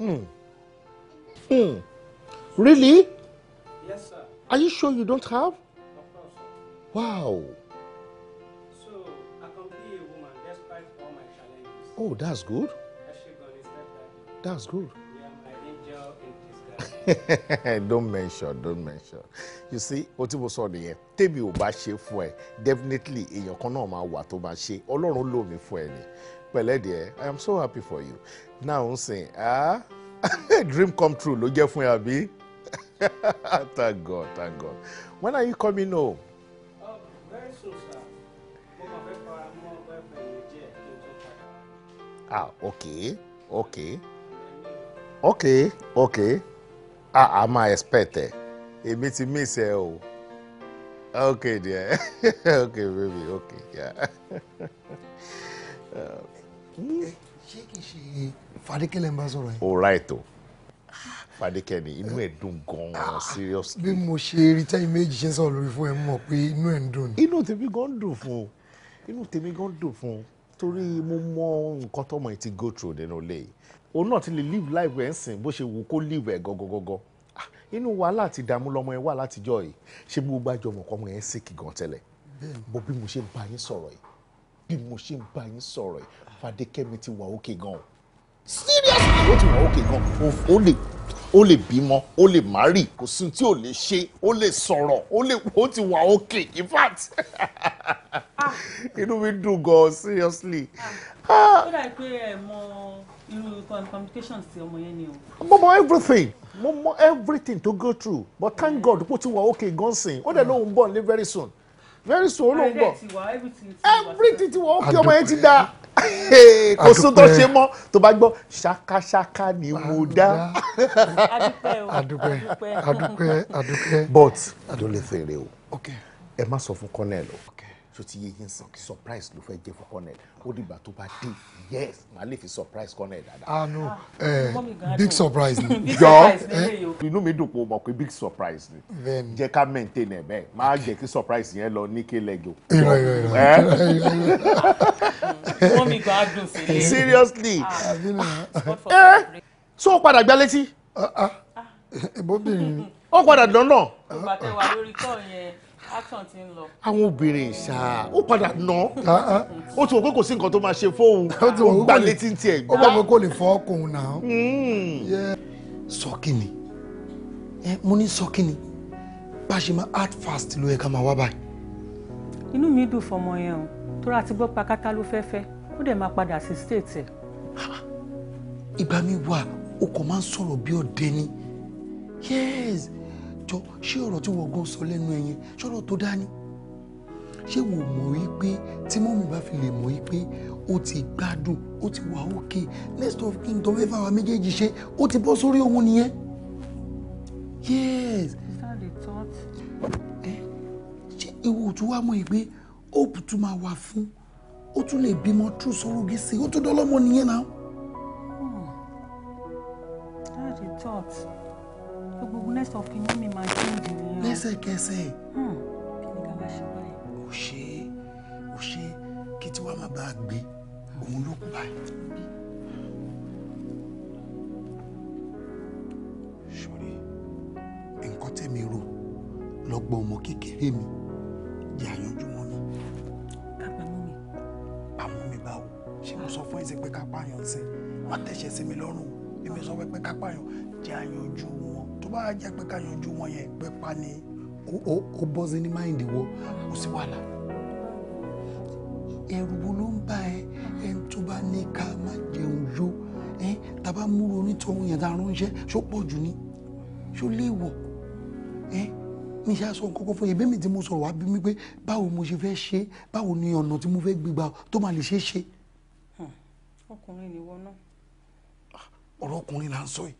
Mm. Mm. Really? Yes, sir. Are you sure you don't have? Of course, sir. Wow. So, I can be a woman despite all my challenges. Oh, that's good. That's good. don't mention don't mention you see o ti mo sọ nìyẹn tèmi ò bá ṣe fún ẹ definitely èèyàn kan náà máa wà tó máa ṣe ọlọ́run lò mí fún ẹ ni pẹ̀lẹ́ díẹ̀ i am so happy for you now n sìn ah dream come true ló jẹ́ fún yàbí thank god thank god when are you coming home. ah okay okay okay okay ah i ma expect ẹ èmi ti miss ẹ o okay dear okay baby okay yeah. um. Hmm? Eh, ṣé kìí ṣe fàdékẹ́ lẹ́ ń bá sọ̀rọ̀ yìí. all right o fàdékẹ́ ni inú ẹ̀ dùn gan-an ah, seriously. bí mo ṣe rí tẹ́yìn méjì ṣe ń sọ̀rọ̀ lórí fún ẹ mọ̀ pé inú ẹ̀ ń dùn ni. inú tèmi gan dùn fún o inú tèmi gan dùn fún o torí mo mọ nǹkan tọmọ ẹ ti go through nínú ilé yìí òun náà ti lè live life ẹ̀ ń sìn bó ṣe wù kó live ẹ̀ gọ́gọ́gọ́gọ́ ah, inú wàhálà àti ìdààmú lọmọ ẹ wà látijọ́ yìí ṣé bí gbogbo àjọmọ̀ kọ́mọ ẹ ń sìnkì gan tẹ́lẹ̀ bó bí mo ṣe ń bá yín sọ̀rọ̀ yìí bí mo ṣe ń bá yín sọ̀rọ̀ yìí Fadékẹ́mi ti wà òkè gan o seriously ó ti wà òkè gan o lè ó lè bímọ ó lè márì kò sí tí ò lè ṣe ó lè sọ̀rọ̀ ó lè ó ti wà òkè in fact ah. inú mi dùn gan seriously. Ah. Ah. ó dà pé ẹ mọ irú complications ti ọmọ yẹn ni o. mo mọ everything mo mọ everything to go through but thank mm. god pé ó ti wà òkè gan sin ó dẹ̀ mm. lóun bọ̀ ní very soon very soon ó lóun bọ̀ everything ti wà òkè ọmọ yẹn ti dá kò sún tó ṣe mọ́ tó bá gbọ́ ṣàkàṣàkà ni mo dá. Adupe. Adupe. Adupe. but adúlẹ̀ fèrè o ẹ má sọ fún colonel o. Okay So ti yé yín sìn surprise ló fẹ́ jẹ́ fún colonel ó dìgbà tó bá dé yes màá lè fi surprise colonel dáadáa. ah no ah, eh, big surprise ni. jọ inú mi dùn pé o mọ̀ pé big surprise ni jẹ́ ká maintain ẹ̀ bẹ́ẹ̀ má jẹ́ kí surprise yẹn lọ ní kélẹ́jọ. irọ́ irọ́ irọ́. wọ́n mi gan adùn sílé. seriously. Ah, ah, so eh? padà gbá létí. ẹ̀bọ́n bìnrin ni. ó padà dán náà. ìgbà tẹ wà lórí kọ́ yẹn action ti ń lọ. àwọn obìnrin ṣá ó padà nà án ah, ah. ó ti wọ pé kò sí nǹkan tó máa ṣe fóun ó gbà létí tiẹ̀ gbá. ó bọ̀ pé kò lè fọ́ ọkùnrin náà. Hmm. sọkìnì ẹ mo ní sọkìnì bá a ṣe máa act fast ló yẹ ká máa wá báyìí. inú mi dùn fọmọ yẹn o tó ra ti gbọ́ pakátá ló fẹ́ fẹ́ ó dẹ̀ máa padà sí state ẹ̀. ìgbà mi wà o kò máa ń sọ̀rọ̀ bí ọ̀dẹ ni yes jọ ṣé ọ̀rọ̀ tí wọ́n gan sọ lẹ́nu ẹ̀yẹn ṣọ́rọ̀ tó dání ṣé wò mọ̀ wípé tí mọ́mí bá fi lè mọ̀ wípé ó ti gbádùn ó ti wà òkè next of kin tó fẹ́ fáwa méjèèjì ṣe ó ti bọ́ sórí òun nìyẹn yes. is that the wá mọ̀ ìgbé hope tún máa wà fún ó tún lè bímọ true surrogacy ó tún dọ́lọ́mọ nìyẹn náà. next of kin mi máa ṣe ìdí nìyẹn. lẹ́sẹ̀kẹsẹ̀. Hmm, kí ni ká wá ṣe báyìí. ò ṣe é ò ṣe é kí tí wàá má bàa gbé òun ló kù báyìí. sori nǹkan tẹ̀mí rò lọ́gbọ́n ọmọ kékeré mi yà yanjú wọn ni. kápámọ́ mi. pamọ́ mi báwo ṣé mo sọ fún ẹ̀sìn pé kápá yàn sí wọ́n tẹ̀sẹ̀ sí mi lọ́rùn èmi sọ pé kápá yàn jẹ́ àyànjú wọn tó bá jẹ́ pé ká yanjú wọn yẹn pé pa ni ó bọ́ sí ní máìndì wọ kò sí wàhálà ẹ̀rù wo ló ń bá ẹ ẹni tó bá ní ká má jẹun yó ẹ tàbá múru onítọ̀hún yẹn tá ránṣẹ́ ṣó pọ̀ jù ni ṣó léèwọ̀ ẹ mi ṣe aṣọ kọ́kọ́ fún ẹbí mi tí mo sọ̀rọ̀ wá bí mi pé báwo mo ṣe fẹ́ ṣe báwo ni ọ̀nà tí mo fẹ́ gbígbà tó máa lè ṣe é ṣe. Hmm, ọkùnrin nìwọ náà. ọ̀rọ̀ ọkùnrin là ń sọ yìí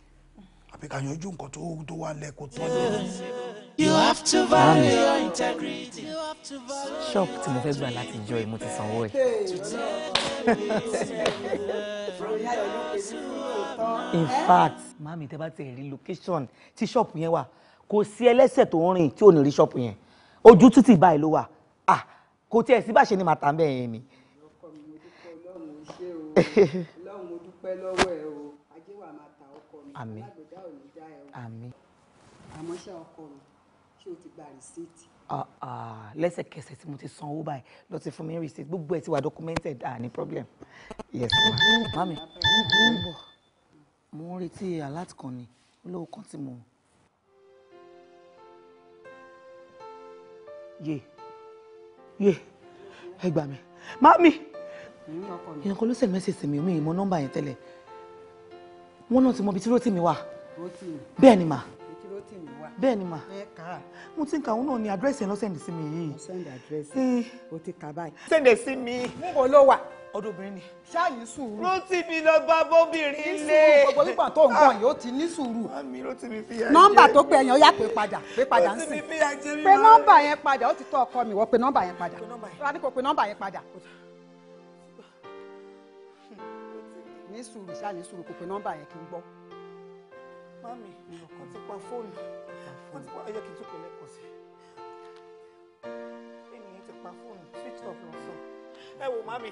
àbí ká yanjú nǹkan tó tó wà lẹ́kọ̀ọ́ tó lọ. you have to value your integrity. ṣọ́ọ̀bù tí mo fẹ́ gbà láti jọ ìmú ti sanwó ẹ̀. in fact mami tẹ bá ti rí location tí ṣọ́ọ̀bù yẹn wà kò sí ẹlẹ́sẹ̀ tó ń rìn tí ò ní rí ṣọ́ọ̀bù yẹn ojú títì báyìí ló wà ah kò tiẹ̀ sí bá ni màtà ń bẹ̀ ni. Ọlọ́run ṣé o lọ́wọ́ ẹ o ajé wà máa ta ọkọ mi ẹ̀dá ò ní dá ẹ o. àmín. àmọ́ ṣé ọkọ mi ṣé o ti gba rìsíìtì. Ah, ah, lẹ́sẹ̀kẹsẹ̀ tí mo ti san owó báyìí lọ ti fún mi rìsíìtì gbogbo ẹ̀ ti wà documented ah ní problem. yes ma mami mo ń retí alert kan ni olówó kan tí mo. yé yé ẹ gbà mí mami ìyẹn kan ló send message sí mi omi ìmọ̀ nọ́mbà yẹn tẹ́lẹ̀ wọ́n náà ti mọ ibi tí rótì wà bẹ́ẹ̀ ni mà bẹ́ẹ̀ ni mà mo ti ń kà òun náà ni àdírẹ́sì yẹn ló sẹ́ndì sí mi yìí. mo sẹ́ndì àdírẹ́sì o ti kà báyìí. sẹ́ndì sí mi. n kò ló wà ọdún obìnrin ni. ṣáàyè sùúrù. Rótìmí lọ bá bóbìnrin lé. gbogbo nígbà tó ń bọ̀ yìí ti ní sùúrù. àmì Rótìmí fi àjẹ. nọ́mbà tó pe ẹyàn yá pé padà pé padà ń sìn. Rótìmí fi àjẹ pe nọ́mbà yẹn padà ó ti tọ́ ọkọ mi wọ́n pe nọ́mbà yẹn padà. rárá kò pe yẹn padà. ní sùúrù ṣáàyè sùúrù kò pe nọ́mbà yẹn kí n gbọ́. Mami, wọ́n ti pa fóònù. Wọ́n ti pa ẹyẹ kìí tún pè lẹ́kọ̀ọ́ sí. Ènìyàn ti pa fóònù, switch off lọ sọ. Ẹ wo mami,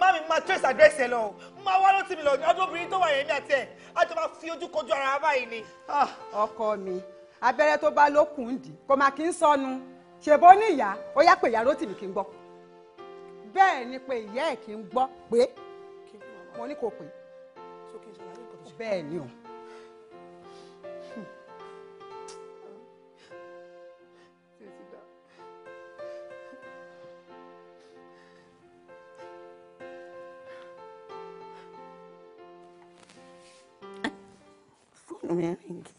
mami máa trace address ẹ lọ o. Máa wá lọ́tì mi lọ ní ọdún obìnrin tó wà yẹn ní àti ẹ̀. A jọ máa fi ojú kojú ara wa báyìí ni. Ah, ọkọ mi, abẹ́rẹ́ tó bá lókun ń dì, kò máa kí ń sọnù. Ṣèbó ní ìyá, ó yá pé ìyá rótì mi kì í gbọ́. Bẹ́ẹ̀ ni pé ìyá ẹ̀ kì í gbọ́ pé. Mo ní kò pè. Bẹ́ẹ̀ ni o. mẹ́rin kì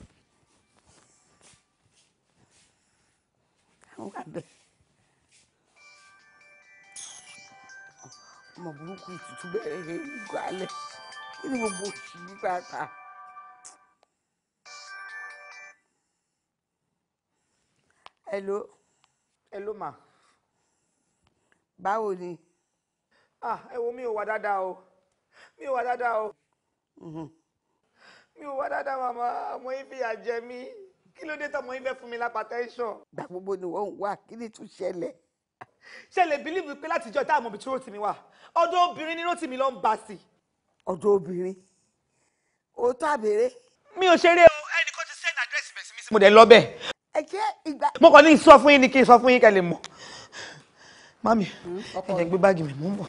àwọn àbẹ ọmọ burúkú tuntun bẹ̀rẹ̀ ìgbà alẹ́ kí ni gbogbo òṣì nípa ta. hello hello ma. báwo ni. ah ẹ wo mi ò wà dáadáa o mi ò wà dáadáa o. Mm-hmm mi ò wá dáadáa màmá ọmọ yín fìyà jẹ mí kí ló dé tọmọ yín fẹ́ fún mi lápá tẹ́ńsọ̀n. gbà gbogbo ni wọ́n ń wá kí ni tún ṣẹlẹ̀. ṣẹlẹ̀ bílíìfù pé látijọ́ tá àmọ́ ibi tí Rótìmí wà ọ̀dọ̀ obìnrin ni Rótìmí ló ń bá sí. ọ̀dọ̀ obìnrin o tó àbèrè. mi ò ṣeré o ẹnì kan ti send address bẹ̀ sí mi sí mo dẹ̀ lọ bẹ̀. ẹ jẹ́ ìgbà. mo kàn ní sọ fún yín ni kí n sọ fún yín kẹ́ lè mọ̀. mami hmm, ẹ jẹ́ gbé báàgì mi mú bọ̀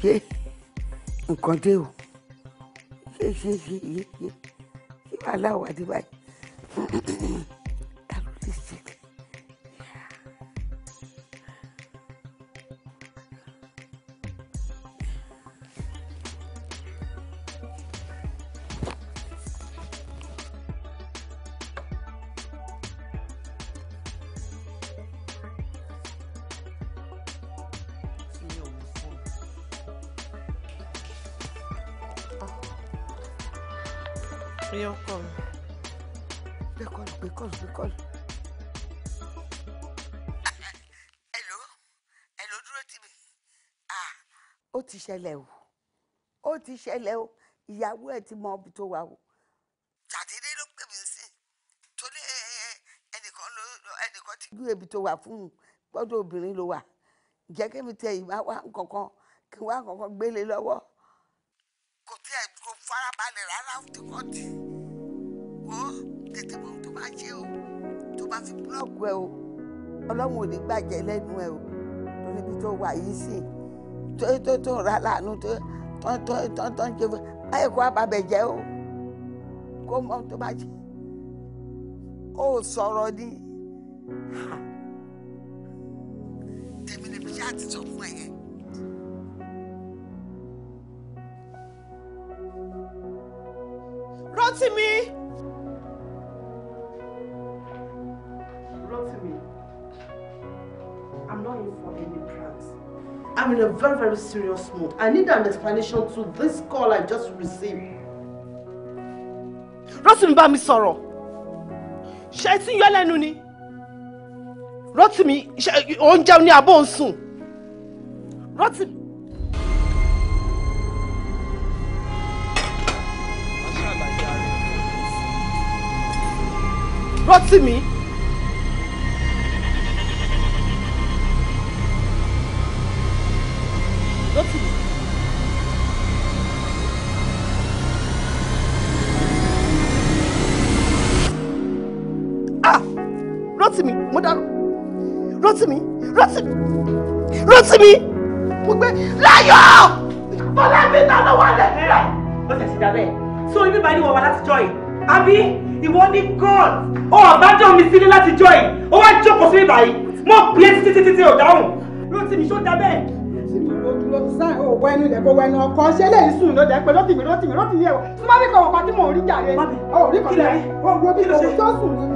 ṣé nǹkan dé o ṣé ṣé ṣé ṣé wàhálà wà dé báyìí. ṣẹlẹ̀ o ó ti ṣẹlẹ̀ o ìyàwó ẹ̀ ti mọ ibi tó wà o. ṣàdédé ló pè mí sí tó ní ẹnìkan ló ẹnìkan ti. gbé ibi tó wà fún un gbọ́dọ̀ obìnrin ló wà jẹ́ kí mi tẹ ìwà wá nǹkankan kí wá nǹkankan gbélé lọ́wọ́. kò tí ẹ kò farabalẹ̀ rárá tí kò tí wọ́ tètè mọ̀ tó bá ṣe o tó bá fi búlọ̀kù ẹ o ọlọ́run ò ní gbàjẹ́ lẹ́nu ẹ o lórí ibi tó wà yìí sí i tó ń ra láàánú tó ń ṣe báyìí kó àbàbẹ̀ jẹ́ o kó mọ tó bá jẹ́ o sọ̀rọ̀ ni tèmi lè fi ṣáà ti sọ fún ẹ yẹn. Rotimi. I'm in a very, very serious mood. I need an explanation to this call I just received. Rotimi bá mi sọ̀rọ̀. Ṣé ẹ ti ń yọ lẹ́nu ni? Rotimi, ṣe Rotimi. Rotimi. mo dàrú Rotimi Rotimi Rotimi mo gbé láyọ̀ bọ́lábí ta ló wà lẹ́yìn rẹ̀. ó tẹ̀ sí dábẹ́ so ibi bá ní wọ́n wá látijọ́ yìí àbí ìwọ ní god ó àbájọ mi sílé látijọ́ yìí ó wá jókòó sí ibà yìí mo pè é títí títí ò dáhùn Rotimi ṣó dábẹ́ òwò ẹnu ilẹ̀ gbogbo ẹnu ọkọ ṣé lè sùn ló jẹ́ pé Rotimi Rotimi Rotimi ẹ̀wọ̀ tí wọ́n bí kọ̀wọ̀ pa tí mò ń rí jàre ọ̀rí kọ̀ọ̀lẹ́ òwò bí kọ̀wọ̀ tó sùn nínú.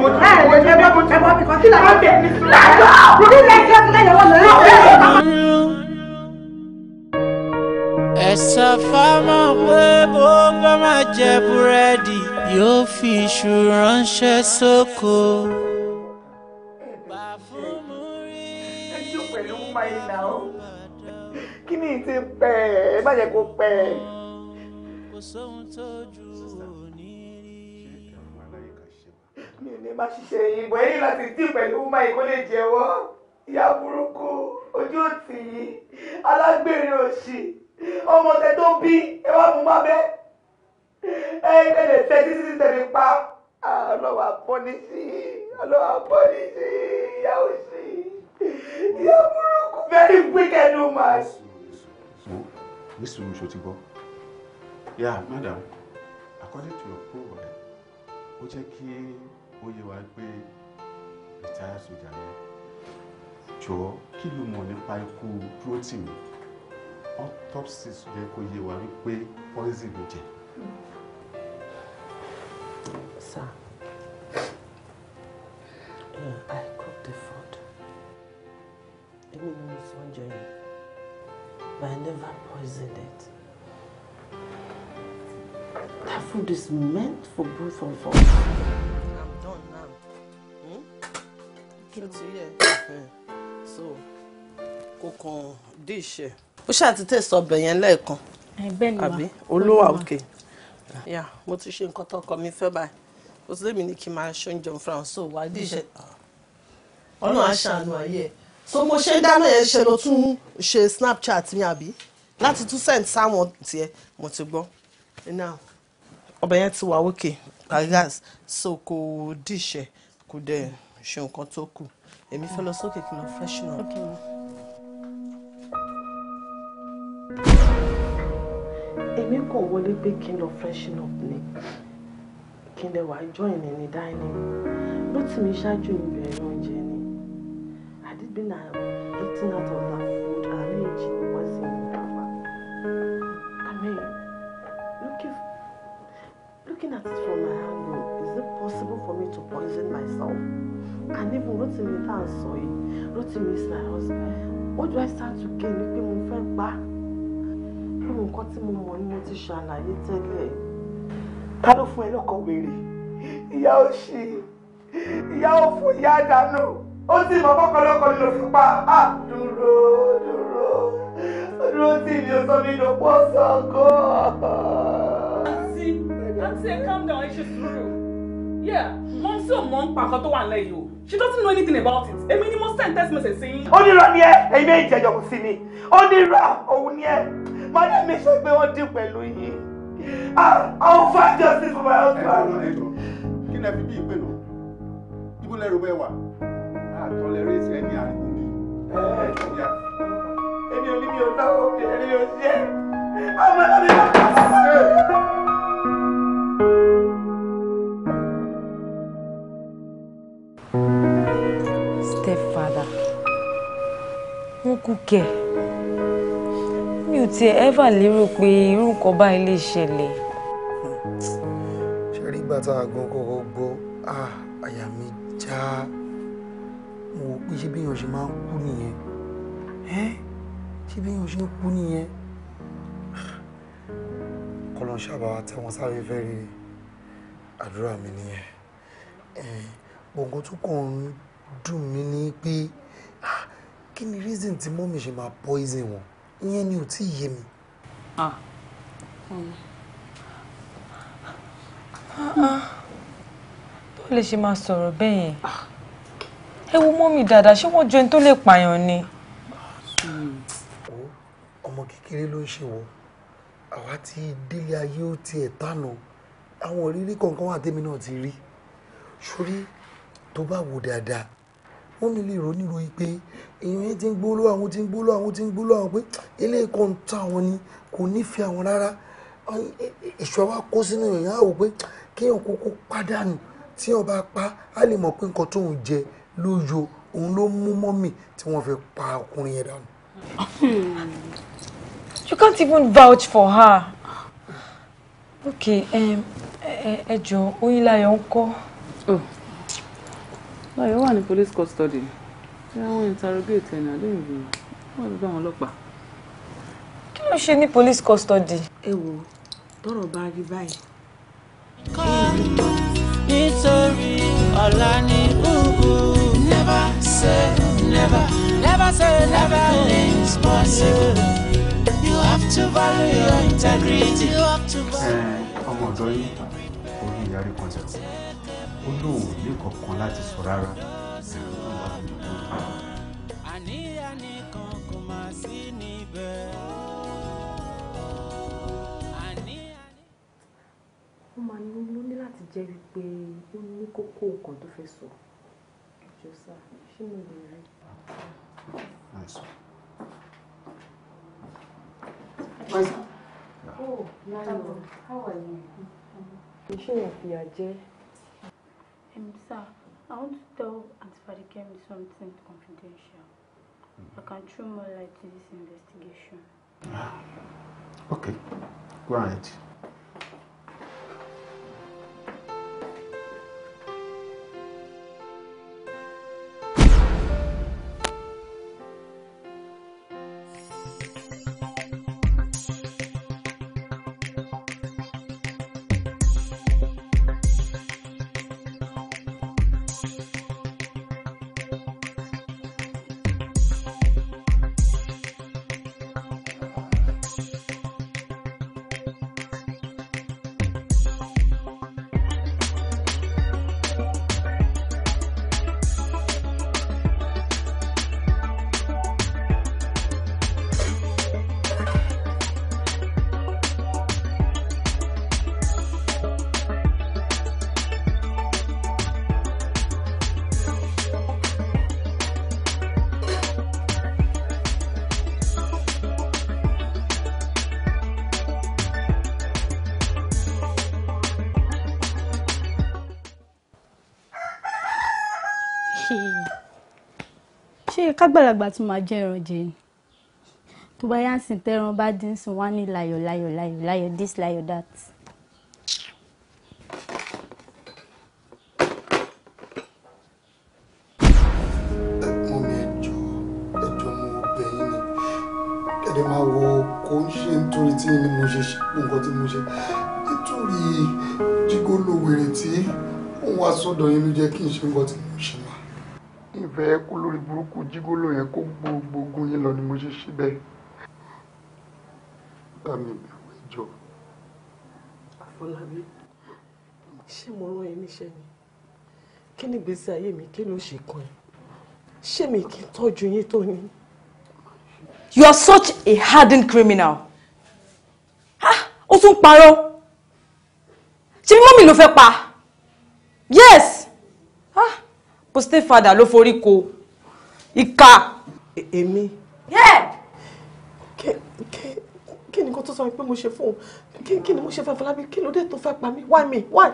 ẹ sọ fáwọn pé bó bá máa jẹ búrẹ́dì yóò fi iṣu ránṣẹ́ sóko. ẹjọ́ pẹ̀lú máa ń là ó kí ni ti pẹ́ ẹ má jẹ́ kó pẹ́ ní má ṣiṣẹ́ yìí bọ̀ ẹ̀yìn láti dín pẹ̀lú ọmọ ìkó lè jẹ́wọ́ ìyá burúkú ojú òtì yìí alágbèrè òṣì ọmọ tẹ tó bí ẹ wá mú mábẹ́ ẹ tẹ̀lé tẹ títí tẹ̀lé pa ọlọ́wà bọ́ni sí ọlọ́wà bọ́ni sí ìyá òṣì ìyá burúkú very wicked woman. nísìnyí oṣù ti gbọ́ yà madam according to your program ó jẹ́ kí ó yẹ wá pé rìtáyà sójà ni jọ̀ọ́ kí ló mọ̀ nípa ikú Rotimi autopsy yẹ kó yé wa wípé poison ló jẹ. sir um, i cook the food èmi ni mo fi oúnjẹ but i never poisoned it that food is meant for both of us kí ni so kò kàn dé iṣẹ́ ó ṣàtìtẹ̀ sọ ọbẹ̀ yẹn lẹ́ẹ̀kan àbí olówà òkè yà mo ti ṣe nǹkan tọkọ mi fẹ́ báyìí ó sì lémi ní kí n máa ṣe oúnjẹ fún àwọn so wà á dé iṣẹ́ ah. ọlọ́run á ayé so mo ṣe dáná yẹn ṣe ló tún ṣe Snapchat mi àbí láti tún send sáwọn tiẹ̀ mo ti gbọ́ now ọbẹ̀ yẹn ti wà òkè so kò dìṣẹ́ kò dẹ̀ ṣe nǹkan tó kù èmi fẹ́ lọ sókè kí n lọ freshen up. Okay. èmi kò wọlé pé kí n lọ freshen up ni kí n lè wá join ní ní dining ló tì mí ṣáájú mi bẹ̀rẹ̀ oúnjẹ ni àdìgbìnà uh, eating out of that food arrange was in Baba I mean looking looking at it from my house possible for me to poison myself. And even Rotimi tá à ń sọ yìí, Rotimi is my husband. What do I start to gain ni pé mo fẹ́ pa? Irú nǹkan tí mo mọ̀ ni mo ti ṣàlàyé tẹ́lẹ̀. Ta ló fún ẹ lọ́kọ̀ wèrè? Ìyá ò ṣe. Ìyá ò fún ìyá àdánù. Ó sì mọ kọ́kọ́lọ́kọ́ ló fi pa. À dúró dúró. Rotimi ò calm down, It's just sùúrù. Yeah, mom sí òun mọ̀ ń pa nǹkan tó o. She doesn't know anything about it. Èmi ni mo send text message sí yín. Ó ní irọ́ ni ẹ́, ẹ̀yin méjì jẹjọ kò sí mi. Ó ní irọ́ òun ni ẹ́. Má dé mi sọ pé wọ́n dín pẹ̀lú yìí. Ah, I will find justice for my husband. Kí ni ẹ fi bí ìpè nù? Ibo lẹ́rù bẹ́ẹ̀ wà. Àtọ́ lẹ́rù èsì ẹni àríwú mi. Èmi ò ní mi ò náwó, èmi ò sí ẹ̀. Àmọ́ ẹ̀mí bá kọ́ sí. stepfather uncle kẹ̀ mi ò tiẹ̀ ẹ́fà lérò pé irú nǹkan báyìí lè ṣẹlẹ̀. ṣe rí ìgbà tá a gan kọ́kọ́ gbọ́ àyà mi já mo wò pé ṣé bí èèyàn ṣe máa ń kú nìyẹn ṣé bí èèyàn ṣe ń kú nìyẹn kọ́lọ́n ṣàbà tẹ̀wọ̀n sáré fẹ́ àdúrà mi nìyẹn gbọ̀ngàn tó kàn ń dùn mí ni pé ah, kí ni reason tí mọ́mì ṣe máa poison wọn ìyẹn ni ò tí ì yé mi. tó ah. ah, lè ṣe máa sọ̀rọ̀ bẹ́ẹ̀ yẹn ẹ wo mọ́mì dáadáa ṣé wọ́n jọ ẹni tó lè pààyàn ni. ọmọ kékeré ló ń ṣe wọ àwa tí délé ayé ó tiẹ̀ tánà àwọn ìrírí kọ̀ọ̀kan wà tẹ́mi náà ti rí sórí tó bá wò dáadáa wọ́n mi lè rò nírò yìí pé èèyàn yẹn ti ń gbóló àwọn ti ń gbóló àwọn ti ń gbóló àwọn pé eléyìí kan ń tọ́ àwọn ni kò nífẹ̀ẹ́ àwọn rárá ìṣọ́ wa kó sínú èèyàn àwò pé kéèyàn kúkú pàdánù tí wọ́n bá pa á lè mọ̀ pé nǹkan tóun jẹ ló òun ló mú mọ́mì tí wọ́n fi pa ọkùnrin yẹn dànù. Hmm. You can't even vouch for her. Okay, ẹ jọ Oyinlayo ń kọ́. Oh láyọ̀ wà ní police custody tí wọ́n interrogate ẹni àdéhùnbí wọ́n ti gbá wọn ọlọ́pàá. kí ló ṣe ní police custody. ẹ wo tọrọ bá rí báyìí. nítorí ọ̀la ni never say never never say never is possible you have to value your integrity. ọmọ ọ̀dọ́ yìí orí ìyá rí kọjá ó lóun ò ní kankan láti sọ rárá ẹ̀rù náà wà nínú tó lọ. àníyàn nìkan kò máa sí níbẹ̀. ó máa ní ló ní láti jẹ́ wípé ó ní kókó nǹkan tó fẹ́ sọ ìjọ ṣé mo lè rí. Oh, how are you? Ṣé ìyàfìyà jẹ́? Um, sir, I want to tell Auntie Fadikemi something confidential. Mm. I can throw more light to this investigation. Ah, okay, go ahead. Right. kágbàlagbà tún máa jẹ́ ẹran jẹ ni tó bá yá sìn tẹ́ran bá dín sùn wá ní láyọ̀ láyọ̀ láyọ̀ láyọ̀ this layo that. ẹ máa wo kó ń ṣe nítorí tí ni mo ṣe nǹkan tí mo ṣe nítorí jígó tí òun wá sọ́dọ̀ yín ló jẹ́ kí n ṣe nǹkan tí mo ṣe máa ìfẹ́ kó lórí burúkú jígólò yẹn kó gbogbo yín lọ ni mo ṣe ṣe bẹ́ẹ̀ bá mi ìjọ. àfọlábí ṣé mo rán ẹ níṣẹ́ ni kí ni ìgbésí ayé mi kí ló ṣe kan ẹ ṣé mi kì í tọ́jú yín tó ni. you are such a hardened criminal. ó tún parọ́ ṣé mọ́mì ló fẹ́ pa yes o stay father ló forí ko ìka. E, èmi. kí ni kò tó sọ pé mo ṣe fún un kí ni mo ṣe fún Afọlábí kí ló dé tó fẹ́ pa mí why me why.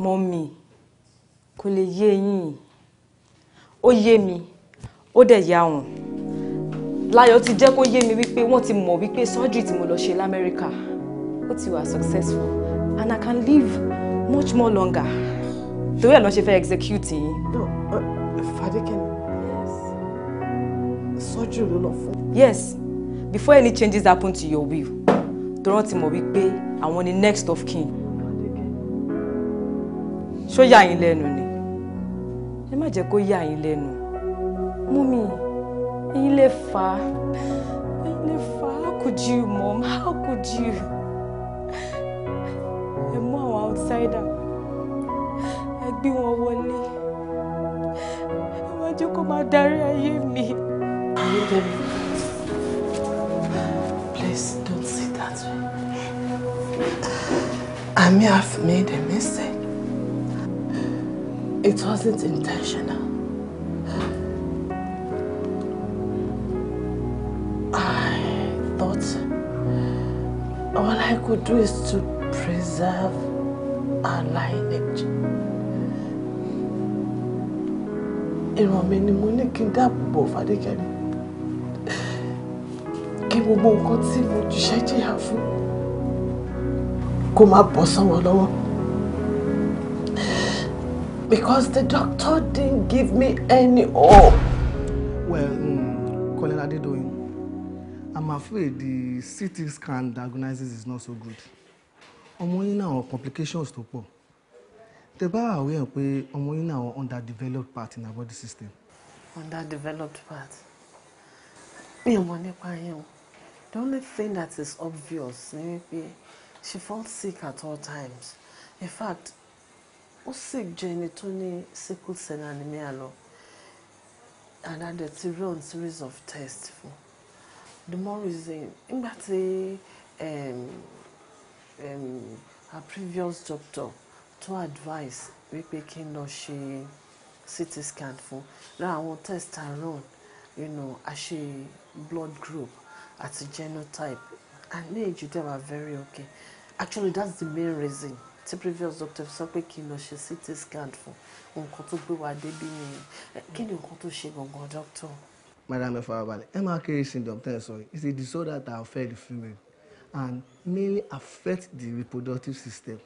mọ́mì kò lè yé yín ó yé mi ó dẹ̀ yá òun láyọ̀ ti jẹ́ kó yé mi wípé wọ́n ti mọ̀ wípé surgery tí mo lọ ṣe lamẹ́ríkà ó ti wà successful and I can live much more longer torí ẹ̀ lọ́ ṣe fẹ́ execute yìí. no uh, Fadékẹ́mi yes surgery ló lọ fún. yes before any changes happen to your will tọ́rọ́ ti mọ̀ wípé àwọn ni next of kin ṣó yà yín lẹ́nu ni ẹ má jẹ́ kó yà yín lẹ́nu mummy ẹ̀yin lè fà á ẹ̀yin lè fà how could you mom how could you ẹ mú àwọn outsider gbé wọn wọlé wọn jẹ́ kó máa darí ayé mi. please don't say that way I may have made a mistake it wasn't intentional. I thought all I could do is to preserve our lineage. ìran mi ni mo ní kí n dáàbò bò Fadékẹ́mi kí gbogbo nǹkan tí mo jíṣẹ́ jìyà fún kó má bọ́ sanwó lọ́wọ́ because the doctor didn't give me any hope. well um, Colonel Adedoyin I'm afraid the CT scan diagnosis is not so good ọmọ yín náà complications tó pọ̀ tẹ bá àwẹ̀ pé ọmọ yín náà underdeveloped part in our body system. underdeveloped part mi ò mọ̀ nípa yẹn o the only thing that is obvious ni wípé she fall sick at all times in fact ó sick jẹ ẹni tó ní sickle cell anemia lọ and that dey ti run series of tests fún the more reason nígbà tí um, um, her previous doctor To advice wípé kí n lọ ṣe CT scan fún lára àwọn testosterone you know, a ṣe blood group àti genotype and ní èjì dẹ̀ are very okay actually that's the main reason tí previous doctor sọ pé kí n lọ ṣe CT scan fún nǹkan tó gbé wa débi nìyẹn kí ni nǹkan tó ṣe gangan doctor. madam ẹ farabalẹ̀ mrka syndrome ten sorry it's a disorder that affect the female and mainly affect the reproductive system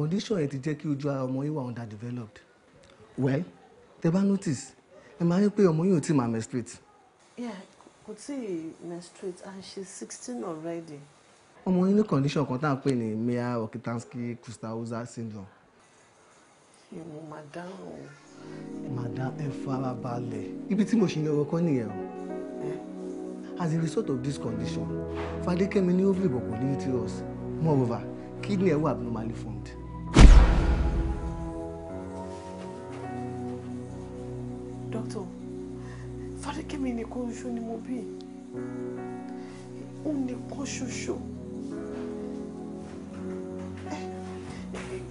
condition yẹn ti jẹ́ kí ojú ara ọmọ yín wà underdeveloped well tẹ bá notice ẹ máa rí pé ọmọ yín ò tí ì máa menstruate. yeah kò tí ì menstruate and she's sixteen already. ọmọ yín ní condition kan tá à ń pè ní Meyer Rokitansky Kristauser syndrome. ìwọ madam o. madam ẹ fara balẹ̀ ibi tí mo ṣe yọrọ kọ́ nìyẹn o eh? as a result of this condition Fadékẹ́mi ní ovary but kò ní uterus moreover kidney ẹ wà abnormally formed. tó Fadékẹ́mi nìkan ṣoṣo ni mo bí òun nìkan ṣoṣo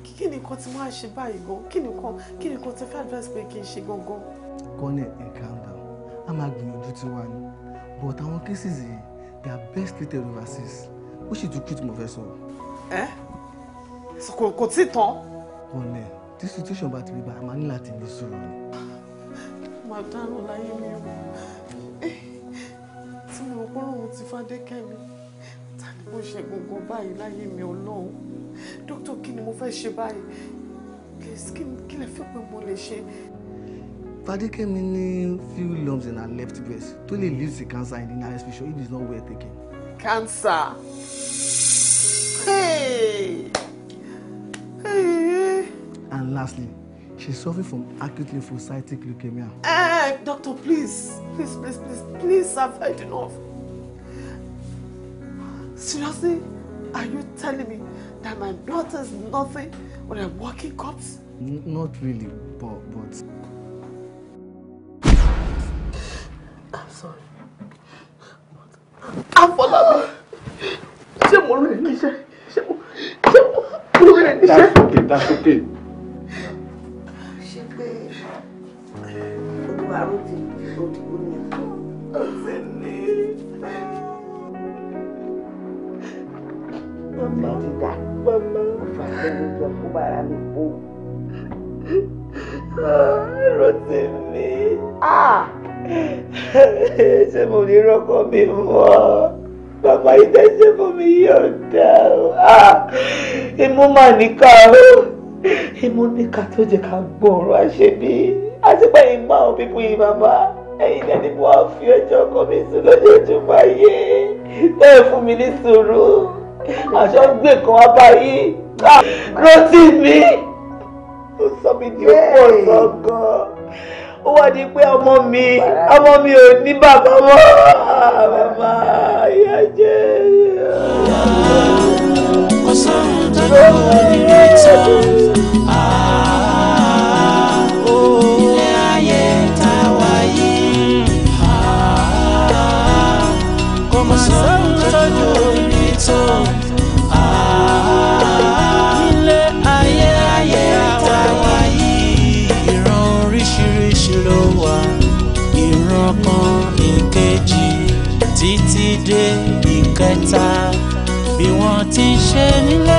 kí ni nǹkan tí wọ́n á ṣe báyìí gan kí ni nǹkan kí ni nǹkan tí fẹ́ advice pé kí n ṣe gangan. kọ́nẹ̀ ẹ̀ calm down a máa gbìyànjú tí wàá ní but àwọn cases yìí they are best treated overseas ó sì tún kú tí mo fẹ́ sọ. ẹ kò tí tán. kọ́nẹ̀ tí situation bá ti rí bá a máa ní láti ní sùúrù ni máa dáràn láyé mi o eh, tí mo rò pé ti fàdékẹ́ mi ta ni mo ṣe gbogbo báyìí láyé mi ọlọ́run dókítà kí ni mo fẹ́ ṣe báyìí kí lè fi pé mo lè ṣe. Fadékẹ́mi ní few lumps in her left breast tó lè lead to cancer in the nearest if it is not well taken. cancer. Hey. Hey. And lastly She's suffering from acute lymphocytic leukemia. Eh, hey, eh, doctor, please, please, please, please, please, I've heard enough. Seriously, are you telling me that my daughter is nothing but a walking corpse? not really, but, but... I'm sorry. Afolabi, ṣé mo lóye níṣẹ́? Ṣé mo lóye níṣẹ́? That's okay, that's okay. àrò ti òdìbò ni ọ̀sẹ̀ ní ìfẹ́. Màmá dídá màmá ń fà sẹ́yìn jọ fún bàrà mi bò. Ah, Rántí mi. Ah! Ṣé mo lè rọ́kọ mi mọ́? Bàbá ìdá ṣé mo mi yọ̀ǹda o? Ah! Imú mà níkà o. Imú níkà tó jẹ́ ká gbọ́ ọ̀rọ̀ àṣebí. Àti pé pa àwọn pípú yìí bàbá ẹ̀yin náà ni mo á fi ẹjọ́ ọkọ mi sùn lójoojúmọ́ ayé bẹ́ẹ̀ fún mi ní sùúrù àṣọ gbé kan wá báyìí ah, rántí mi ó sọ mi di ọ̀pọ̀ ọ̀sán ó wá di pé ọmọ mi ọmọ mi ò ní bàbá mọ́ ah, bàbá ìyá jẹ́ ọ̀sán tó ń bọ̀ ní ìtọ́jú. sóhun tójú omi tó. ilé ayé ayé àtàwá yìí ìran oríṣiríṣi ló wà ìran kan ìkejì títí dé ìkẹta bí wọ́n ti ṣe nílé.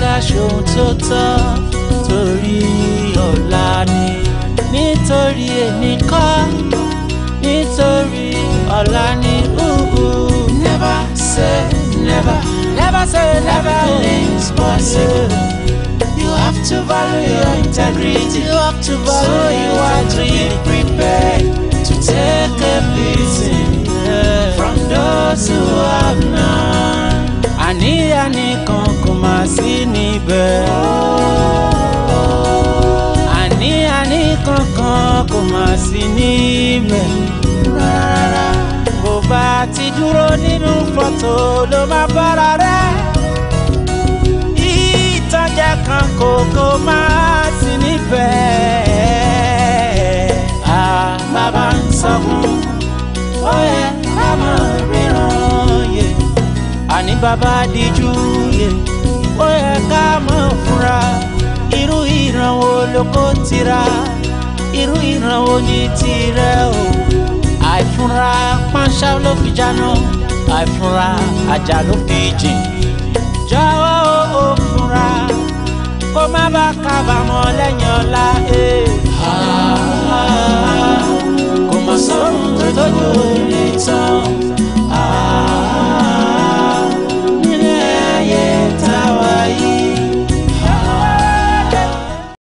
ká ṣohun tó tọ́ torí ọ̀la ni nítorí èmi kọ́ nítorí ọ̀la ni never say never never say never is possible you have to value your integrity you have to value so you are to be prepared to take a beating yeah. from those who have none àníyàn nìkan kò má sí níbẹ̀. àníyàn nìkan kan kò má sí níbẹ̀. rárá bó bá ti dúró nínú fọ́tò ló má bára rẹ̀. ìtọ́jà kan kò kò má sí níbẹ̀. àbábá ń sọ fún ó yẹ ká bàbá díjú ó yẹ ká mọ̀ fúnra irú ìran wo ló kó tira irú ìran wo ni tirẹ̀ o àìfúnra pánṣá ló fi jáná àìfúnra àjà ló fi jìn jọ̀wọ́ ó fúnra kó má bá kábàámọ̀ lẹ́yìn ọ̀la ee. Ah, kò mà sọ́run tó tó yóò lè tán. Ah.